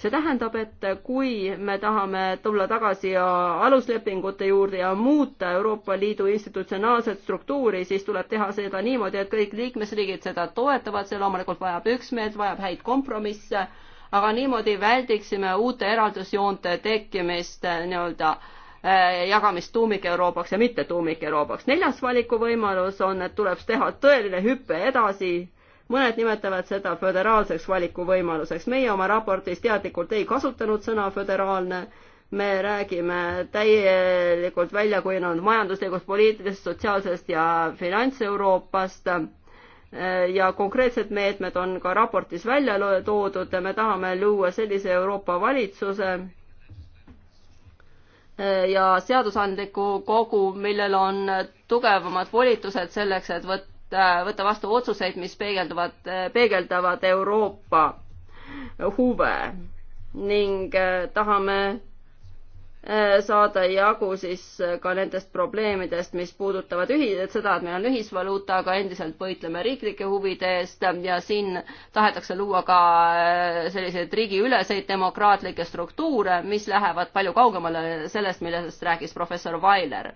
see tähendab, et kui me tahame tulla tagasi aluslepingute juurde ja muuta Euroopa Liidu institutsionaalset struktuuri, siis tuleb teha seda niimoodi, et kõik liikmesriigid seda toetavad, see loomulikult vajab üksmeelt, vajab häid kompromisse, aga niimoodi väldiksime uute eraldusjoonte tekkimist nii-öelda äh, Äh, jagamist tuumik-Euroopaks ja mitte tuumik-Euroopaks. neljas valikuvõimalus on, et tuleb teha tõeline hüpe edasi, mõned nimetavad seda föderaalseks valikuvõimaluseks. meie oma raportis teadlikult ei kasutanud sõna föderaalne, me räägime täielikult välja kujunenud majanduslikust, poliitilisest, sotsiaalsest ja finants-Euroopast äh, ja konkreetsed meetmed on ka raportis välja toodud, me tahame luua sellise Euroopa valitsuse, ja seadusandliku kogu, millel on tugevamad volitused selleks, et võtta, võtta vastu otsuseid, mis peegelduvad, peegeldavad Euroopa huve ning eh, tahame Äh, saada jagu siis äh, ka nendest probleemidest, mis puudutavad ühi-, seda, et meil on ühisvaluuta, aga endiselt võitleme riiklike huvide eest ja siin tahetakse luua ka äh, selliseid riigiüleseid demokraatlikke struktuure, mis lähevad palju kaugemale sellest, millest rääkis professor Vailer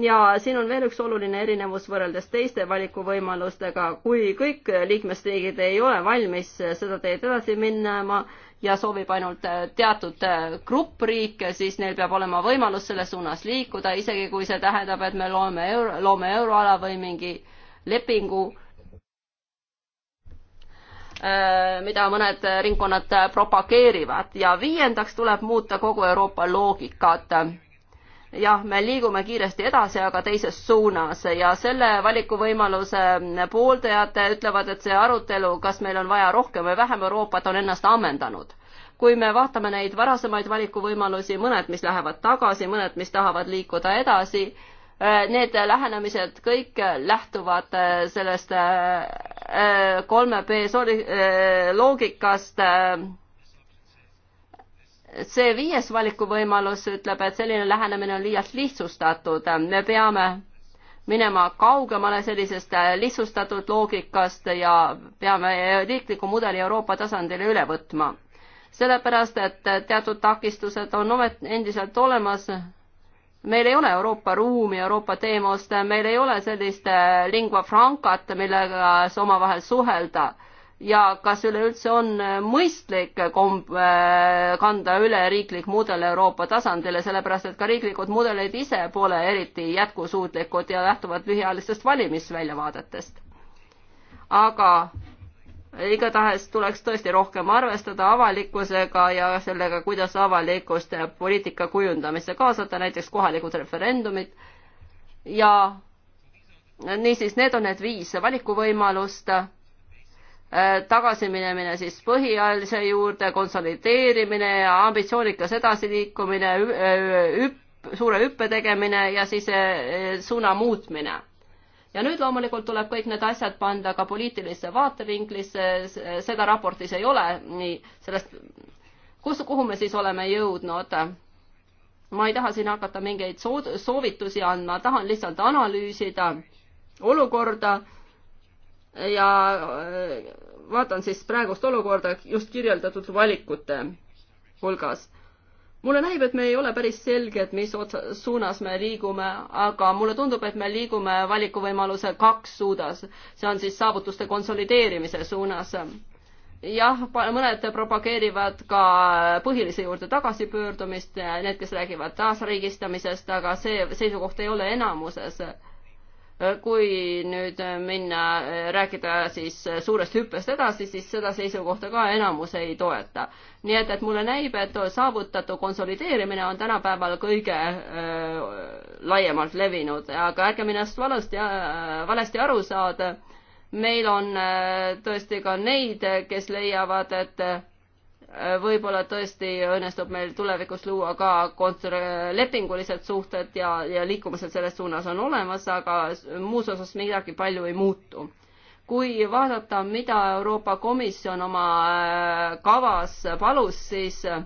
ja siin on veel üks oluline erinevus võrreldes teiste valikuvõimalustega, kui kõik liikmesriigid ei ole valmis seda teed edasi minema, ja soovib ainult äh, teatud äh, grupp riike, siis neil peab olema võimalus selles suunas liikuda, isegi kui see tähendab, et me loome euro, loome euroala või mingi lepingu, äh, mida mõned ringkonnad propageerivad ja viiendaks tuleb muuta kogu Euroopa loogikat jah, me liigume kiiresti edasi, aga teises suunas ja selle valikuvõimaluse pooldajad ütlevad, et see arutelu, kas meil on vaja rohkem või vähem Euroopat, on ennast ammendanud. kui me vaatame neid varasemaid valikuvõimalusi, mõned, mis lähevad tagasi, mõned, mis tahavad liikuda edasi, need lähenemised kõik lähtuvad äh, sellest äh, äh, kolme B loogikast see viies valikuvõimalus ütleb, et selline lähenemine on liialt lihtsustatud, me peame minema kaugemale sellisest lihtsustatud loogikast ja peame riikliku mudeli Euroopa tasandile üle võtma. sellepärast, et teatud takistused on omet-, endiselt olemas, meil ei ole Euroopa ruumi, Euroopa teemast, meil ei ole sellist lingua francat, millega omavahel suhelda ja kas üleüldse on mõistlik komb-, äh, kanda üle riiklik mudel Euroopa tasandile, sellepärast et ka riiklikud mudeleid ise pole eriti jätkusuutlikud ja lähtuvad lühiajalistest valimisväljavaadetest. aga igatahes tuleks tõesti rohkem arvestada avalikkusega ja sellega, kuidas avalikkust poliitika kujundamisse kaasata, näiteks kohalikud referendumid ja niisiis, need on need viis valikuvõimalust Äh, tagasiminemine siis põhiajalise juurde, konsolideerimine ja ambitsioonikas edasiliikumine, hüpp, äh, suure hüppe tegemine ja siis äh, suuna muutmine. ja nüüd loomulikult tuleb kõik need asjad panna ka poliitilisse vaatevinklisse, seda raportis ei ole, nii sellest, kus, kuhu me siis oleme jõudnud? ma ei taha siin hakata mingeid sood-, soovitusi andma, tahan lihtsalt analüüsida olukorda ja äh, vaatan siis praegust olukorda just kirjeldatud valikute hulgas. mulle näib, et me ei ole päris selged, mis otsa, suunas me liigume, aga mulle tundub, et me liigume valikuvõimaluse kaks suudas, see on siis saavutuste konsolideerimise suunas jah, mõned propageerivad ka põhilise juurde tagasipöördumist, need, kes räägivad taasriigistamisest, aga see seisukoht ei ole enamuses kui nüüd minna, eh, rääkida siis eh, suurest hüppest edasi, siis seda seisukohta ka enamus ei toeta. nii et, et mulle näib, et saavutatu konsolideerimine on tänapäeval kõige äh, laiemalt levinud, aga ärgem ennast valesti äh,, valesti aru saada. meil on äh, tõesti ka neid, kes leiavad, et äh, Äh, võib-olla tõesti õnnestub meil tulevikus luua ka lepingulised suhted ja, ja liikumised selles suunas on olemas, aga muus osas midagi palju ei muutu. kui vaadata, mida Euroopa Komisjon oma äh, kavas palus, siis äh,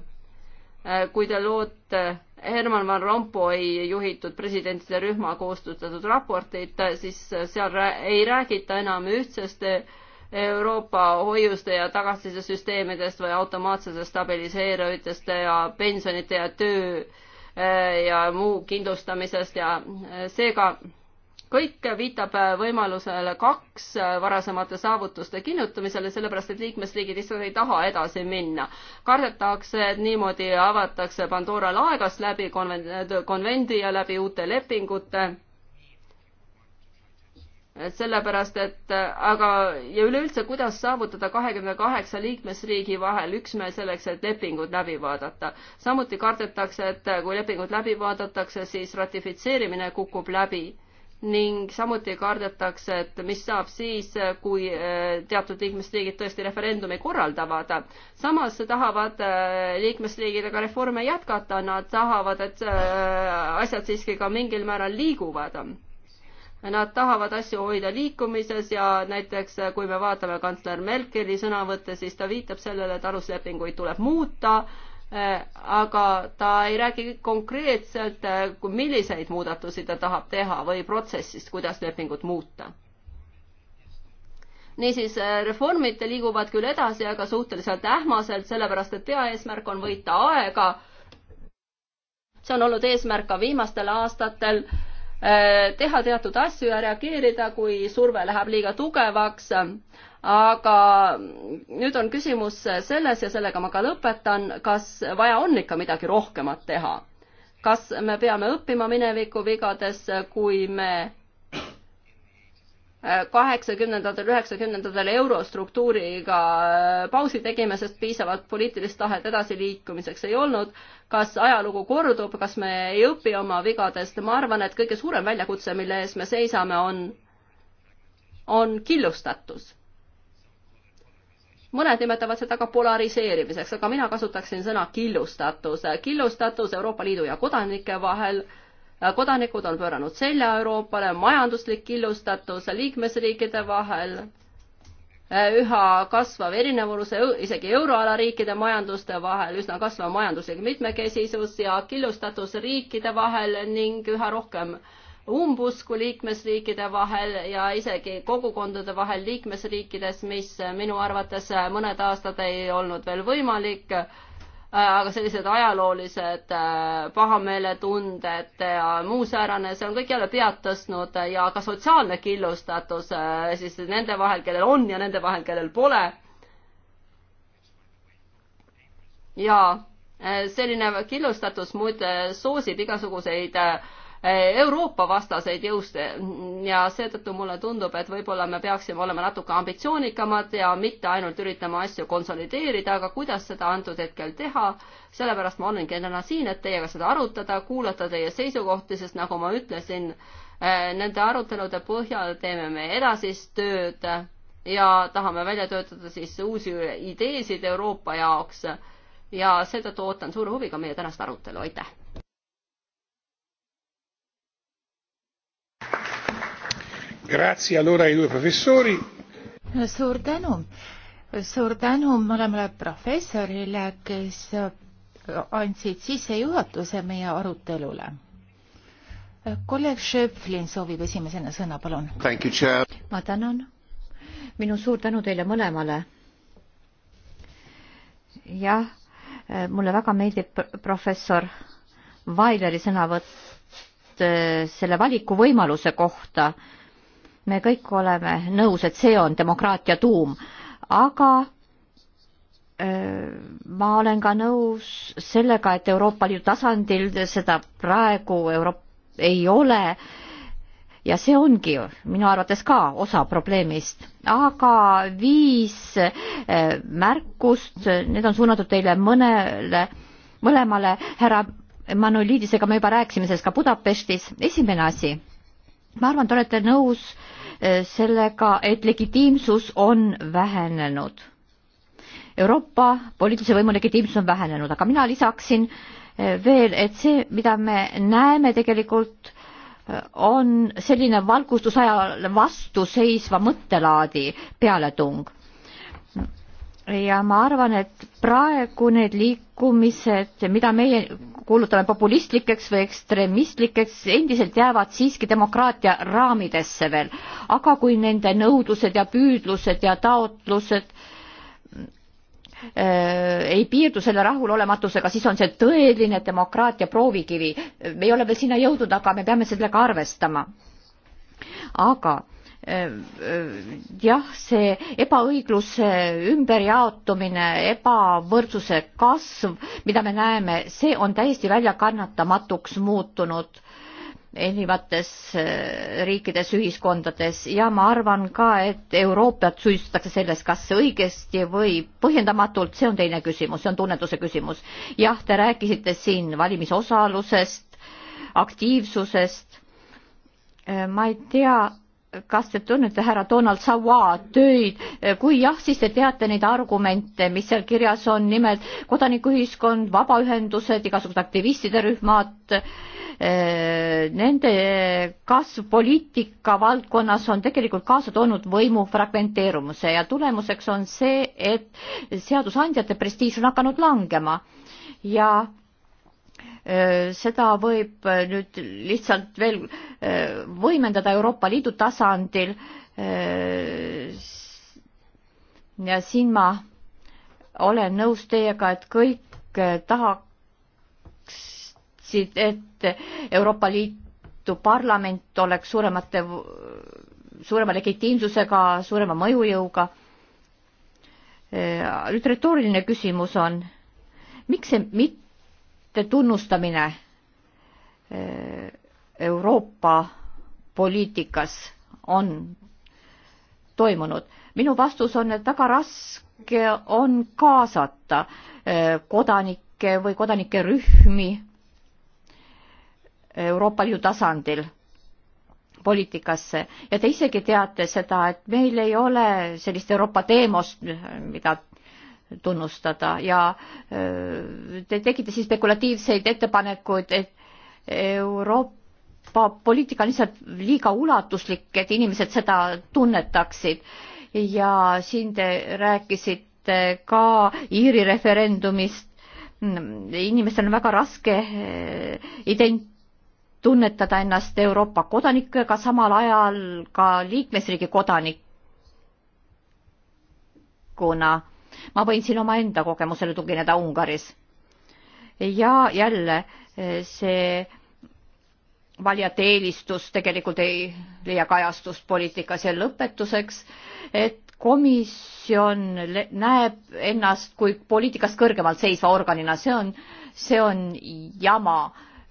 kui te loote Herman Van Rompuy juhitud presidentide rühma koostatud raportit, siis seal ei räägita enam ühtsest Euroopa hoiuste ja tagasisesüsteemidest või automaatsesest stabiliseerujatest ja pensionite ja töö äh, ja muu kindlustamisest ja äh, seega kõik viitab äh, võimalusele kaks varasemate saavutuste kinnutamisele, sellepärast et liikmesriigid lihtsalt ei taha edasi minna. kardetakse, et niimoodi avatakse Pandora laegas läbi konvendi ja läbi uute lepingute sellepärast, et aga ja üleüldse, kuidas saavutada kahekümne kaheksa liikmesriigi vahel üksmeel selleks, et lepingud läbi vaadata. samuti kardetakse, et kui lepingud läbi vaadatakse, siis ratifitseerimine kukub läbi ning samuti kardetakse, et mis saab siis, kui eh, teatud liikmesriigid tõesti referendumi korraldavad. samas tahavad eh, liikmesriigid aga reforme jätkata, nad tahavad, et eh, asjad siiski ka mingil määral liiguvad Nad tahavad asju hoida liikumises ja näiteks eh, kui me vaatame kantsler Merkeli sõnavõtte, siis ta viitab sellele, et aluslepinguid tuleb muuta, eh, aga ta ei räägi konkreetselt, eh, milliseid muudatusi ta tahab teha või protsessist, kuidas lepingut muuta. niisiis, reformid liiguvad küll edasi, aga suhteliselt ähmaselt, sellepärast et peaeesmärk on võita aega. see on olnud eesmärk ka viimastel aastatel Äh, teha teatud asju ja reageerida, kui surve läheb liiga tugevaks. aga nüüd on küsimus selles ja sellega ma ka lõpetan, kas vaja on ikka midagi rohkemat teha? kas me peame õppima mineviku vigadest, kui me kaheksakümnendatel, üheksakümnendatel eurostruktuuriga äh, pausi tegime, sest piisavat poliitilist tahet edasiliikumiseks ei olnud. kas ajalugu kordub, kas me ei õpi oma vigadest? ma arvan, et kõige suurem väljakutse, mille ees me seisame, on, on killustatus. mõned nimetavad seda ka polariseerimiseks, aga mina kasutaksin sõna killustatus. killustatus Euroopa Liidu ja kodanike vahel Äh, kodanikud on pööranud selja Euroopale, majanduslik killustatus liikmesriikide vahel, äh, üha kasvav erinevus isegi euroala riikide majanduste vahel, üsna kasvav majanduslik mitmekesisus ja killustatus riikide vahel ning üha rohkem umbusku liikmesriikide vahel ja isegi kogukondade vahel liikmesriikides, mis minu arvates mõned aastad ei olnud veel võimalik Äh, aga sellised ajaloolised äh, pahameeletunded ja muu säärane, see on kõik jälle pead tõstnud ja ka sotsiaalne killustatus äh, siis nende vahel, kellel on ja nende vahel, kellel pole. ja selline killustatus muide soosib igasuguseid äh, Eh, Euroopa vastaseid jõuste ja seetõttu mulle tundub, et võib-olla me peaksime olema natuke ambitsioonikamad ja mitte ainult üritama asju konsolideerida, aga kuidas seda antud hetkel teha, sellepärast ma olengi täna siin, et teiega seda arutada, kuulata teie seisukohti, sest nagu ma ütlesin, eh, nende arutelude põhjal teeme me edasist tööd ja tahame välja töötada siis uusi ideesid Euroopa jaoks ja seetõttu ootan suure huviga meie tänast arutelu, aitäh! Grazie allora ai due professori. suur tänu, suur tänu mõlemale professorile, kes andsid sissejuhatuse meie arutelule. kolleeg Schöpflin soovib esimesena sõna, palun. ma tänan. minu suur tänu teile mõlemale. jah, mulle väga meeldib professor Vaileri sõnavõtt just eh, selle valikuvõimaluse kohta. me kõik oleme nõus, et see on demokraatia tuum, aga eh, ma olen ka nõus sellega, et Euroopa Liidu tasandil seda praegu Euroop ei ole ja see ongi minu arvates ka osa probleemist. aga viis eh, märkust, need on suunatud teile mõnele, mõlemale, härra Manolidisega me juba rääkisime sellest ka Budapestis. esimene asi, ma arvan, te olete nõus eh, sellega, et legitiimsus on vähenenud. Euroopa poliitilise võimu legitiimsus on vähenenud, aga mina lisaksin eh, veel, et see, mida me näeme tegelikult, eh, on selline valgustusajale vastu seisva mõttelaadi pealetung ja ma arvan, et praegu need liikumised, mida meie kuulutame populistlikeks või ekstremistlikeks, endiselt jäävad siiski demokraatia raamidesse veel. aga kui nende nõudlused ja püüdlused ja taotlused äh, ei piirdu selle rahulolematusega, siis on see tõeline demokraatia proovikivi. me ei ole veel sinna jõudnud, aga me peame sellega arvestama. aga jah, see ebaõigluse ümberjaotumine, ebavõrdsuse kasv, mida me näeme, see on täiesti väljakannatamatuks muutunud erinevates äh, riikides, ühiskondades ja ma arvan ka, et Euroopat süüdistatakse selles, kas õigesti või põhjendamatult, see on teine küsimus, see on tunnetuse küsimus. jah, te rääkisite siin valimisosalusest, aktiivsusest. Äh, ma ei tea kas te tunnete härra Donald Savoa töid, kui jah, siis te teate neid argumente, mis seal kirjas on, nimelt kodanikuühiskond, vabaühendused, igasugused aktivistide rühmad, nende kasv poliitika valdkonnas on tegelikult kaasa toonud võimu fragmenteerumise ja tulemuseks on see, et seadusandjate prestiiž on hakanud langema ja Äh, seda võib äh, nüüd lihtsalt veel äh, võimendada Euroopa Liidu tasandil. ja siin ma olen nõus teiega, et kõik tahaksid, et Euroopa Liidu parlament oleks suuremate, suurema legitiimsusega, suurema mõjujõuga. nüüd retooriline küsimus on, miks see mitte mitte tunnustamine eh, Euroopa poliitikas on toimunud. minu vastus on, et väga raske on kaasata eh, kodanikke või kodanike rühmi Euroopa Liidu tasandil poliitikasse ja te isegi teate seda, et meil ei ole sellist Euroopa teemost, mida tunnustada ja äh, te tegite siis spekulatiivseid ettepanekuid, et Euroopa poliitika on lihtsalt liiga ulatuslik, et inimesed seda tunnetaksid. ja siin te rääkisite ka Iiri referendumist. inimestel on väga raske äh, ident-, tunnetada ennast Euroopa kodanikega, samal ajal ka liikmesriigi kodanikuna ma võin siin omaenda kogemusele tugineda Ungaris. ja jälle eh, see valijate eelistus tegelikult ei leia kajastust poliitikas ja lõpetuseks, et komisjon näeb ennast kui poliitikast kõrgemalt seisva organina, see on, see on jama,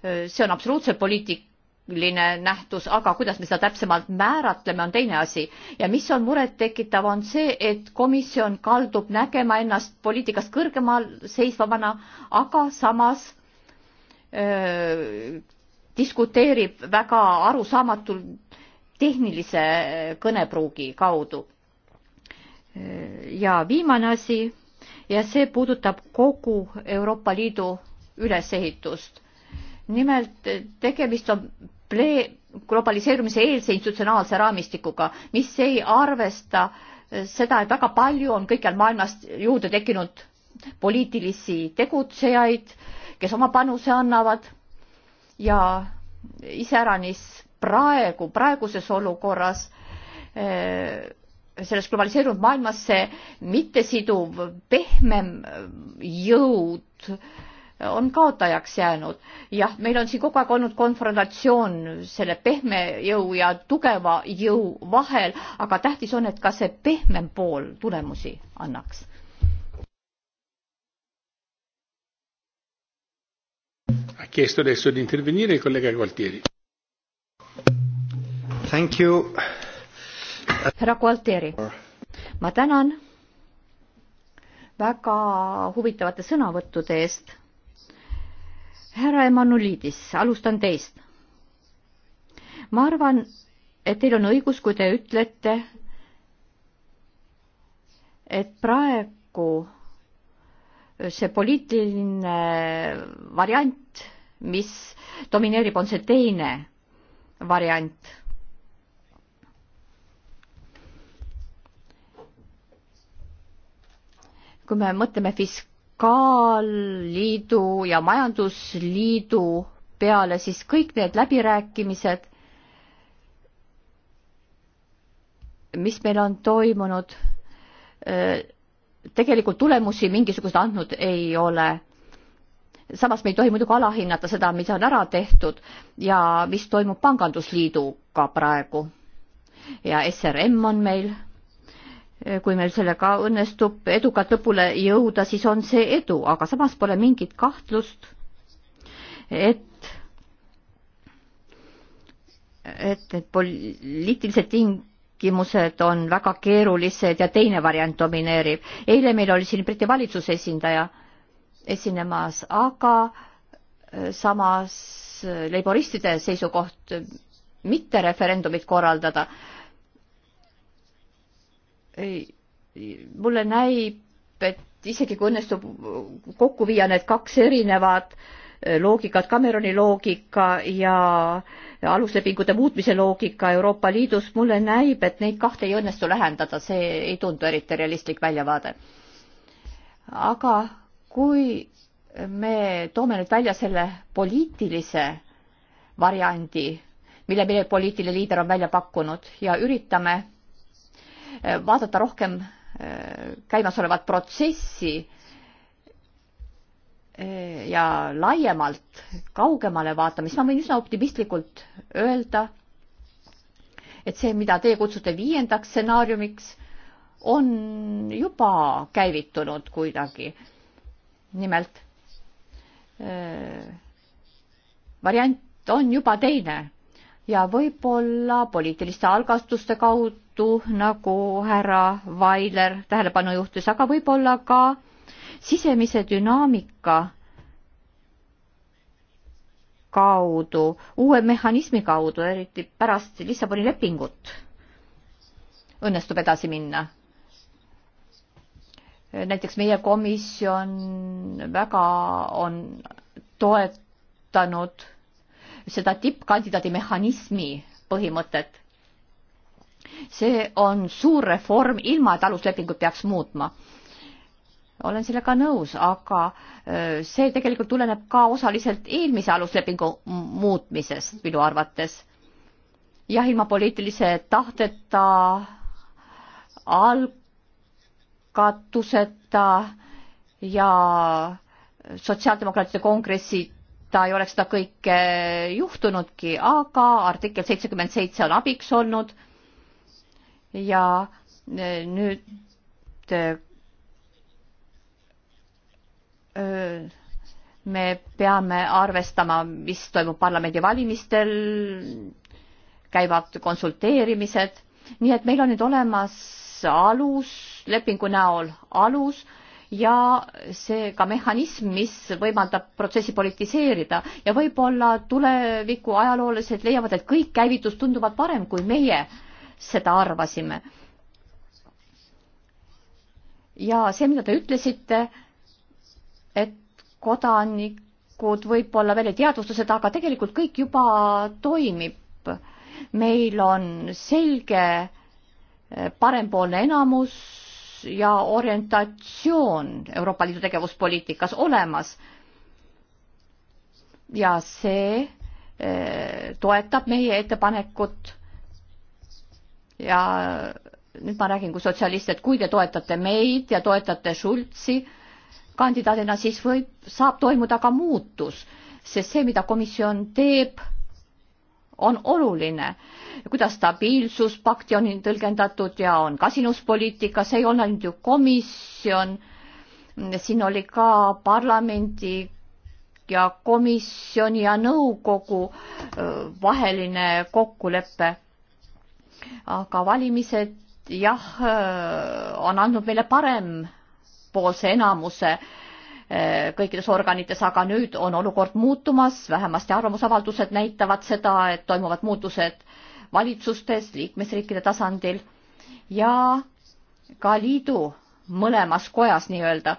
eh, see on absoluutselt poliitik-, bioloogiline nähtus, aga kuidas me seda täpsemalt määratleme, on teine asi. ja mis on murettekitav, on see, et komisjon kaldub nägema ennast poliitikast kõrgemal seisvamana, aga samas öö, diskuteerib väga arusaamatul tehnilise kõnepruugi kaudu. ja viimane asi ja see puudutab kogu Euroopa Liidu ülesehitust nimelt tegemist on komple-, globaliseerumise eelse institutsionaalse raamistikuga, mis ei arvesta seda, et väga palju on kõikjal maailmas juurde tekkinud poliitilisi tegutsejaid, kes oma panuse annavad ja iseäranis praegu, praeguses olukorras eh, selles globaliseerunud maailmas see mittesiduv, pehmem jõud on kaotajaks jäänud. jah, meil on siin kogu aeg olnud konfrontatsioon selle pehme jõu ja tugeva jõu vahel, aga tähtis on, et ka see pehmem pool tulemusi annaks. ha chiesto adesso di intervenire il collega Gualtieri. Thank you. härra Gualtieri, ma tänan väga huvitavate sõnavõttude eest härra Emanuliidis, alustan teist. ma arvan, et teil on õigus, kui te ütlete, et praegu see poliitiline variant, mis domineerib, on see teine variant. kui me mõtleme fisk-, Fiskaalliidu ja Majandusliidu peale, siis kõik need läbirääkimised, mis meil on toimunud, tegelikult tulemusi mingisuguseid andnud ei ole samas me ei tohi muidugi alahinnata seda, mis on ära tehtud ja mis toimub Pangandusliiduga praegu. ja SRM on meil Eh, kui meil sellega õnnestub edukalt lõpule jõuda, siis on see edu, aga samas pole mingit kahtlust, et et need poliitilised tingimused on väga keerulised ja teine variant domineerib. eile meil oli siin Briti valitsuse esindaja esinemas, aga eh, samas eh, leiboristide seisukoht mitte referendumit korraldada äh, mulle näib, et isegi kui õnnestub kokku viia need kaks erinevat eh, loogikat, Cameroni loogika ja aluslepingute muutmise loogika Euroopa Liidus, mulle näib, et neid kahte ei õnnestu lähendada, see ei tundu eriti realistlik väljavaade. aga kui me toome nüüd välja selle poliitilise variandi, mille meie poliitiline liider on välja pakkunud ja üritame Eh, vaadata rohkem eh, käimasolevat protsessi eh, ja laiemalt kaugemale vaatama, siis ma võin üsna optimistlikult öelda, et see, mida teie kutsute viiendaks stsenaariumiks, on juba käivitunud kuidagi. nimelt äh, variant on juba teine ja võib-olla poliitiliste algastuste kaudu vastu, nagu härra Vailer tähelepanu juhtis, aga võib-olla ka sisemise dünaamika kaudu, uue mehhanismi kaudu, eriti pärast Lissaboni lepingut õnnestub edasi minna. näiteks meie komisjon väga on toetanud seda tippkandidaadi mehhanismi põhimõtet see on suur reform, ilma et aluslepingut peaks muutma. olen sellega nõus, aga see tegelikult tuleneb ka osaliselt eelmise aluslepingu muutmisest minu arvates. jah, ilma poliitilise tahteta, algatuseta ja sotsiaaldemokraatide kongressi ta ei oleks seda kõike juhtunudki, aga artikkel seitsekümmend seitse on abiks olnud ja e, nüüd e, e, me peame arvestama, mis toimub parlamendivalimistel, käivad konsulteerimised, nii et meil on nüüd olemas alus, lepingu näol alus ja see ka mehhanism, mis võimaldab protsessi politiseerida ja võib-olla tuleviku ajaloolased leiavad, et kõik käivitus tunduvad parem kui meie äh, seda arvasime. ja see, mida te ütlesite, et kodanikud võib-olla veel ei teadvusta seda, aga tegelikult kõik juba toimib. meil on selge eh, parempoolne enamus ja orientatsioon Euroopa Liidu tegevuspoliitikas olemas. ja see eh, toetab meie ettepanekut ja nüüd ma räägin kui sotsialist, et kui te toetate meid ja toetate Schultzi kandidaadina, siis võib, saab toimuda ka muutus, sest see, mida komisjon teeb, on oluline. kuidas stabiilsuspakti on tõlgendatud ja on kasinuspoliitika, see ei olnud ainult ju komisjon, siin oli ka parlamendi ja komisjoni ja nõukogu vaheline kokkulepe aga valimised jah, äh, on andnud meile parempoolse enamuse äh, kõikides organites, aga nüüd on olukord muutumas, vähemasti arvamusavaldused näitavad seda, et toimuvad muutused valitsustes, liikmesriikide tasandil ja ka liidu mõlemas kojas nii-öelda.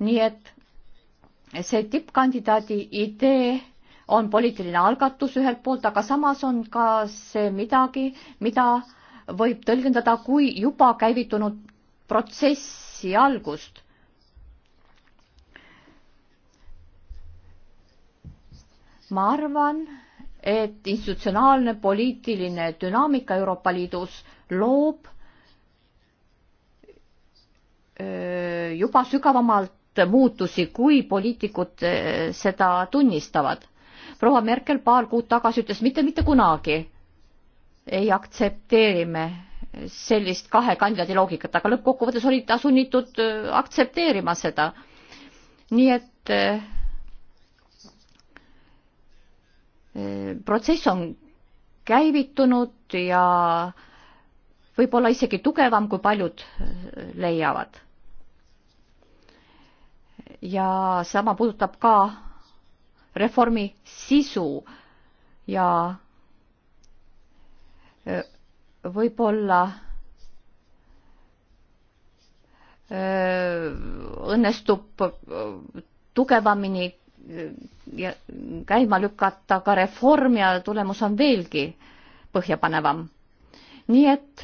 nii et see tippkandidaadi idee on poliitiline algatus ühelt poolt, aga samas on ka see midagi, mida võib tõlgendada kui juba käivitunud protsessi algust. ma arvan, et institutsionaalne poliitiline dünaamika Euroopa Liidus loob juba sügavamalt muutusi, kui poliitikud seda tunnistavad proua Merkel paar kuud tagasi ütles mitte mitte kunagi ei aktsepteeri me sellist kahe kandidaadi loogikat, aga lõppkokkuvõttes oli ta sunnitud äh, aktsepteerima seda. nii et äh, äh, protsess on käivitunud ja võib-olla isegi tugevam, kui paljud äh, leiavad. ja sama puudutab ka reformi sisu ja võib-olla õnnestub tugevamini ja käima lükata ka reform ja tulemus on veelgi põhjapanevam. nii et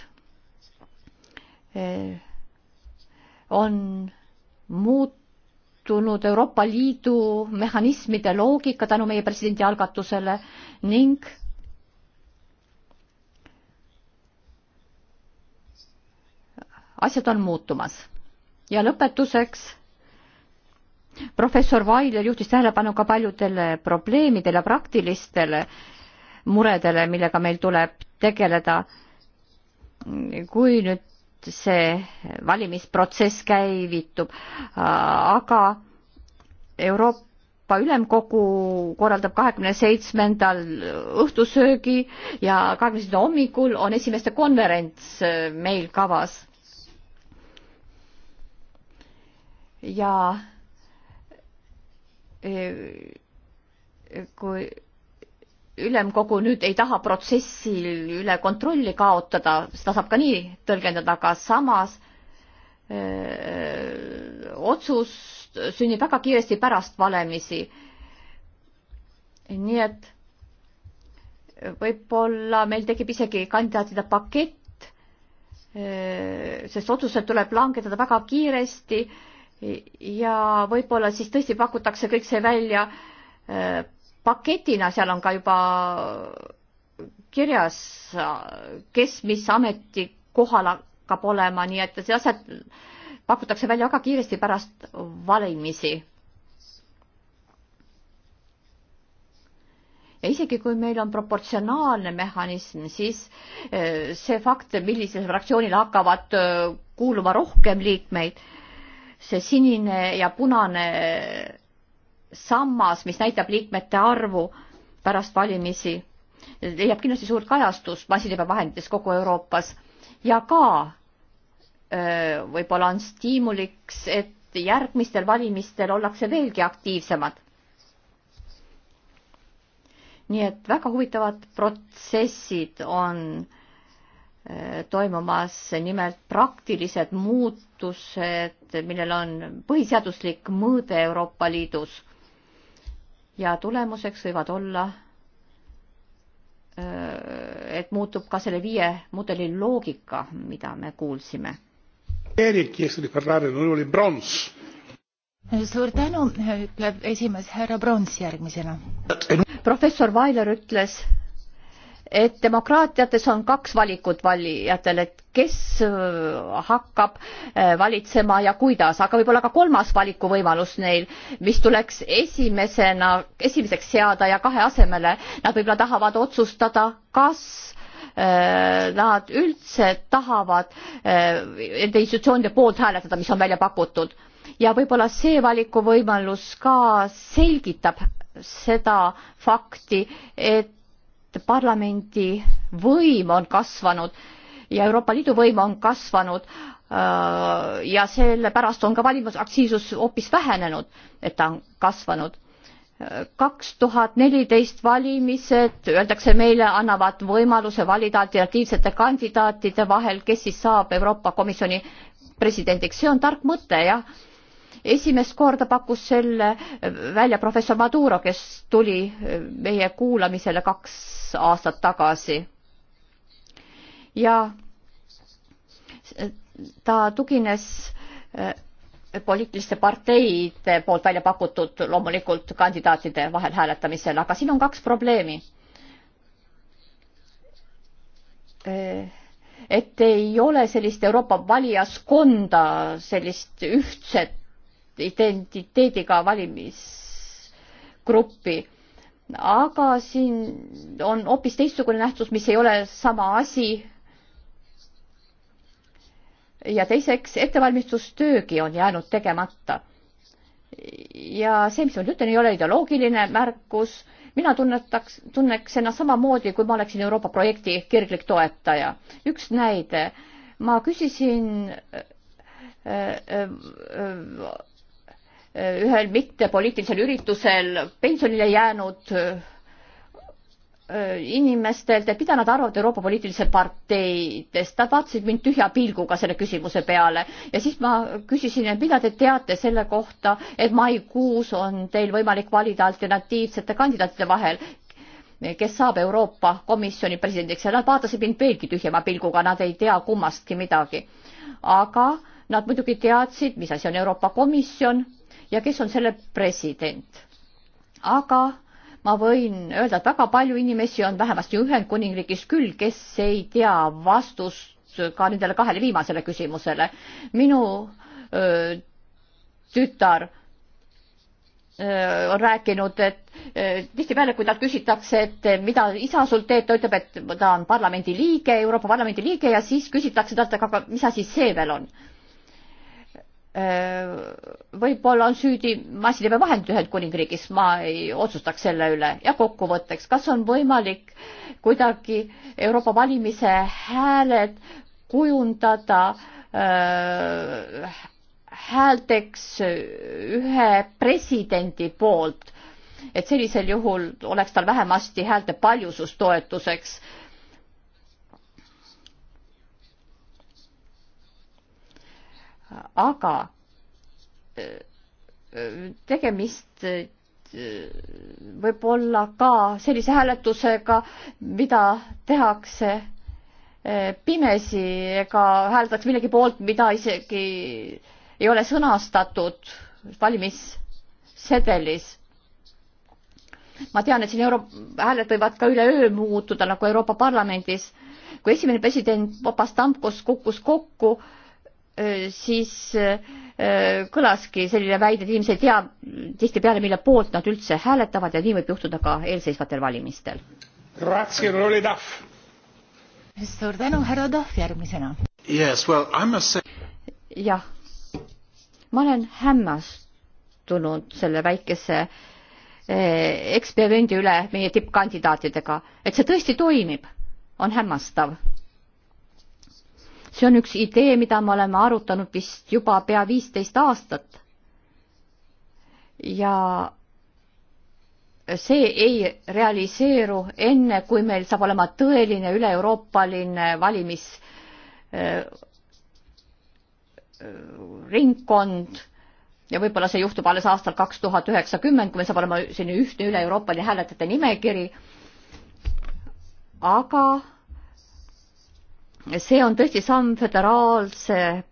on muut-, muutunud Euroopa Liidu mehhanismide loogika tänu meie presidendi algatusele ning asjad on muutumas. ja lõpetuseks professor Vailer juhtis tähelepanu ka paljudele probleemidele, praktilistele muredele, millega meil tuleb tegeleda. kui nüüd see valimisprotsess käivitub, aga Euroopa Ülemkogu korraldab kahekümne seitsmendal õhtusöögi ja kahekümne seitsmendal hommikul on esimeste konverents äh, meil kavas. ja äh, kui ülemkogu nüüd ei taha protsessi üle kontrolli kaotada, seda saab ka nii tõlgendada, aga samas öö, otsus sünnib väga kiiresti pärast valemisi. nii et võib-olla meil tekib isegi kandidaatide pakett, sest otsused tuleb langetada väga kiiresti ja võib-olla siis tõesti pakutakse kõik see välja paketina, seal on ka juba kirjas, kes mis ametikohal hakkab olema, nii et see aset pakutakse välja väga kiiresti pärast valimisi. ja isegi kui meil on proportsionaalne mehhanism, siis eh, see fakt, millisele fraktsioonile hakkavad eh, kuuluma rohkem liikmeid, see sinine ja punane sammas, mis näitab liikmete arvu pärast valimisi, leiab kindlasti suurt kajastust massilebevahendites kogu Euroopas ja ka võib-olla on stiimuliks, et järgmistel valimistel ollakse veelgi aktiivsemad. nii et väga huvitavad protsessid on toimumas, nimelt praktilised muutused, millel on põhiseaduslik mõõde Euroopa Liidus ja tulemuseks võivad olla, et muutub ka selle viie mudeli loogika, mida me kuulsime. suur tänu, ütleb esimees härra Brons järgmisena. professor Vailer ütles, et demokraatiates on kaks valikut valijatel, et kes äh, hakkab äh, valitsema ja kuidas, aga võib-olla ka kolmas valikuvõimalus neil, mis tuleks esimesena, esimeseks seada ja kahe asemele. Nad võib-olla tahavad otsustada, kas äh, nad üldse tahavad nende institutsioonide poolt hääletada, mis on välja pakutud. ja võib-olla see valikuvõimalus ka selgitab seda fakti, et parlamendi võim on kasvanud ja Euroopa Liidu võim on kasvanud äh, ja sellepärast on ka valimisaktiivsus hoopis vähenenud, et ta on kasvanud. kaks tuhat neliteist valimised, öeldakse meile, annavad võimaluse valida alternatiivsete kandidaatide vahel, kes siis saab Euroopa Komisjoni presidendiks, see on tark mõte jah esimest korda pakkus selle välja professor Maduro, kes tuli meie kuulamisele kaks aastat tagasi. ja ta tugines eh, poliitiliste parteide poolt välja pakutud loomulikult kandidaatide vahel hääletamisel, aga siin on kaks probleemi. Eh, et ei ole sellist Euroopa valijaskonda, sellist ühtset identiteediga valimisgruppi. aga siin on hoopis teistsugune nähtus, mis ei ole sama asi. ja teiseks, ettevalmistustöögi on jäänud tegemata. ja see, mis ma nüüd ütlen, ei ole ideoloogiline märkus mina tunnetaks, tunneks ennast samamoodi, kui ma oleksin Euroopa projekti kirglik toetaja. üks näide, ma küsisin äh, äh, ühel mittepoliitilisel üritusel pensionile jäänud äh, inimestelt, et mida nad arvavad Euroopa poliitilise parteidest, nad vaatasid mind tühja pilguga selle küsimuse peale ja siis ma küsisin, et mida te teate selle kohta, et maikuus on teil võimalik valida alternatiivsete kandidaatide vahel, kes saab Euroopa Komisjoni presidendiks ja nad vaatasid mind veelgi tühjema pilguga, nad ei tea kummastki midagi. aga nad muidugi teadsid, mis asi on Euroopa Komisjon ja kes on selle president. aga ma võin öelda, et väga palju inimesi on vähemasti Ühendkuningriigis küll, kes ei tea vastust ka nendele kahele viimasele küsimusele. minu öö, tütar öö, on rääkinud, et tihtipeale, kui talt küsitakse, et mida isa sul teeb, ta ütleb, et ta on parlamendi liige, Euroopa Parlamendi liige ja siis küsitakse talt, aga mis asi see veel on Äh, võib-olla on süüdi massiteabevahendid Ühendkuningriigis, ma ei otsustaks selle üle. ja kokkuvõtteks, kas on võimalik kuidagi Euroopa valimise hääled kujundada öö, äh, häälteks ühe presidendi poolt, et sellisel juhul oleks tal vähemasti häälte paljusus toetuseks aga äh, tegemist äh, võib olla ka sellise hääletusega, mida tehakse äh, pimesi ega hääldatakse millegi poolt, mida isegi ei ole sõnastatud valimissedelis. ma tean, et siin euro-, hääled võivad ka üleöö muutuda nagu Euroopa Parlamendis. kui esimene president Papastamkos kukkus kokku, kokku, siis kõlaski selline väide, et inimesed ei tea tihtipeale, mille poolt nad üldse hääletavad ja nii võib juhtuda ka eelseisvatel valimistel. suur tänu, härra Tahv, järgmisena. jah, ma olen hämmastunud selle väikese eksperimendi üle meie tippkandidaatidega, et see tõesti toimib, on hämmastav see on üks idee, mida me oleme arutanud vist juba pea viisteist aastat. ja see ei realiseeru enne, kui meil saab olema tõeline üle-euroopaline valimisringkond äh, ja võib-olla see juhtub alles aastal kaks tuhat üheksakümmend, kui meil saab olema selline ühtne üle-euroopaline hääletajate nimekiri. aga see on tõesti samm föderaalse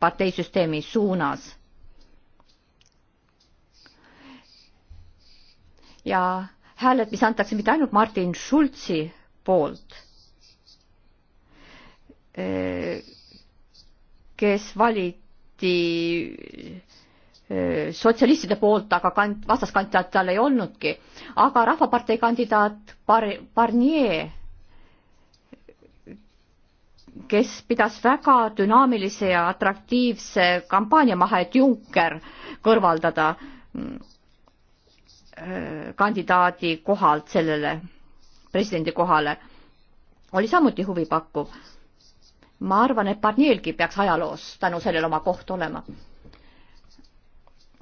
parteisüsteemi suunas. ja hääled, mis antakse mitte ainult Martin Schulzi poolt, kes valiti eh, sotsialistide poolt, aga kand-, vastaskandidaat tal ei olnudki, aga Rahvapartei kandidaat Bar-, Barnier kes pidas väga dünaamilise ja atraktiivse kampaania maha, et Juncker kõrvaldada mm, äh, kandidaadi kohalt sellele presidendi kohale, oli samuti huvipakkuv. ma arvan, et Barnier'gi peaks ajaloos tänu sellele oma koht olema.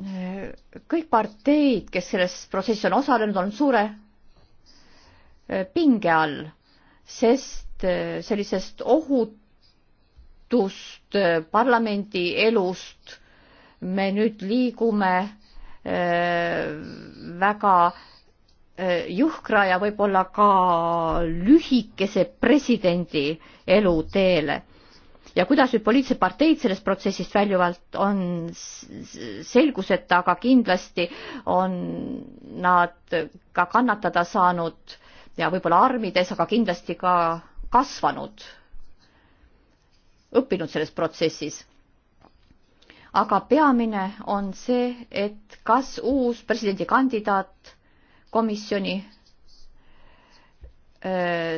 Äh, kõik parteid, kes selles protsessis on osalenud, on suure äh, pinge all, sest Äh, sellisest ohutust äh, parlamendi elust me nüüd liigume äh, väga juhkra ja võib-olla ka lühikese presidendi eluteele. ja kuidas nüüd poliitilised parteid sellest protsessist väljuvalt on selguseta, aga kindlasti on nad ka kannatada saanud ja võib-olla armides, aga kindlasti ka kasvanud, õppinud selles protsessis. aga peamine on see, et kas uus presidendikandidaat komisjoni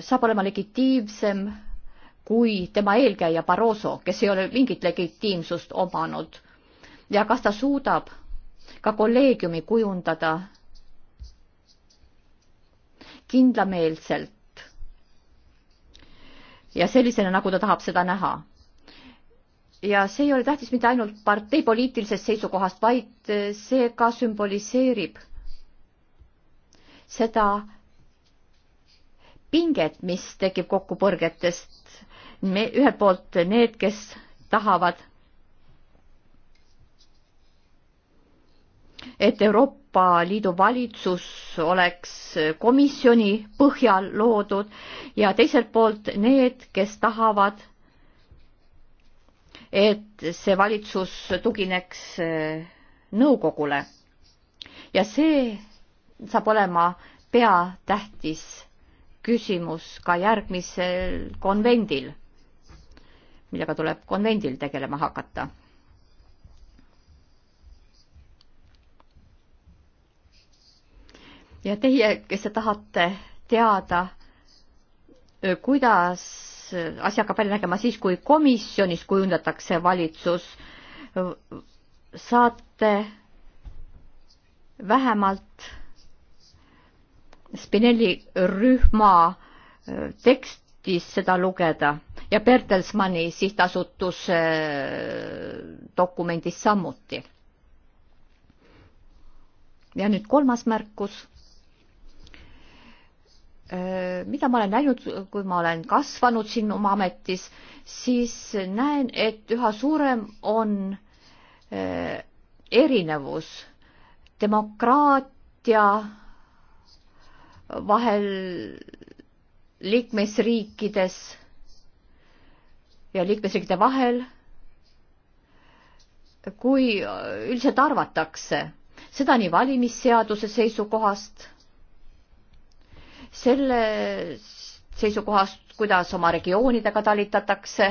saab olema legitiimsem kui tema eelkäija Barroso, kes ei ole mingit legitiimsust omanud ja kas ta suudab ka kolleegiumi kujundada kindlameelselt ja sellisena, nagu ta tahab seda näha. ja see ei ole tähtis mitte ainult partei poliitilisest seisukohast, vaid see ka sümboliseerib seda pinget, mis tekib kokkupõrgetest. me ühelt poolt need, kes tahavad et Euroopa Liidu valitsus oleks komisjoni põhjal loodud ja teiselt poolt need, kes tahavad, et see valitsus tugineks äh, nõukogule. ja see saab olema peatähtis küsimus ka järgmisel konvendil, millega tuleb konvendil tegelema hakata ja teie, kes te tahate teada, kuidas asi hakkab välja nägema siis, kui komisjonis kujundatakse valitsus, saate vähemalt Spinelli rühma tekstis seda lugeda ja Bertelsmanni sihtasutuse dokumendis samuti. ja nüüd kolmas märkus Äh, mida ma olen näinud, kui ma olen kasvanud siin oma ametis, siis näen, et üha suurem on äh, erinevus demokraatia vahel liikmesriikides ja liikmesriikide vahel, kui üldiselt arvatakse, seda nii valimisseaduse seisukohast selle seisukohast, kuidas oma regioonidega talitatakse,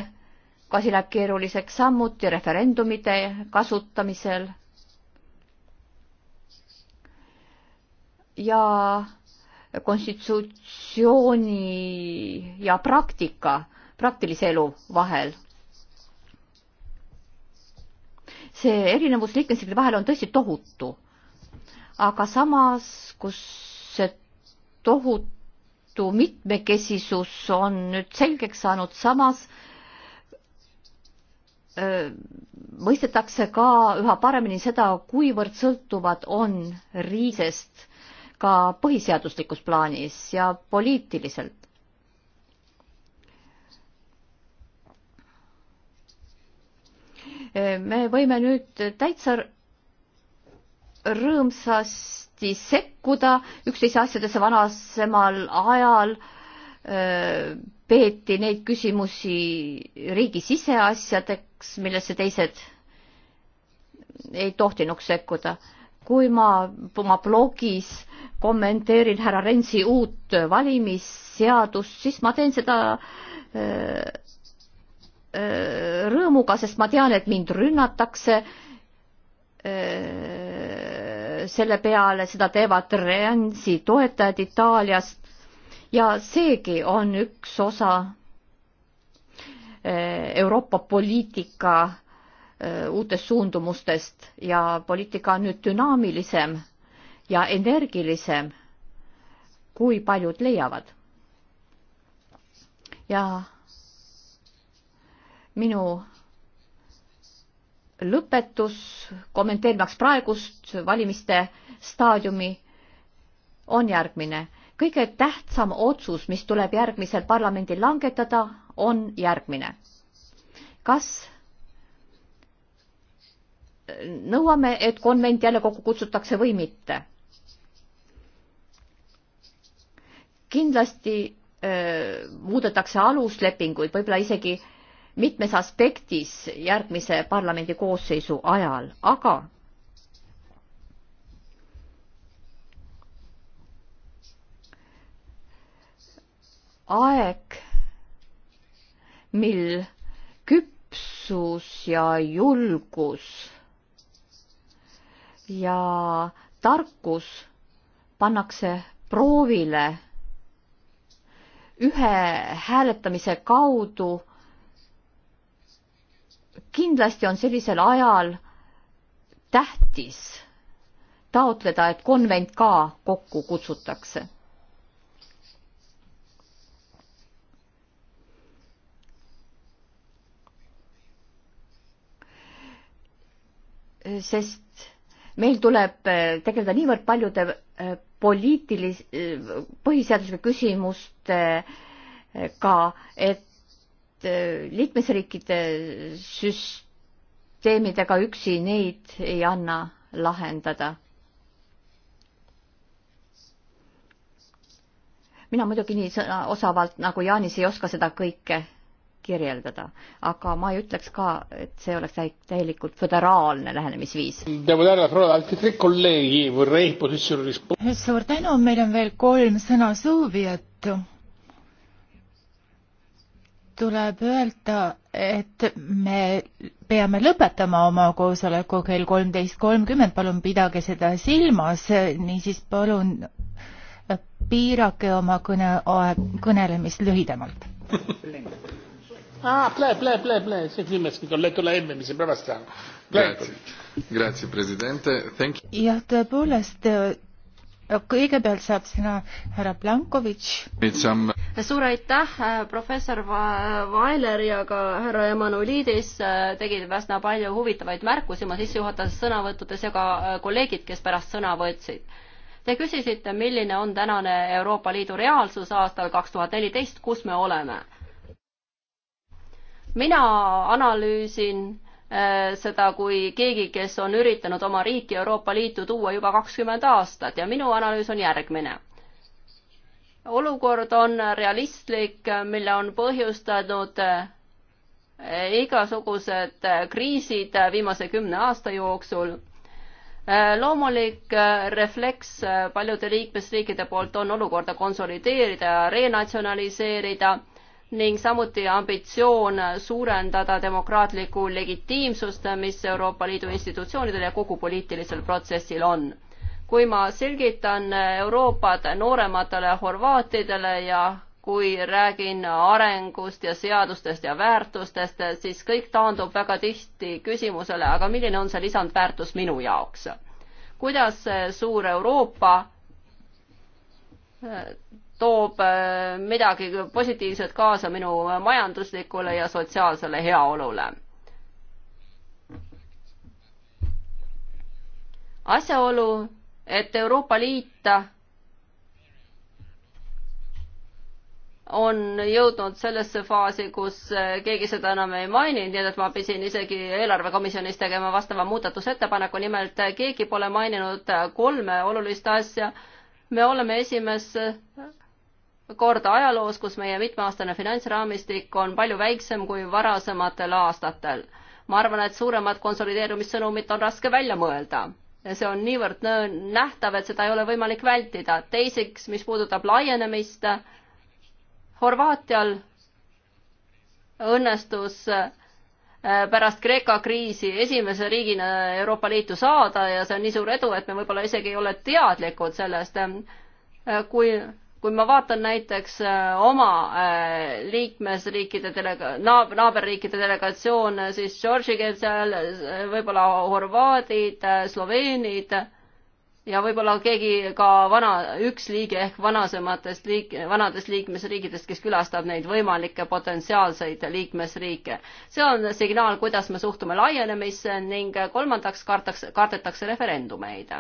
ka asi läheb keeruliseks, samuti referendumite kasutamisel. ja konstitutsiooni ja praktika, praktilise elu vahel see erinevus liikmesriikide vahel on tõesti tohutu. aga samas, kus tohutu mitmekesisus on nüüd selgeks saanud, samas öö, mõistetakse ka üha paremini seda, kuivõrd sõltuvad on riisest ka põhiseaduslikus plaanis ja poliitiliselt. me võime nüüd täitsa rõõmsasti tahtis sekkuda üksteise asjadesse vanasemal ajal, peeti neid küsimusi riigi siseasjadeks, millesse teised ei tohtinuks sekkuda. kui ma oma blogis kommenteerin härra Rensi uut valimisseadust, siis ma teen seda rõõmuga, sest ma tean, et mind rünnatakse selle peale, seda teevad Renzi toetajad Itaaliast ja seegi on üks osa eh, Euroopa poliitika eh, uutest suundumustest ja poliitika on nüüd dünaamilisem ja energilisem, kui paljud leiavad. ja minu lõpetus, kommenteerimaks praegust valimiste staadiumi, on järgmine. kõige tähtsam otsus, mis tuleb järgmisel parlamendil langetada, on järgmine. kas nõuame, et konvent jälle kokku kutsutakse või mitte? kindlasti öö, äh, muudetakse aluslepinguid, võib-olla isegi öö, mitmes aspektis järgmise parlamendi koosseisu ajal, aga aeg, mil küpsus ja julgus ja tarkus pannakse proovile ühe hääletamise kaudu kindlasti on sellisel ajal tähtis taotleda, et konvent ka kokku kutsutakse. sest meil tuleb äh, tegeleda niivõrd paljude äh, poliitilis-, äh, põhiseaduslike küsimustega, et Äh, liikmesriikide süsteemidega üksi neid ei anna lahendada. mina muidugi nii sõna osavalt nagu Jaanis ei oska seda kõike kirjeldada, aga ma ei ütleks ka, et see oleks täielikult föderaalne lähenemisviis. suur tänu, meil on veel kolm sõnasoovijat tuleb öelda, et me peame lõpetama oma koosoleku kell kolmteist kolmkümmend, palun pidage seda silmas, niisiis palun piirake oma kõne, kõnelemist lühidamalt Ah, ple, ple, ple, ple, sì, prima ho letto la M, mi sembrava strano. Grazie. Grazie Presidente. Thank you. jah, tõepoolest kõigepealt saab sõna härra Plankovitš. suur aitäh, professor Vaeler ja ka härra Emanuelidis tegid üsna palju huvitavaid märkusi oma sissejuhatavates sõnavõttudes ja ka äh, kolleegid, kes pärast sõna võtsid. Te küsisite, milline on tänane Euroopa Liidu reaalsus aastal kaks tuhat neliteist, kus me oleme? mina analüüsin Äh, seda kui keegi, kes on üritanud oma riiki Euroopa Liitu tuua juba kakskümmend aastat ja minu analüüs on järgmine. olukord on realistlik, mille on põhjustanud äh, igasugused äh, kriisid viimase kümne aasta jooksul. loomulik refleks paljude liikmesriikide poolt on olukorda konsolideerida ja renatsionaliseerida ning samuti ambitsioon suurendada demokraatlikku legitiimsust, mis Euroopa Liidu institutsioonidel ja kogu poliitilisel protsessil on. kui ma selgitan Euroopat noorematele horvaatidele ja kui räägin arengust ja seadustest ja väärtustest, siis kõik taandub väga tihti küsimusele, aga milline on see lisandväärtus minu jaoks? kuidas see suur Euroopa toob äh, midagi positiivset kaasa minu majanduslikule ja sotsiaalsele heaolule. asjaolu, et Euroopa Liit on jõudnud sellesse faasi, kus äh, keegi seda enam ei maininud, nii et ma pidin isegi eelarvekomisjonis tegema vastava muudatusettepaneku, nimelt äh, keegi pole maininud kolme olulist asja. me oleme esimeses korda ajaloos, kus meie mitmeaastane finantsraamistik on palju väiksem kui varasematel aastatel. ma arvan, et suuremat konsolideerumissõnumit on raske välja mõelda. see on niivõrd nähtav, et seda ei ole võimalik vältida. teiseks, mis puudutab laienemist, Horvaatial õnnestus äh, pärast Kreeka kriisi esimese riigina Euroopa Liitu saada ja see on nii suur edu, et me võib-olla isegi ei ole teadlikud sellest. Äh, kui kui ma vaatan näiteks äh, oma äh, liikmesriikide delega-, naab-, naaberriikide delegatsioone, äh, siis Georgi keel seal, võib-olla horvaadid, sloveenid ja võib-olla keegi ka vana, üks liige ehk vanasematest liik-, vanadest liikmesriikidest, kes külastab neid võimalikke potentsiaalseid liikmesriike. see on signaal, kuidas me suhtume laienemisse ning kolmandaks kartaks, kardetakse referendumeid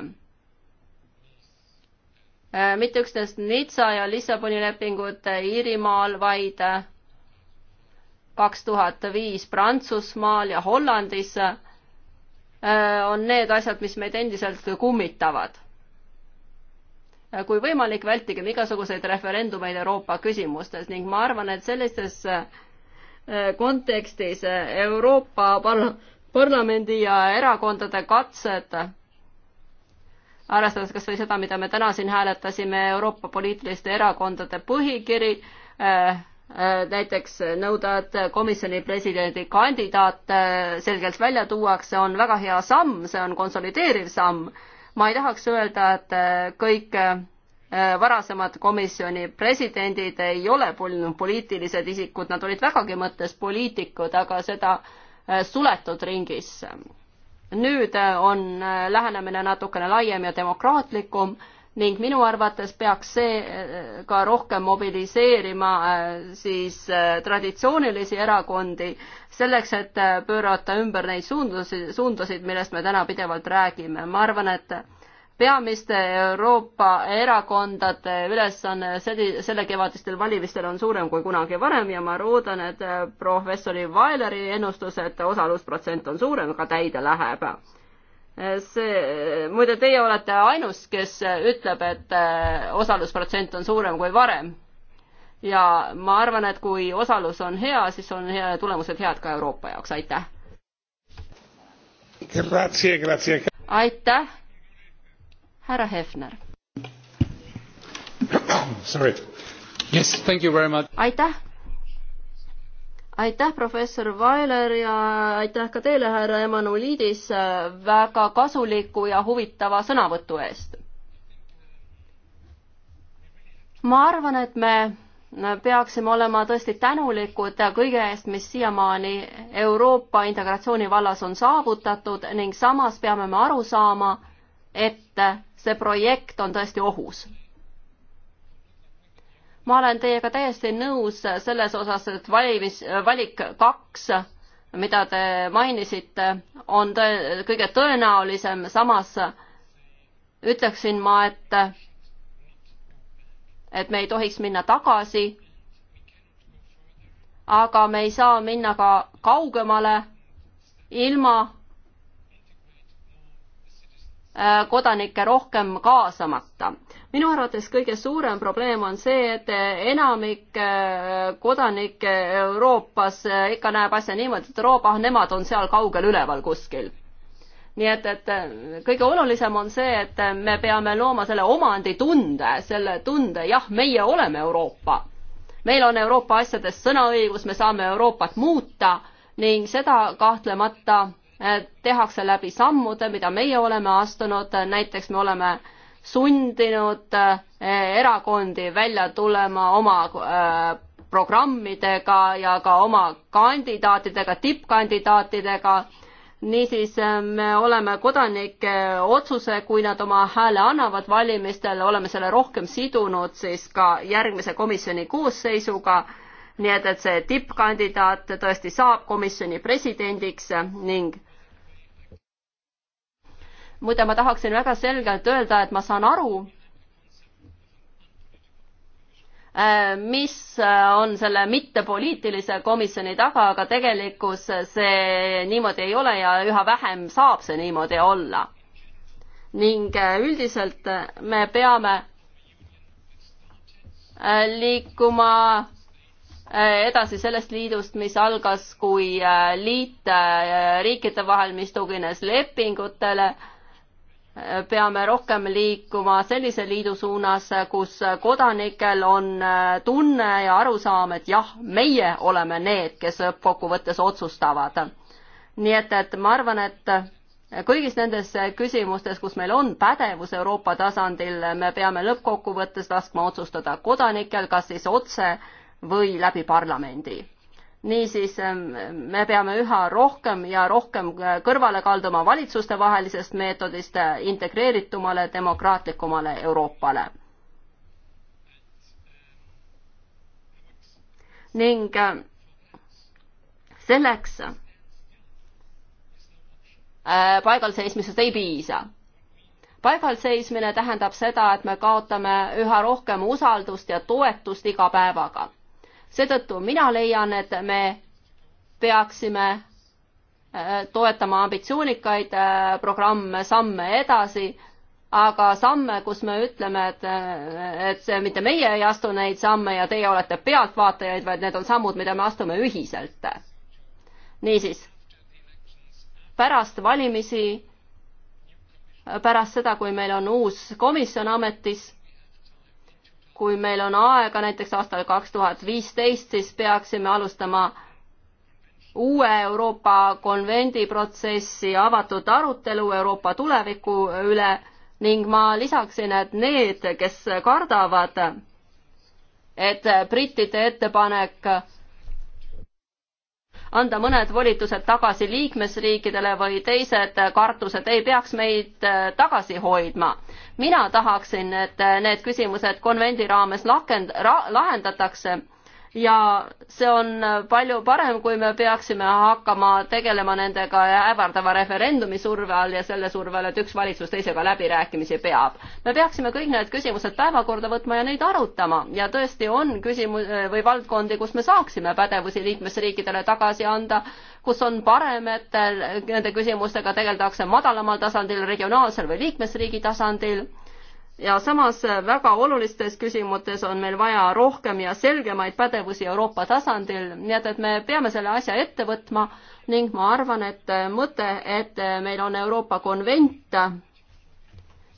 Äh, mitte üksnes Nitsa ja Lissaboni lepingut äh, Iirimaal, vaid äh, kaks tuhat viis Prantsusmaal ja Hollandis on need asjad, mis meid endiselt kummitavad. kui võimalik, vältigem igasuguseid referendumeid Euroopa küsimustes ning ma arvan, et sellises kontekstis Euroopa parla-, parlamendi ja erakondade katsed arvestades kas või seda, mida me täna siin hääletasime, Euroopa poliitiliste erakondade põhikiri äh,, äh, näiteks nõuda, et komisjoni presidendi kandidaat äh, selgelt välja tuuakse, on väga hea samm, see on konsolideeriv samm. ma ei tahaks öelda, et äh, kõik äh, varasemad komisjoni presidendid ei ole olnud poliitilised isikud, nad olid vägagi mõttes poliitikud, aga seda äh, suletud ringis nüüd äh, on äh, lähenemine natukene laiem ja demokraatlikum ning minu arvates peaks see äh, ka rohkem mobiliseerima siis traditsioonilisi erakondi selleks, et pöörata ümber neid suundusi, suundusid, millest me täna pidevalt räägime. ma arvan, et peamiste Euroopa erakondade ülesanne sellekevadistel valimistel on suurem kui kunagi varem ja ma loodan, et äh, professori Vaeleri ennustus, et osalusprotsent on suurem, ka täide läheb. Äh, see, äh, muide, teie olete ainus, kes ütleb, et osalusprotsent on suurem kui varem. ja ma arvan, et kui osalus on hea, siis on hea, tulemused head ka Euroopa jaoks, aitäh! aitäh! härra Hefner. *coughs* Sorry. Yes, thank you very much. aitäh. aitäh, professor Vaeler ja aitäh ka teile, härra Emanuelidis, väga kasuliku ja huvitava sõnavõtu eest. ma arvan, et me peaksime olema tõesti tänulikud kõige eest, mis siiamaani Euroopa integratsiooni vallas on saavutatud ning samas peame me aru saama, et see projekt on tõesti ohus. ma olen teiega täiesti nõus selles osas, et valimis, valik kaks, mida te mainisite, on tõe, kõige tõenäolisem, samas ütleksin ma, et et me ei tohiks minna tagasi, aga me ei saa minna ka kaugemale ilma Äh, kodanikke rohkem kaasamata. minu arvates kõige suurem probleem on see, et enamik äh, kodanikke Euroopas äh, ikka näeb asja niimoodi, et Euroopa, ah nemad on seal kaugel üleval kuskil nii et, et kõige olulisem on see, et me peame looma selle omanditunde, selle tunde, jah, meie oleme Euroopa. meil on Euroopa asjades sõnaõigus, me saame Euroopat muuta ning seda kahtlemata Äh, tehakse läbi sammude, mida meie oleme astunud, näiteks me oleme sundinud äh, erakondi välja tulema oma äh, programmidega ja ka oma kandidaatidega, tippkandidaatidega. niisiis me oleme kodanike otsuse, kui nad oma hääle annavad valimistel, oleme selle rohkem sidunud siis ka järgmise komisjoni koosseisuga nii et, et see tippkandidaat tõesti saab komisjoni presidendiks ning muide, ma tahaksin väga selgelt öelda, et ma saan aru, äh, mis äh, on selle mittepoliitilise komisjoni taga, aga tegelikkus see niimoodi ei ole ja üha vähem saab see niimoodi olla. ning äh, üldiselt me peame liikuma edasi sellest liidust, mis algas kui liit riikide vahel, mis tugines lepingutele peame rohkem liikuma sellise liidu suunas, kus kodanikel on äh, tunne ja arusaam, et jah, meie oleme need, kes lõppkokkuvõttes otsustavad. nii et, et ma arvan, et kõigis nendes küsimustes, kus meil on pädevus Euroopa tasandil, me peame lõppkokkuvõttes laskma otsustada kodanikel, kas siis otse või läbi parlamendi niisiis ähm, me peame üha rohkem ja rohkem äh, kõrvale kalduma valitsustevahelisest meetodist äh, integreeritumale demokraatlikumale Euroopale. ning äh, selleks paigal seismisest ei piisa. paigal seismine tähendab seda, et me kaotame üha rohkem usaldust ja toetust iga päevaga seetõttu mina leian, et me peaksime äh, toetama ambitsioonikaid äh, programme, samme edasi, aga samme, kus me ütleme, et, äh, et see mitte meie ei astu neid samme ja teie olete pealtvaatajaid, vaid need on sammud, mida me astume ühiselt. niisiis, pärast valimisi, pärast seda, kui meil on uus komisjon ametis kui meil on aega näiteks aastal kaks tuhat viisteist, siis peaksime alustama uue Euroopa konvendi protsessi avatud arutelu Euroopa tuleviku üle ning ma lisaksin, et need, kes kardavad, et brittide ettepanek anda mõned volitused tagasi liikmesriikidele või teised kartused ei peaks meid äh, tagasi hoidma. mina tahaksin, et äh, need küsimused konvendi raames lakend- ra,, lahendatakse ja see on palju parem, kui me peaksime hakkama tegelema nendega ähvardava referendumi surve all ja selle surve all, et üks valitsus teisega läbirääkimisi peab. me peaksime kõik need küsimused päevakorda võtma ja neid arutama ja tõesti on küsimus või valdkondi, kus me saaksime pädevusi liikmesriikidele tagasi anda, kus on parem, et nende küsimustega tegeldakse madalamal tasandil, regionaalsel või liikmesriigi tasandil ja samas väga olulistes küsimustes on meil vaja rohkem ja selgemaid pädevusi Euroopa tasandil, nii et, et me peame selle asja ette võtma ning ma arvan, et mõte, et meil on Euroopa konvent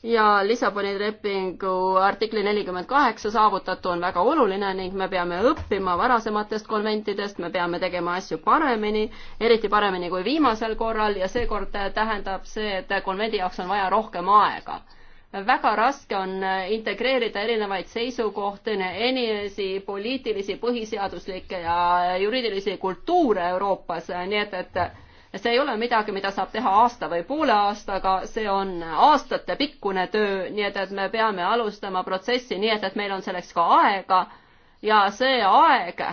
ja Lissaboni lepingu artikli nelikümmend kaheksa saavutatu on väga oluline ning me peame õppima varasematest konventidest, me peame tegema asju paremini, eriti paremini kui viimasel korral ja seekord tähendab see, et konvendi jaoks on vaja rohkem aega väga raske on äh, integreerida erinevaid seisukohti, enesi poliitilisi, põhiseaduslikke ja juriidilisi kultuure Euroopas, äh, nii et, et äh, see ei ole midagi, mida saab teha aasta või poole aastaga, see on aastatepikkune töö, nii et, et me peame alustama protsessi nii, et, et meil on selleks ka aega ja see aeg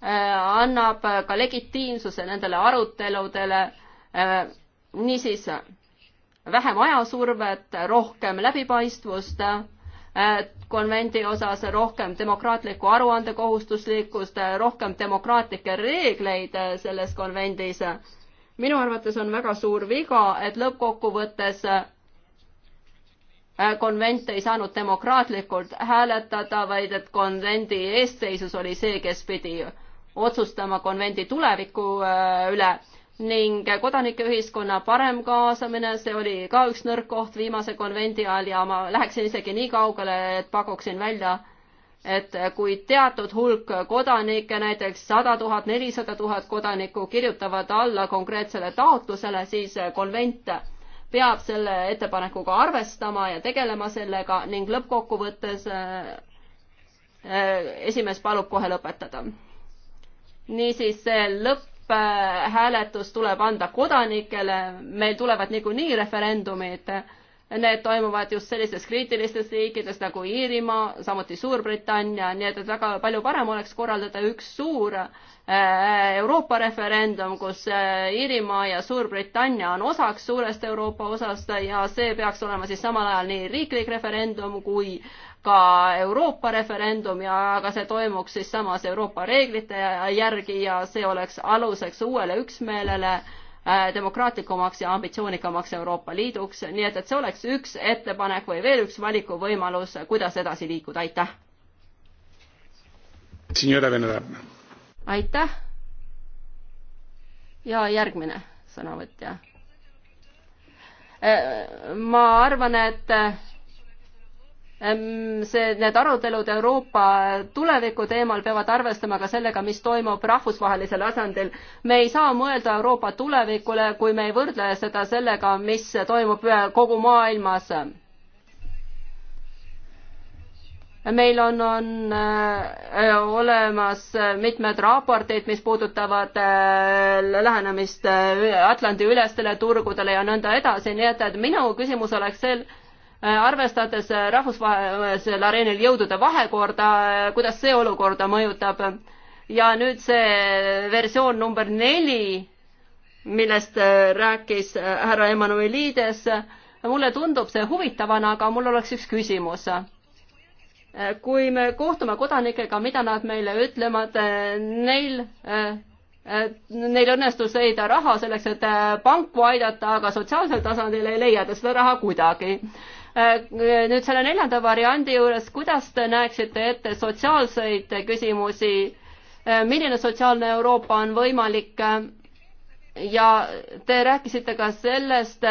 annab ka legitiimsuse nendele aruteludele. niisiis vähem ajasurvet, rohkem läbipaistvust äh, konvendi osas, rohkem demokraatlikku aruandekohustuslikkust, äh, rohkem demokraatlikke reegleid äh, selles konvendis. minu arvates on väga suur viga, et lõppkokkuvõttes konvent ei saanud demokraatlikult hääletada, vaid et konvendi eestseisus oli see, kes pidi otsustama konvendi tuleviku üle ning kodanikeühiskonna parem kaasamine, see oli ka üks nõrk koht viimase konvendi ajal ja ma läheksin isegi nii kaugele, et pakuksin välja, et kui teatud hulk kodanikke, näiteks sada tuhat, nelisada tuhat kodanikku kirjutavad alla konkreetsele taotlusele, siis konvent peab selle ettepanekuga arvestama ja tegelema sellega ning lõppkokkuvõttes äh, äh, esimees palub kohe lõpetada niisiis see lõpp lõpphääletus tuleb anda kodanikele, meil tulevad niikuinii referendumid, need toimuvad just sellistes kriitilistes riikides nagu Iirimaa, samuti Suurbritannia, nii et, et väga palju parem oleks korraldada üks suur äh, Euroopa referendum, kus äh, Iirimaa ja Suurbritannia on osaks suurest Euroopa osast ja see peaks olema siis samal ajal nii riiklik referendum kui ka Euroopa referendum ja aga see toimuks siis samas Euroopa reeglite järgi ja see oleks aluseks uuele üksmeelele äh, demokraatlikumaks ja ambitsioonikamaks Euroopa Liiduks, nii et, et see oleks üks ettepanek või veel üks valikuvõimalus, kuidas edasi liikuda, aitäh. aitäh. ja järgmine sõnavõtja. Äh, ma arvan, et Ehm, see, need arutelud Euroopa tuleviku teemal peavad arvestama ka sellega, mis toimub rahvusvahelisel tasandil. me ei saa mõelda Euroopa tulevikule, kui me ei võrdle seda sellega, mis toimub kogu maailmas. meil on, on öö, äh, olemas mitmed raportid, mis puudutavad öö, äh, lähenemist äh, Atlandi ülestele turgudele ja nõnda edasi, nii et, et minu küsimus oleks sel-, Äh, arvestades äh, rahvusvahelisel areenil jõudude vahekorda, äh, kuidas see olukorda mõjutab. ja nüüd see versioon number neli, millest rääkis härra Emmanuelides, mulle tundub see huvitavana, aga mul oleks üks küsimus. kui me kohtume kodanikega, mida nad meile ütlevad, neil Neil õnnestus leida raha selleks, et panku aidata, aga sotsiaalsel tasandil ei leia ta seda raha kuidagi Äh, nüüd selle neljanda variandi juures, kuidas te näeksite ette sotsiaalseid küsimusi, äh, milline sotsiaalne Euroopa on võimalik äh, ja te rääkisite ka sellest,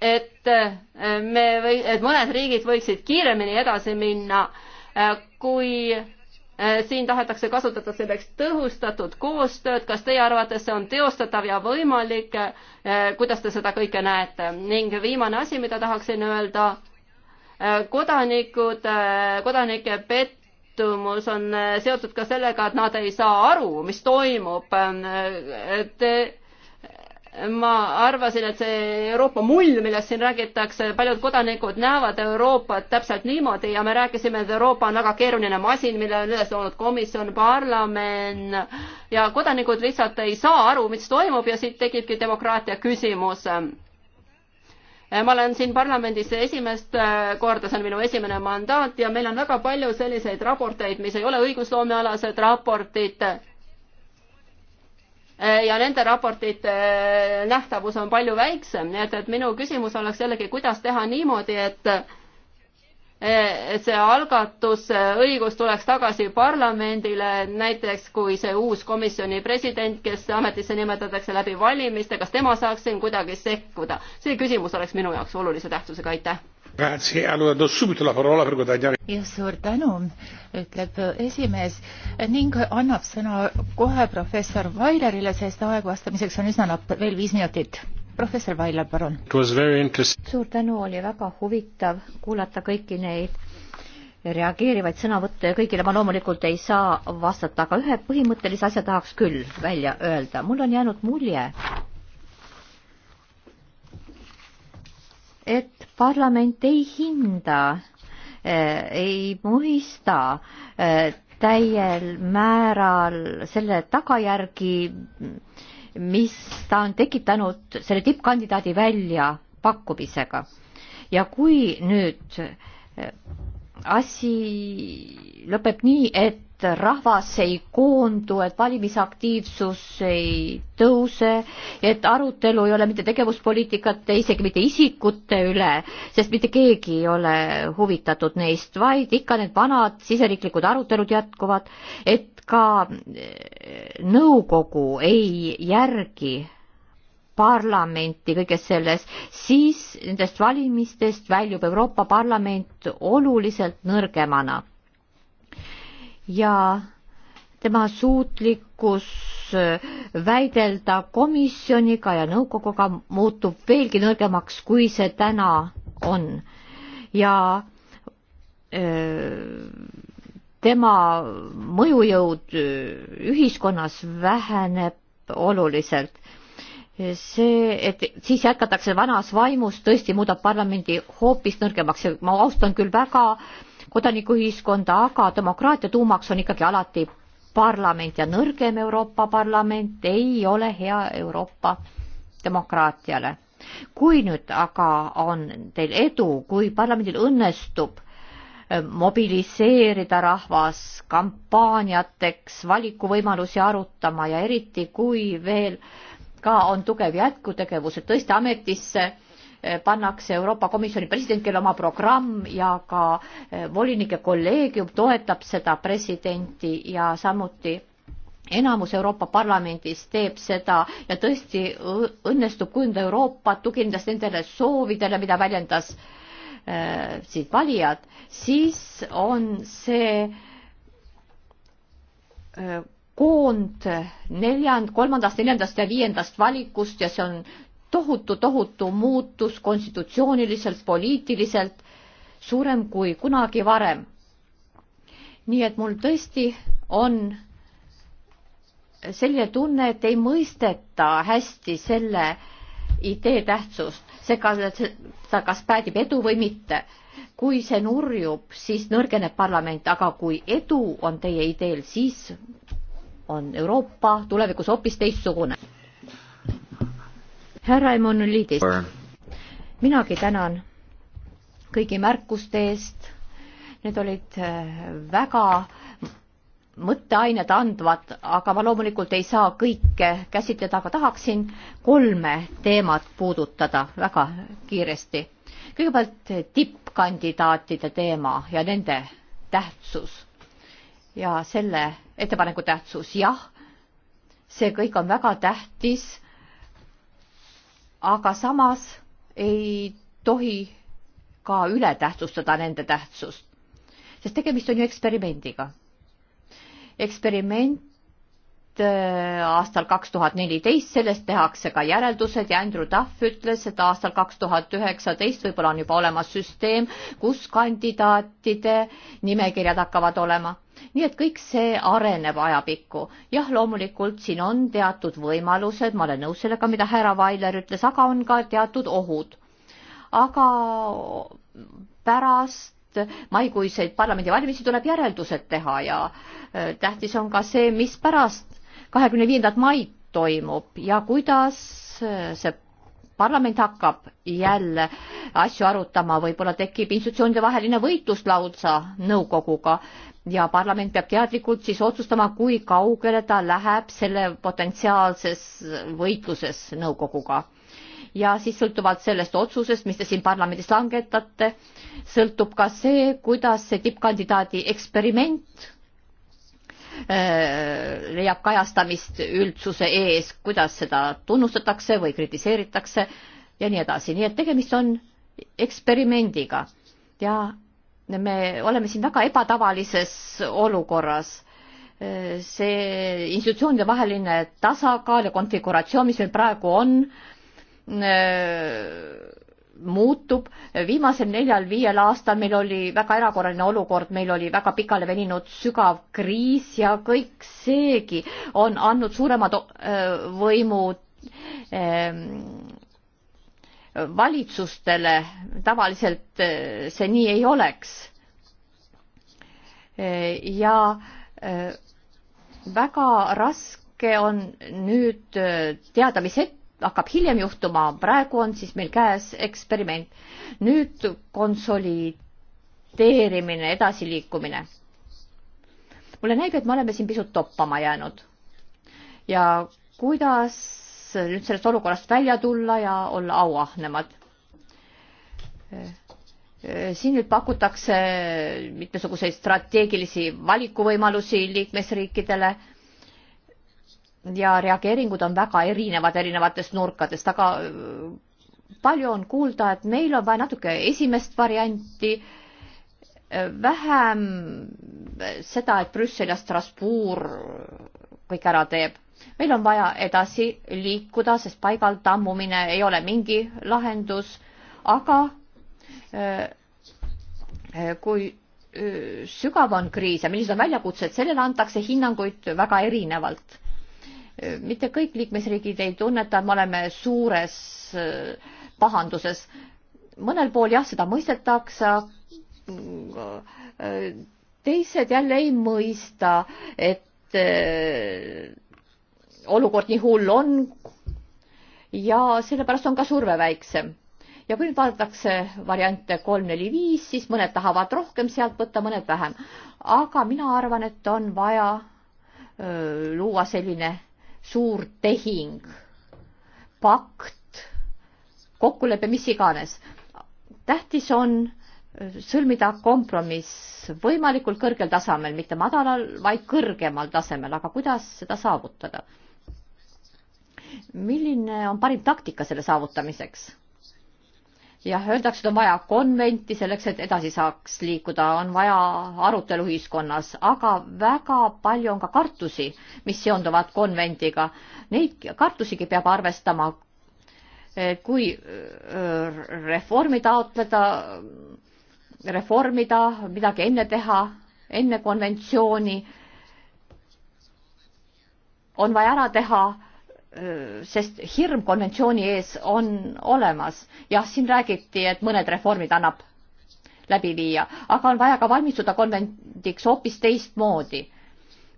et me või, et mõned riigid võiksid kiiremini edasi minna, kui Äh, siin tahetakse kasutada selleks tõhustatud koostööd, kas teie arvates see on teostatav ja võimalik, äh, kuidas te seda kõike näete? ning viimane asi, mida tahaksin öelda, äh, kodanikud, kodanike pettumus on seotud ka sellega, et nad ei saa aru, mis toimub. Te ma arvasin, et see Euroopa mull, millest siin räägitakse, paljud kodanikud näevad Euroopat täpselt niimoodi ja me rääkisime, et Euroopa on väga keeruline masin, mille on üles loonud komisjon, parlament ja kodanikud lihtsalt ei saa aru, mis toimub ja siit tekibki demokraatia küsimus. ma olen siin parlamendis esimest korda, see on minu esimene mandaat ja meil on väga palju selliseid raporteid, mis ei ole õigusloomealased raportid Eh, ja nende raportite eh, nähtavus on palju väiksem, nii et, et minu küsimus oleks jällegi, kuidas teha niimoodi, et eh, et see algatusõigus tuleks tagasi parlamendile, näiteks kui see uus komisjoni president, kes ametisse nimetatakse läbi valimiste, kas tema saaks siin kuidagi sekkuda? see küsimus oleks minu jaoks olulise tähtsusega, aitäh ja suur tänu, ütleb esimees ning annab sõna kohe professor Vailerile, sest aeg vastamiseks on üsna napp, veel viis minutit. professor Vailer, palun. suur tänu, oli väga huvitav kuulata kõiki neid reageerivaid sõnavõtte ja kõigile ma loomulikult ei saa vastata, aga ühe põhimõttelise asja tahaks küll välja öelda. mul on jäänud mulje, et parlament ei hinda, eh, ei mõista eh, täiel määral selle tagajärgi, mis ta on tekitanud selle tippkandidaadi väljapakkumisega. ja kui nüüd eh, asi lõpeb nii, et rahvas ei koondu, et valimisaktiivsus ei tõuse, et arutelu ei ole mitte tegevuspoliitikate, isegi mitte isikute üle, sest mitte keegi ei ole huvitatud neist, vaid ikka need vanad siseriiklikud arutelud jätkuvad, et ka eh, nõukogu ei järgi parlamenti kõiges selles, siis nendest valimistest väljub Euroopa Parlament oluliselt nõrgemana ja tema suutlikkus väidelda komisjoniga ja nõukoguga muutub veelgi nõrgemaks, kui see täna on. ja öö, tema mõjujõud ühiskonnas väheneb oluliselt. see, et siis jätkatakse vanas vaimus, tõesti muudab parlamendi hoopis nõrgemaks ja ma austan küll väga äh, kodanikuühiskonda, aga demokraatia tuumaks on ikkagi alati parlament ja nõrgem Euroopa Parlament ei ole hea Euroopa demokraatiale. kui nüüd aga on teil edu, kui parlamendil õnnestub äh, mobiliseerida rahvas kampaaniateks, valikuvõimalusi arutama ja eriti, kui veel ka on tugev jätkutegevus, et tõesti ametisse Eh, pannakse Euroopa Komisjoni president, kel oma programm ja ka eh, volinike kolleegium toetab seda presidenti ja samuti enamus Euroopa Parlamendis teeb seda ja tõesti õnnestub kujundada Euroopat, tuginedes nendele soovidele, mida väljendas äh, siit valijad, siis on see äh, koond neljand-, kolmandast, neljandast ja viiendast valikust ja see on tohutu, tohutu muutus konstitutsiooniliselt, poliitiliselt, suurem kui kunagi varem. nii et mul tõesti on selline tunne, et ei mõisteta hästi selle idee tähtsust, see kas, ta kas päädib edu või mitte. kui see nurjub, siis nõrgeneb parlament, aga kui edu on teie ideel, siis on Euroopa tulevikus hoopis teistsugune härra Emonolidis, minagi tänan kõigi märkuste eest. Need olid äh, väga mõtteained andvad, aga ma loomulikult ei saa kõike käsitleda, aga tahaksin kolme teemat puudutada väga kiiresti. kõigepealt tippkandidaatide teema ja nende tähtsus ja selle ettepaneku tähtsus, jah, see kõik on väga tähtis aga samas ei tohi ka üle tähtsustada nende tähtsust, sest tegemist on ju eksperimendiga. eksperiment äh, aastal kaks tuhat neliteist, sellest tehakse ka järeldused ja Andrew Duff ütles, et aastal kaks tuhat üheksateist võib-olla on juba olemas süsteem, kus kandidaatide nimekirjad hakkavad olema nii et kõik see areneb ajapikku. jah, loomulikult siin on teatud võimalused, ma olen nõus sellega, mida härra Vailer ütles, aga on ka teatud ohud. aga pärast maikuiseid parlamendivalimisi tuleb järeldused teha ja äh, tähtis on ka see, mis pärast kahekümne viiendat maid toimub ja kuidas äh, see parlament hakkab jälle asju arutama, võib-olla tekib institutsioonide vaheline võitlus lausa nõukoguga ja parlament peab teadlikult siis otsustama, kui kaugele ta läheb selle potentsiaalses võitluses nõukoguga. ja siis sõltuvalt sellest otsusest, mis te siin parlamendis langetate, sõltub ka see, kuidas see tippkandidaadi eksperiment Äh, leiab kajastamist üldsuse ees, kuidas seda tunnustatakse või kritiseeritakse ja nii edasi, nii et tegemist on eksperimendiga ja me oleme siin väga ebatavalises olukorras. Äh, see institutsioonide vaheline tasakaal ja konfiguratsioon, mis meil praegu on, äh, muutub. viimasel neljal-viiel aastal meil oli väga erakorraline olukord, meil oli väga pikale veninud sügav kriis ja kõik seegi on andnud suuremad võimud valitsustele. tavaliselt see nii ei oleks. E, ja väga raske on nüüd teada, mis ette hakkab hiljem juhtuma, praegu on siis meil käes eksperiment. nüüd konsolideerimine, edasiliikumine. mulle näib, et me oleme siin pisut toppama jäänud. ja kuidas nüüd sellest olukorrast välja tulla ja olla auahnemad? siin nüüd pakutakse mitmesuguseid strateegilisi valikuvõimalusi liikmesriikidele ja reageeringud on väga erinevad erinevatest nurkadest, aga äh, palju on kuulda, et meil on vaja natuke esimest varianti, äh, vähem äh, seda, et Brüssel ja Strasbourg kõik ära teeb. meil on vaja edasi liikuda, sest paigal tammumine ei ole mingi lahendus, aga kui sügav on kriis ja millised on väljakutsed, sellele antakse hinnanguid väga erinevalt mitte kõik liikmesriigid ei tunneta, et me oleme suures äh, pahanduses. mõnel pool jah, seda mõistetakse. Äh, teised jälle ei mõista, et äh, olukord nii hull on ja sellepärast on ka surve väiksem. ja kui nüüd vaadatakse variante kolm, neli, viis, siis mõned tahavad rohkem sealt võtta, mõned vähem. aga mina arvan, et on vaja öö, luua selline suur tehing, pakt, kokkulepe, mis iganes. tähtis on sõlmida kompromiss võimalikult kõrgel tasemel, mitte madalal, vaid kõrgemal tasemel, aga kuidas seda saavutada? milline on parim taktika selle saavutamiseks? jah, öeldakse, et on vaja konventi selleks, et edasi saaks liikuda, on vaja arutelu ühiskonnas, aga väga palju on ka kartusi, mis seonduvad konventiga. Neid kartusigi peab arvestama. Eh, kui eh, reformi taotleda, reformida, midagi enne teha, enne konventsiooni, on vaja ära teha sest hirm konventsiooni ees on olemas. jah, siin räägiti, et mõned reformid annab läbi viia, aga on vaja ka valmistuda konventiks hoopis teistmoodi.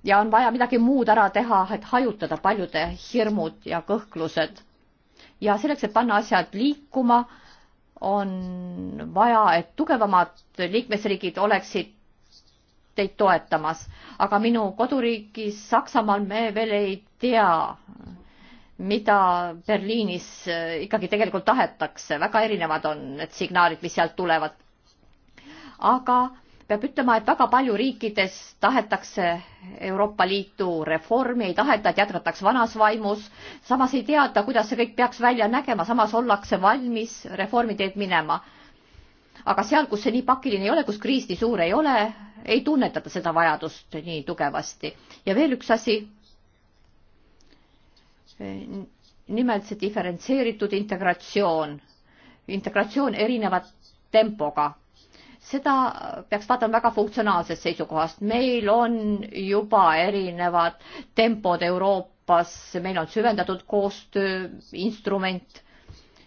ja on vaja midagi muud ära teha, et hajutada paljude hirmud ja kõhklused. ja selleks, et panna asjad liikuma, on vaja, et tugevamad liikmesriigid oleksid teid toetamas, aga minu koduriigis Saksamaal me veel ei tea, mida Berliinis äh, ikkagi tegelikult tahetakse, väga erinevad on need signaalid, mis sealt tulevad. aga peab ütlema, et väga palju riikides tahetakse Euroopa Liitu reformi, ei taheta, et jätkataks vanas vaimus, samas ei teata, kuidas see kõik peaks välja nägema, samas ollakse valmis reformi teed minema. aga seal, kus see nii pakiline ei ole, kus kriis nii suur ei ole, ei tunnetata seda vajadust nii tugevasti. ja veel üks asi nimelt see diferentseeritud integratsioon, integratsioon erineva tempoga. seda peaks vaatama väga funktsionaalsest seisukohast. meil on juba erinevad tempod Euroopas, meil on süvendatud koostöö instrument,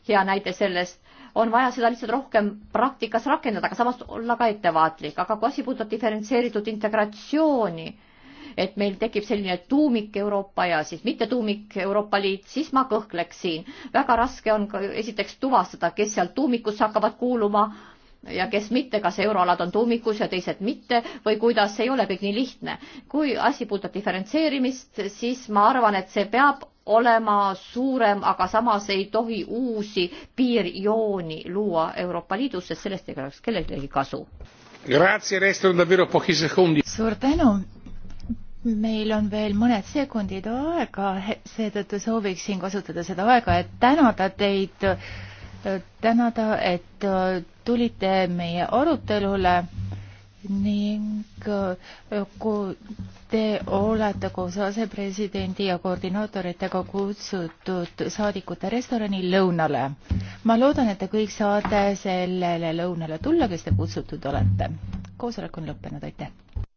hea näide sellest, on vaja seda lihtsalt rohkem praktikas rakendada, aga samas olla ka ettevaatlik, aga kui asi puudutab diferentseeritud integratsiooni, et meil tekib selline tuumik Euroopa ja siis mitte tuumik Euroopa Liit, siis ma kõhkleksin. väga raske on ka esiteks tuvastada, kes seal tuumikusse hakkavad kuuluma ja kes mitte, kas euroalad on tuumikus ja teised mitte või kuidas, ei ole kõik nii lihtne. kui asi puudutab diferentseerimist, siis ma arvan, et see peab olema suurem, aga samas ei tohi uusi piirjooni luua Euroopa Liidus, sest sellest ei oleks kellelegi kasu. suur tänu, meil on veel mõned sekundid aega, seetõttu sooviksin kasutada seda aega, et tänada teid, tänada, et äh, tulite meie arutelule ning äh, kui te olete koos asepresidendi ja koordinaatoritega kutsutud saadikute restorani lõunale. ma loodan, et te kõik saate sellele lõunale tulla, kes te kutsutud olete. koosolek on lõppenud, aitäh!